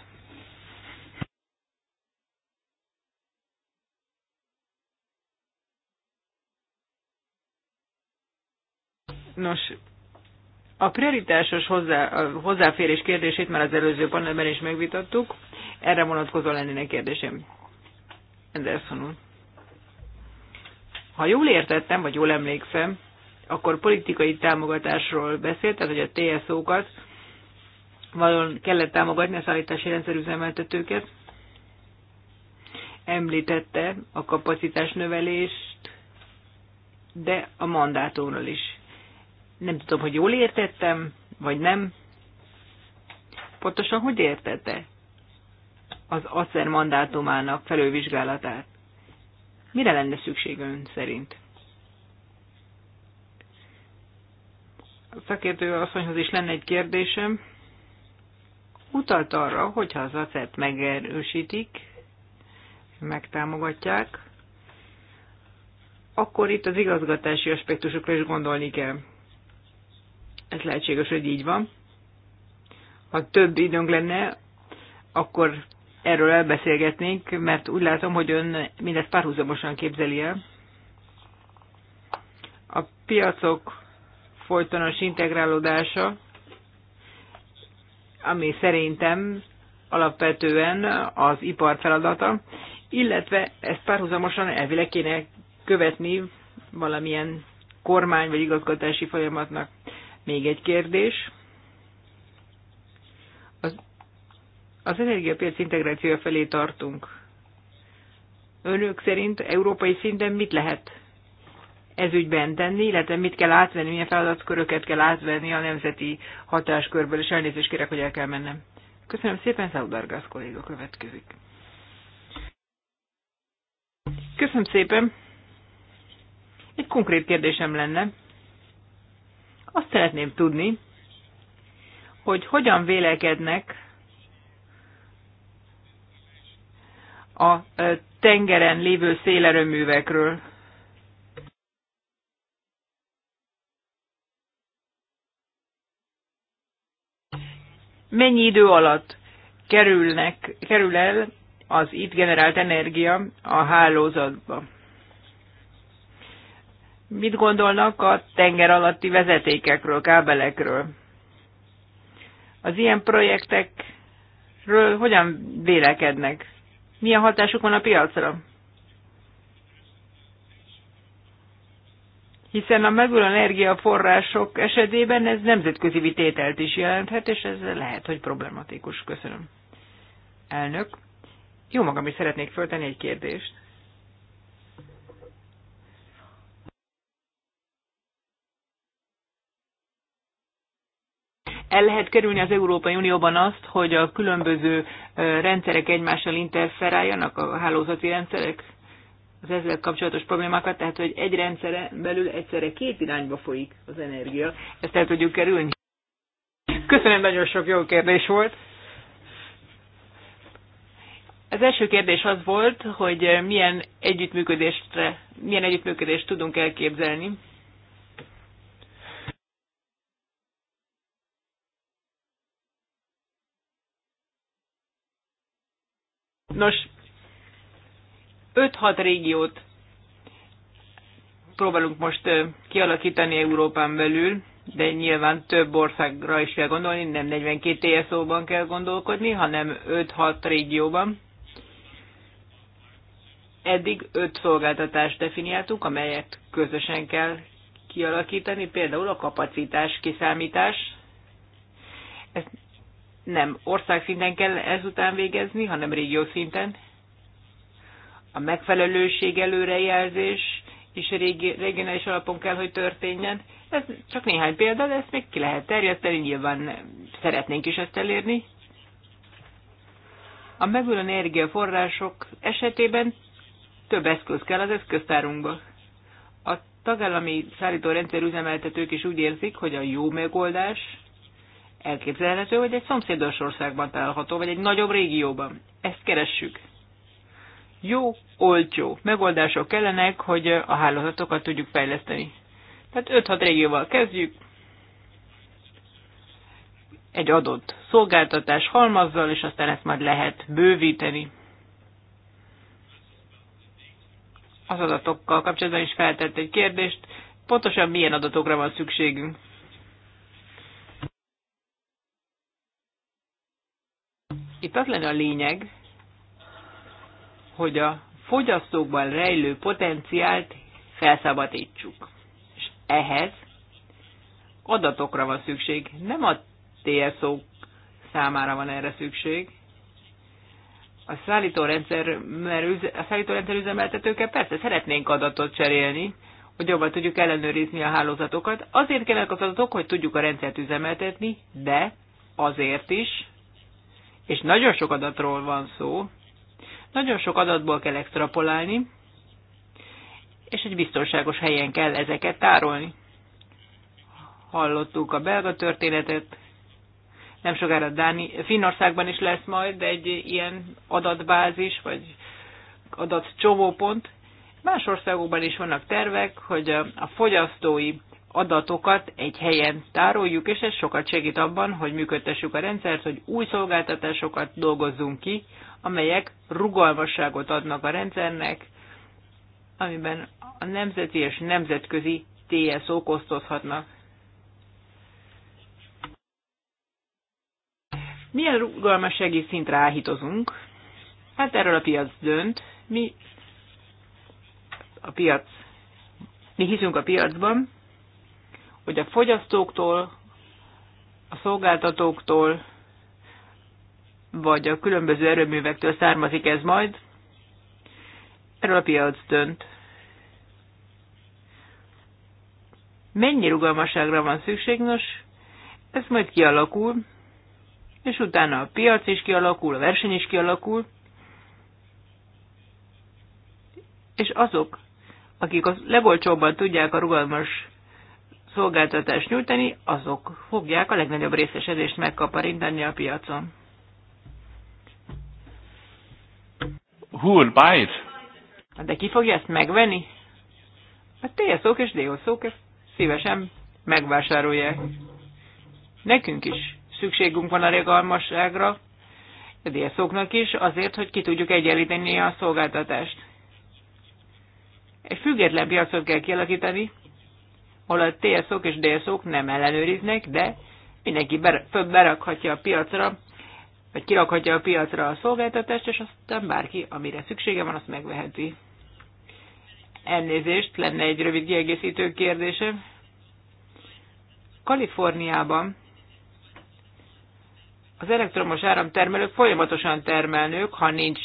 Nos, a prioritásos hozzá, a hozzáférés kérdését már az előző panelben is megvitattuk. Erre vonatkozó lennének kérdésem. Anderson úr. Ha jól értettem, vagy jól emlékszem, akkor politikai támogatásról beszélt, tehát hogy a TSO-kat valóan kellett támogatni a szállítási rendszerüzemeltetőket. Említette a kapacitás növelést, de a mandátumról is nem tudom, hogy jól értettem, vagy nem. Pontosan hogy értette az ACER mandátumának felővizsgálatát? Mire lenne szükség ön szerint? A szakértő asszonyhoz is lenne egy kérdésem. Utalt arra, hogyha az ASZER-t megerősítik, megtámogatják, akkor itt az igazgatási aspektusokra is gondolni kell. Ez lehetséges, hogy így van. Ha több időnk lenne, akkor erről elbeszélgetnénk, mert úgy látom, hogy ön mindezt párhuzamosan képzeli el. A piacok folytonos integrálódása, ami szerintem alapvetően az ipar feladata, illetve ezt párhuzamosan elvileg kéne követni valamilyen kormány vagy igazgatási folyamatnak. Még egy kérdés. Az, az energiapiac integrációja felé tartunk. Önök szerint európai szinten mit lehet Ez ügyben tenni, illetve mit kell átvenni, milyen feladatköröket kell átvenni a nemzeti hatáskörből, és elnézést kérek, hogy el kell mennem. Köszönöm szépen, Szaudargász kolléga következik. Köszönöm szépen. Egy konkrét kérdésem lenne. Azt szeretném tudni, hogy hogyan vélekednek a tengeren lévő szélerőművekről. Mennyi idő alatt kerülnek, kerül el az itt generált energia a hálózatba? Mit gondolnak a tenger alatti vezetékekről, kábelekről? Az ilyen projektekről hogyan vélekednek? Milyen hatásuk van a piacra? Hiszen a megül energiaforrások esetében ez nemzetközi vitételt is jelenthet, és ez lehet, hogy problematikus. Köszönöm. Elnök. Jó magam is szeretnék föltenni egy kérdést. El lehet kerülni az Európai Unióban azt, hogy a különböző rendszerek egymással interferáljanak, a hálózati rendszerek, az ezzel kapcsolatos problémákat, tehát hogy egy rendszere belül egyszerre két irányba folyik az energia. Ezt el tudjuk kerülni. Köszönöm, nagyon sok jó kérdés volt. Az első kérdés az volt, hogy milyen együttműködéstre, milyen együttműködést tudunk elképzelni Nos, 5-6 régiót próbálunk most kialakítani Európán belül, de nyilván több országra is kell gondolni, nem 42 TSO-ban kell gondolkodni, hanem 5-6 régióban. Eddig 5 szolgáltatást definiáltuk, amelyet közösen kell kialakítani, például a kapacitás kiszámítás. Ezt nem országszinten kell ezután végezni, hanem régió szinten. A megfelelőség előrejelzés is régi, regionális alapon kell, hogy történjen. Ez csak néhány példa, de ezt még ki lehet terjeszteni, nyilván szeretnénk is ezt elérni. A megújuló energiaforrások esetében több eszköz kell az eszköztárunkba. A tagállami szállítórendszer üzemeltetők is úgy érzik, hogy a jó megoldás Elképzelhető, hogy egy szomszédos országban található, vagy egy nagyobb régióban. Ezt keressük. Jó, olcsó megoldások kellenek, hogy a hálózatokat tudjuk fejleszteni. Tehát 5-6 régióval kezdjük, egy adott szolgáltatás halmazzal, és aztán ezt majd lehet bővíteni. Az adatokkal kapcsolatban is feltett egy kérdést, pontosan milyen adatokra van szükségünk. Itt az lenne a lényeg, hogy a fogyasztókban rejlő potenciált felszabadítsuk. És ehhez adatokra van szükség. Nem a TSO számára van erre szükség. A szállítórendszer, mert a szállítórendszer üzemeltetőkkel persze szeretnénk adatot cserélni, hogy jobban tudjuk ellenőrizni a hálózatokat. Azért kellene az adatok, hogy tudjuk a rendszert üzemeltetni, de azért is, és nagyon sok adatról van szó, nagyon sok adatból kell extrapolálni, és egy biztonságos helyen kell ezeket tárolni. Hallottuk a belga történetet, nem sokára Dáni, Finnországban is lesz majd egy ilyen adatbázis, vagy adatcsomópont. Más országokban is vannak tervek, hogy a fogyasztói adatokat egy helyen tároljuk, és ez sokat segít abban, hogy működtessük a rendszert, hogy új szolgáltatásokat dolgozzunk ki, amelyek rugalmasságot adnak a rendszernek, amiben a nemzeti és nemzetközi TSO-k osztozhatnak. Milyen rugalmassági szintre áhítozunk? Hát erről a piac dönt. Mi a piac mi hiszünk a piacban, hogy a fogyasztóktól, a szolgáltatóktól, vagy a különböző erőművektől származik ez majd, erről a piac dönt. Mennyi rugalmasságra van szükség? Nos, ez majd kialakul, és utána a piac is kialakul, a verseny is kialakul, és azok, akik a legolcsóbban tudják a rugalmas szolgáltatást nyújtani, azok fogják a legnagyobb részesedést megkaparintani a piacon. Who will buy it? De ki fogja ezt megvenni? A hát te ok és DSZ-ok ezt szívesen megvásárolják. Nekünk is szükségünk van a regalmasságra, a dsz is, azért, hogy ki tudjuk egyenlíteni a szolgáltatást. Egy független piacot kell kialakítani, ahol a TSO-k és DSO-k nem ellenőriznek, de mindenki berakhatja a piacra, vagy kirakhatja a piacra a szolgáltatást, és aztán bárki, amire szüksége van, azt megveheti. Elnézést, lenne egy rövid kiegészítő kérdésem. Kaliforniában az elektromos áramtermelők folyamatosan termelnők, ha nincs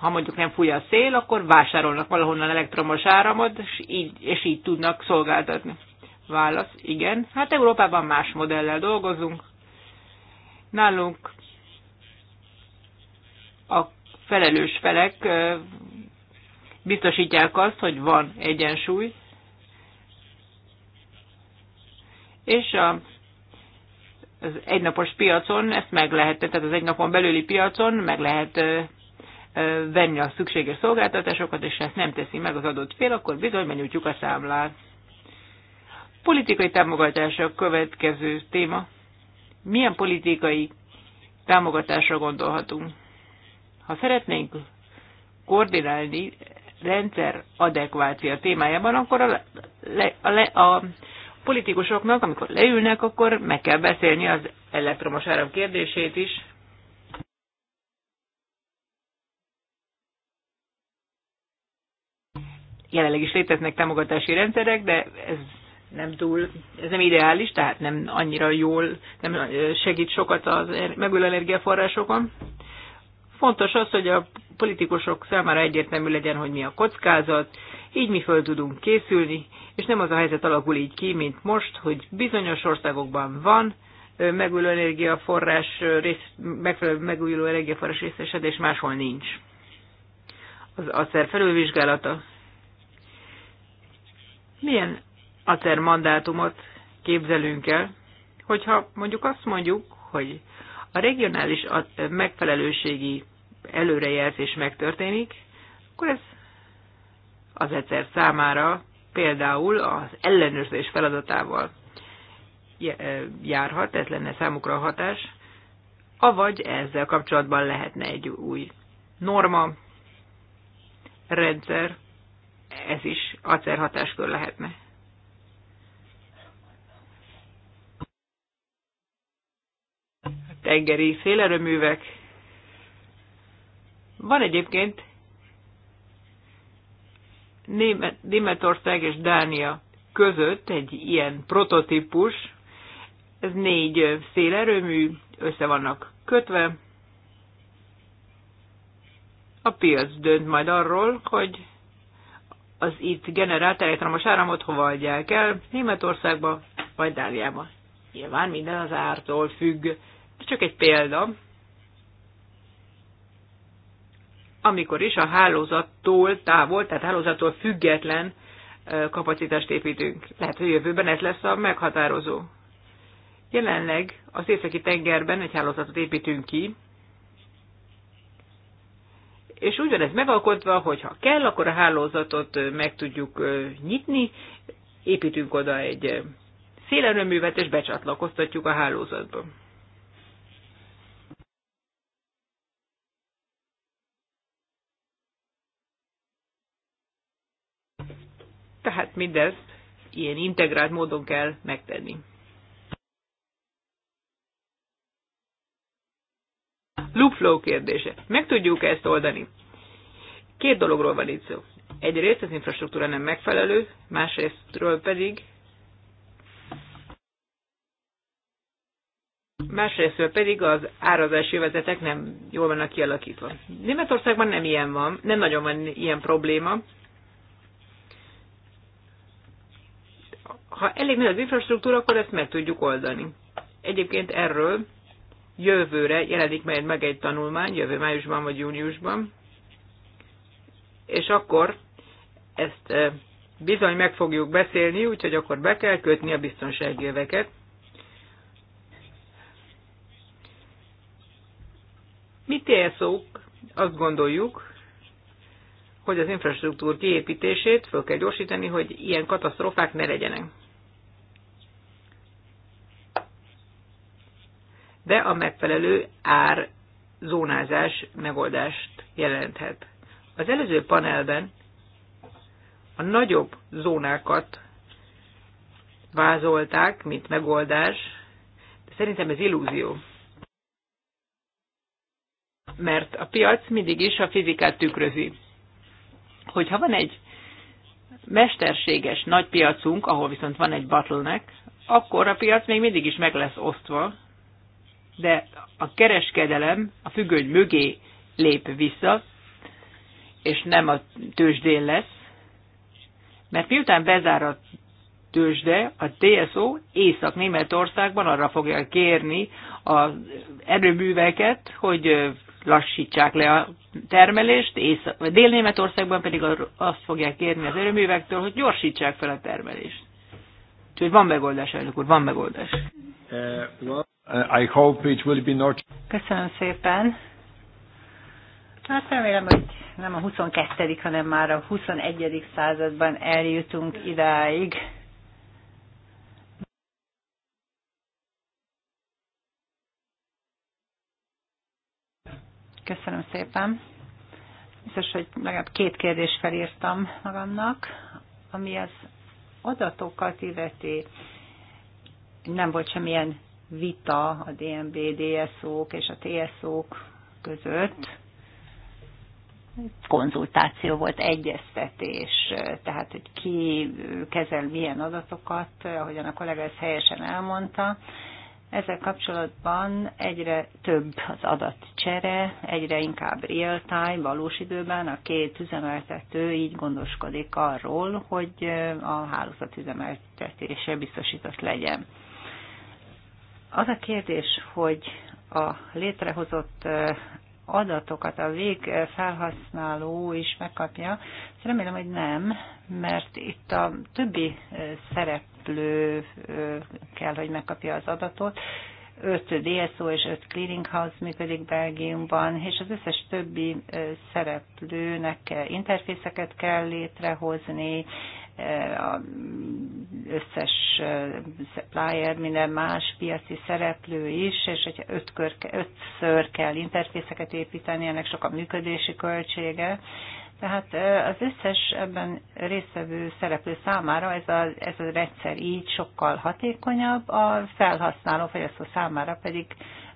ha mondjuk nem fúj a szél, akkor vásárolnak valahonnan elektromos áramot, és így, és így tudnak szolgáltatni. Válasz, igen. Hát Európában más modellel dolgozunk. Nálunk a felelős felek biztosítják azt, hogy van egyensúly, és a az egynapos piacon, ezt meg lehet, tehát az egynapon belüli piacon meg lehet venni a szükséges szolgáltatásokat, és ha ezt nem teszi meg az adott fél, akkor bizony benyújtjuk a számlát. Politikai támogatása a következő téma. Milyen politikai támogatásra gondolhatunk? Ha szeretnénk koordinálni rendszer adekvácia témájában, akkor a, le, a, le, a politikusoknak, amikor leülnek, akkor meg kell beszélni az elektromos áram kérdését is. Jelenleg is léteznek támogatási rendszerek, de ez nem túl, ez nem ideális, tehát nem annyira jól, nem segít sokat az er-, megújuló energiaforrásokon. Fontos az, hogy a politikusok számára egyértelmű legyen, hogy mi a kockázat, így mi föl tudunk készülni, és nem az a helyzet alakul így ki, mint most, hogy bizonyos országokban van megújuló energiaforrás, rész, megfelelő megújuló energiaforrás részesedés, máshol nincs. Az a szer felülvizsgálata milyen acer mandátumot képzelünk el, hogyha mondjuk azt mondjuk, hogy a regionális megfelelőségi előrejelzés megtörténik, akkor ez az egyszer számára például az ellenőrzés feladatával e, járhat, ez lenne számukra a hatás, avagy ezzel kapcsolatban lehetne egy új norma, rendszer, ez is acer hatáskör lehetne. A tengeri szélerőművek. Van egyébként Németország és Dánia között egy ilyen prototípus, ez négy szélerőmű, össze vannak kötve. A piac dönt majd arról, hogy az itt generált elektromos áramot hova adják el? Németországba vagy Dáliába? Nyilván minden az ártól függ. Ez csak egy példa. Amikor is a hálózattól távol, tehát hálózattól független kapacitást építünk. Lehet, hogy jövőben ez lesz a meghatározó. Jelenleg az északi tengerben egy hálózatot építünk ki, és úgy van ez megalkotva, hogy ha kell, akkor a hálózatot meg tudjuk nyitni, építünk oda egy szélerőművet, és becsatlakoztatjuk a hálózatba. Tehát mindezt ilyen integrált módon kell megtenni. Loop flow kérdése. Meg tudjuk -e ezt oldani? Két dologról van itt szó. Egyrészt az infrastruktúra nem megfelelő, másrésztről pedig másrésztről pedig az árazási vezetek nem jól vannak kialakítva. Németországban nem ilyen van, nem nagyon van ilyen probléma. Ha elég nagy az infrastruktúra, akkor ezt meg tudjuk oldani. Egyébként erről jövőre jelenik majd meg egy tanulmány, jövő májusban vagy júniusban, és akkor ezt bizony meg fogjuk beszélni, úgyhogy akkor be kell kötni a biztonsági öveket. Mit élszók? azt gondoljuk, hogy az infrastruktúr kiépítését föl kell gyorsítani, hogy ilyen katasztrófák ne legyenek. de a megfelelő ár zónázás megoldást jelenthet. Az előző panelben a nagyobb zónákat vázolták, mint megoldás, de szerintem ez illúzió. Mert a piac mindig is a fizikát tükrözi. Hogyha van egy mesterséges nagy piacunk, ahol viszont van egy bottleneck, akkor a piac még mindig is meg lesz osztva, de a kereskedelem a függöny mögé lép vissza, és nem a tőzsdén lesz, mert miután bezár a tőzsde, a TSO Észak-Németországban arra fogja kérni az erőműveket, hogy lassítsák le a termelést, Észak, Dél-Németországban pedig azt fogják kérni az erőművektől, hogy gyorsítsák fel a termelést. Úgyhogy van megoldás, elnök úr, van megoldás. Eh, Uh, I hope it will be not... Köszönöm szépen. Hát remélem, hogy nem a 22. hanem már a 21. században eljutunk idáig. Köszönöm szépen. Biztos, hogy legalább két kérdést felírtam magamnak, ami az adatokat illeti. Nem volt semmilyen vita a DMB, DSO-k és a TSO-k között. Konzultáció volt, egyeztetés, tehát hogy ki kezel milyen adatokat, ahogyan a kollega ezt helyesen elmondta. Ezzel kapcsolatban egyre több az adatcsere, egyre inkább real-time, valós időben a két üzemeltető így gondoskodik arról, hogy a hálózat üzemeltetése biztosított legyen. Az a kérdés, hogy a létrehozott adatokat a végfelhasználó is megkapja. remélem, hogy nem, mert itt a többi szereplő kell, hogy megkapja az adatot. 5 DSO és 5 clearinghouse működik Belgiumban, és az összes többi szereplőnek interfészeket kell létrehozni, Eh, összes eh, supplier, minden más piaci szereplő is, és öt kör, ötször kell interfészeket építeni, ennek sok a működési költsége, tehát eh, az összes ebben résztvevő szereplő számára ez a, ez a rendszer így sokkal hatékonyabb, a felhasználó fogyasztó számára pedig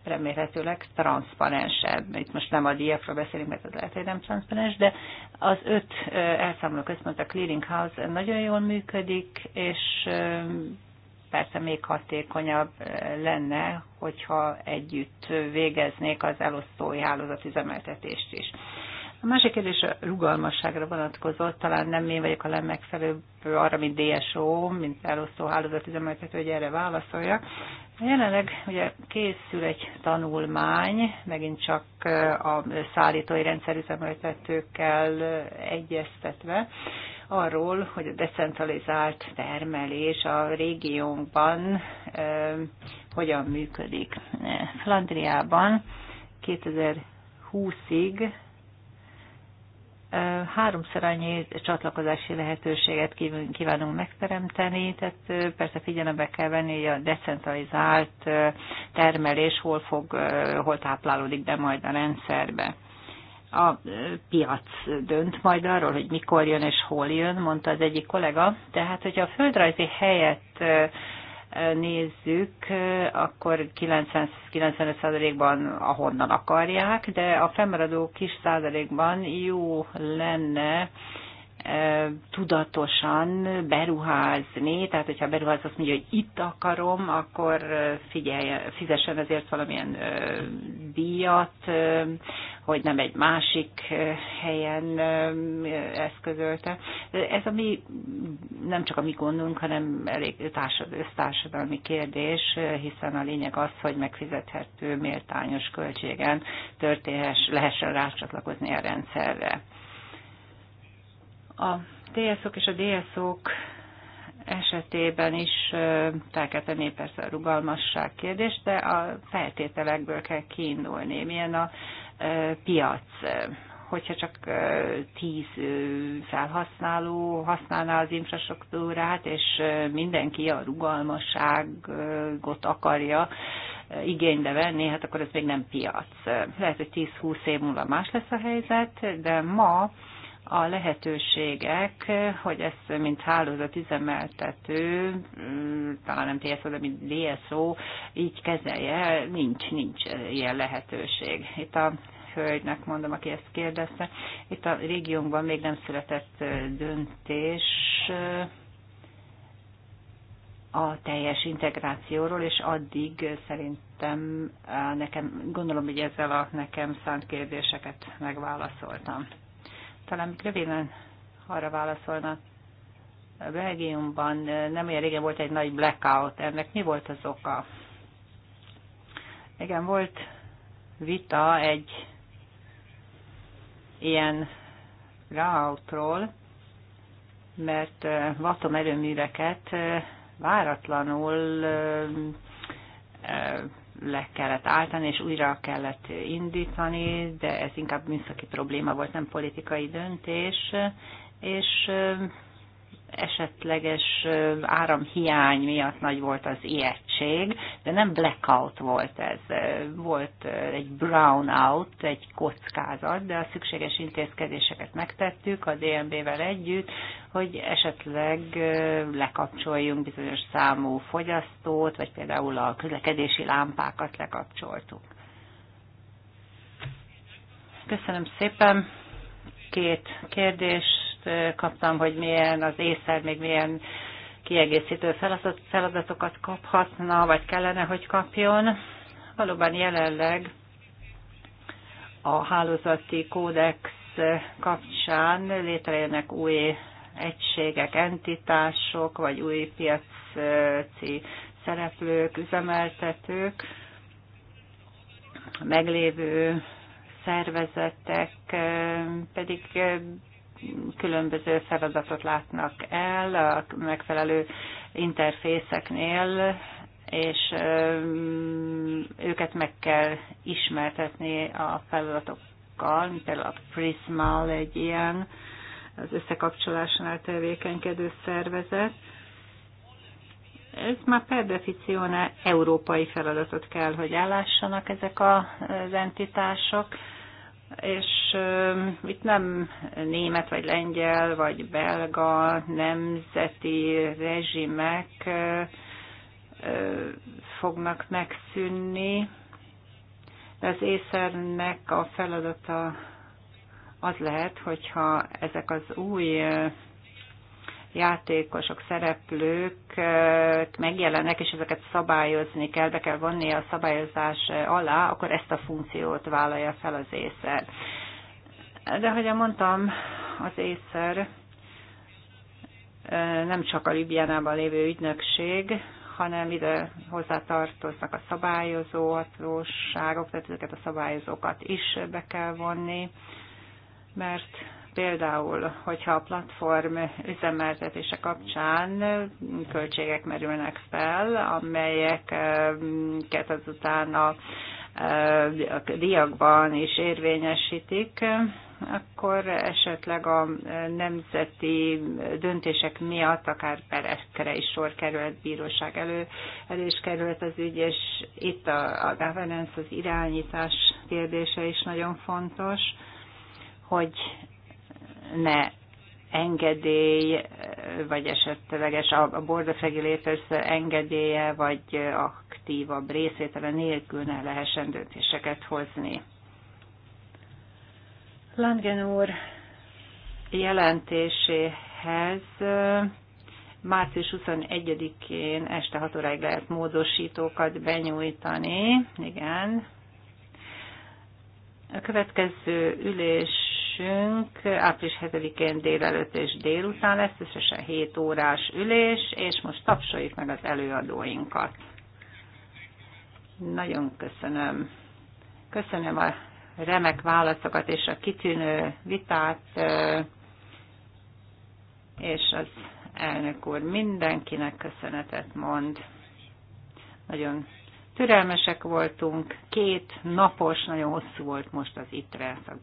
remélhetőleg transzparensebb. Itt most nem a díjakról beszélünk, mert az lehet, hogy nem transzparens, de az öt elszámoló központ, a Clearing House nagyon jól működik, és persze még hatékonyabb lenne, hogyha együtt végeznék az elosztói üzemeltetést is. A másik kérdés a rugalmasságra vonatkozott, talán nem én vagyok a legmegfelelőbb arra, mint DSO, mint elosztó üzemeltető, hogy erre válaszoljak, Jelenleg ugye készül egy tanulmány, megint csak eh, a szállítói rendszerüzemeltetőkkel eh, egyeztetve, arról, hogy a decentralizált termelés a régiónkban e, hogyan működik. Flandriában 2020-ig háromszor annyi csatlakozási lehetőséget kívánunk megteremteni, tehát persze figyelembe kell venni, hogy a decentralizált termelés hol fog, hol táplálódik be majd a rendszerbe a piac dönt majd arról, hogy mikor jön és hol jön, mondta az egyik kollega. Tehát, hogyha a földrajzi helyet nézzük, akkor 90-95%-ban ahonnan akarják, de a fennmaradó kis százalékban jó lenne tudatosan beruházni, tehát hogyha beruház azt mondja, hogy itt akarom, akkor figyelj, fizessen ezért valamilyen díjat, hogy nem egy másik helyen eszközölte. Ez a mi, nem csak a mi gondunk, hanem elég társadalmi kérdés, hiszen a lényeg az, hogy megfizethető méltányos költségen történhes, lehessen rácsatlakozni a rendszerre. A TSZ-ok és a DSZ-ok esetében is fel kell tenni persze a rugalmasság kérdést, de a feltételekből kell kiindulni. Milyen a piac? Hogyha csak tíz felhasználó használná az infrastruktúrát, és mindenki a rugalmasságot akarja, igénybe venni, hát akkor ez még nem piac. Lehet, hogy 10-20 év múlva más lesz a helyzet, de ma a lehetőségek, hogy ezt mint hálózat üzemeltető, talán nem TSO, de mint DSO, így kezelje, nincs, nincs ilyen lehetőség. Itt a hölgynek mondom, aki ezt kérdezte. Itt a régiónkban még nem született döntés a teljes integrációról, és addig szerintem nekem, gondolom, hogy ezzel a nekem szánt kérdéseket megválaszoltam. Talán röviden arra válaszolna. A Belgiumban eh, nem olyan régen volt egy nagy blackout. Ennek mi volt az oka? Igen, volt vita egy ilyen blackoutról, mert vatomerőműveket eh, eh, váratlanul le kellett álltani, és újra kellett indítani, de ez inkább műszaki probléma volt, nem politikai döntés, és esetleges áramhiány miatt nagy volt az ijegység, de nem blackout volt ez. Volt egy brownout, egy kockázat, de a szükséges intézkedéseket megtettük a DNB-vel együtt, hogy esetleg lekapcsoljunk bizonyos számú fogyasztót, vagy például a közlekedési lámpákat lekapcsoltuk. Köszönöm szépen. Két kérdés kaptam, hogy milyen az észer, még milyen kiegészítő feladatokat kaphatna, vagy kellene, hogy kapjon. Valóban jelenleg a hálózati kódex kapcsán létrejönnek új egységek, entitások, vagy új piaci szereplők, üzemeltetők, meglévő szervezetek pedig különböző feladatot látnak el a megfelelő interfészeknél, és őket meg kell ismertetni a feladatokkal, mint például a Prismal egy ilyen, az összekapcsolásnál tevékenykedő szervezet. Ez már per deficione európai feladatot kell, hogy ellássanak ezek az entitások, és itt nem német, vagy lengyel, vagy belga nemzeti rezsimek fognak megszűnni. De az észernek a feladata az lehet, hogyha ezek az új játékosok, szereplők megjelennek, és ezeket szabályozni kell, be kell vonni a szabályozás alá, akkor ezt a funkciót vállalja fel az észer. De ahogy mondtam, az észer nem csak a Libyanában lévő ügynökség, hanem ide hozzátartoznak a szabályozó hatóságok, tehát ezeket a szabályozókat is be kell vonni, mert például, hogyha a platform üzemeltetése kapcsán költségek merülnek fel, amelyeket azután a, diakban is érvényesítik, akkor esetleg a nemzeti döntések miatt akár perekre is sor került bíróság elő, elő is kerülhet az ügy, és itt a, a governance, az irányítás kérdése is nagyon fontos, hogy ne engedély, vagy esetleges a bordafegi létez engedélye, vagy aktívabb részétele nélkül ne lehessen döntéseket hozni. Langen úr jelentéséhez március 21-én este 6 óráig lehet módosítókat benyújtani. Igen. A következő ülés ülésünk április 7-én délelőtt és délután lesz, összesen 7 órás ülés, és most tapsoljuk meg az előadóinkat. Nagyon köszönöm. Köszönöm a remek válaszokat és a kitűnő vitát, és az elnök úr mindenkinek köszönetet mond. Nagyon türelmesek voltunk, két napos, nagyon hosszú volt most az ittre.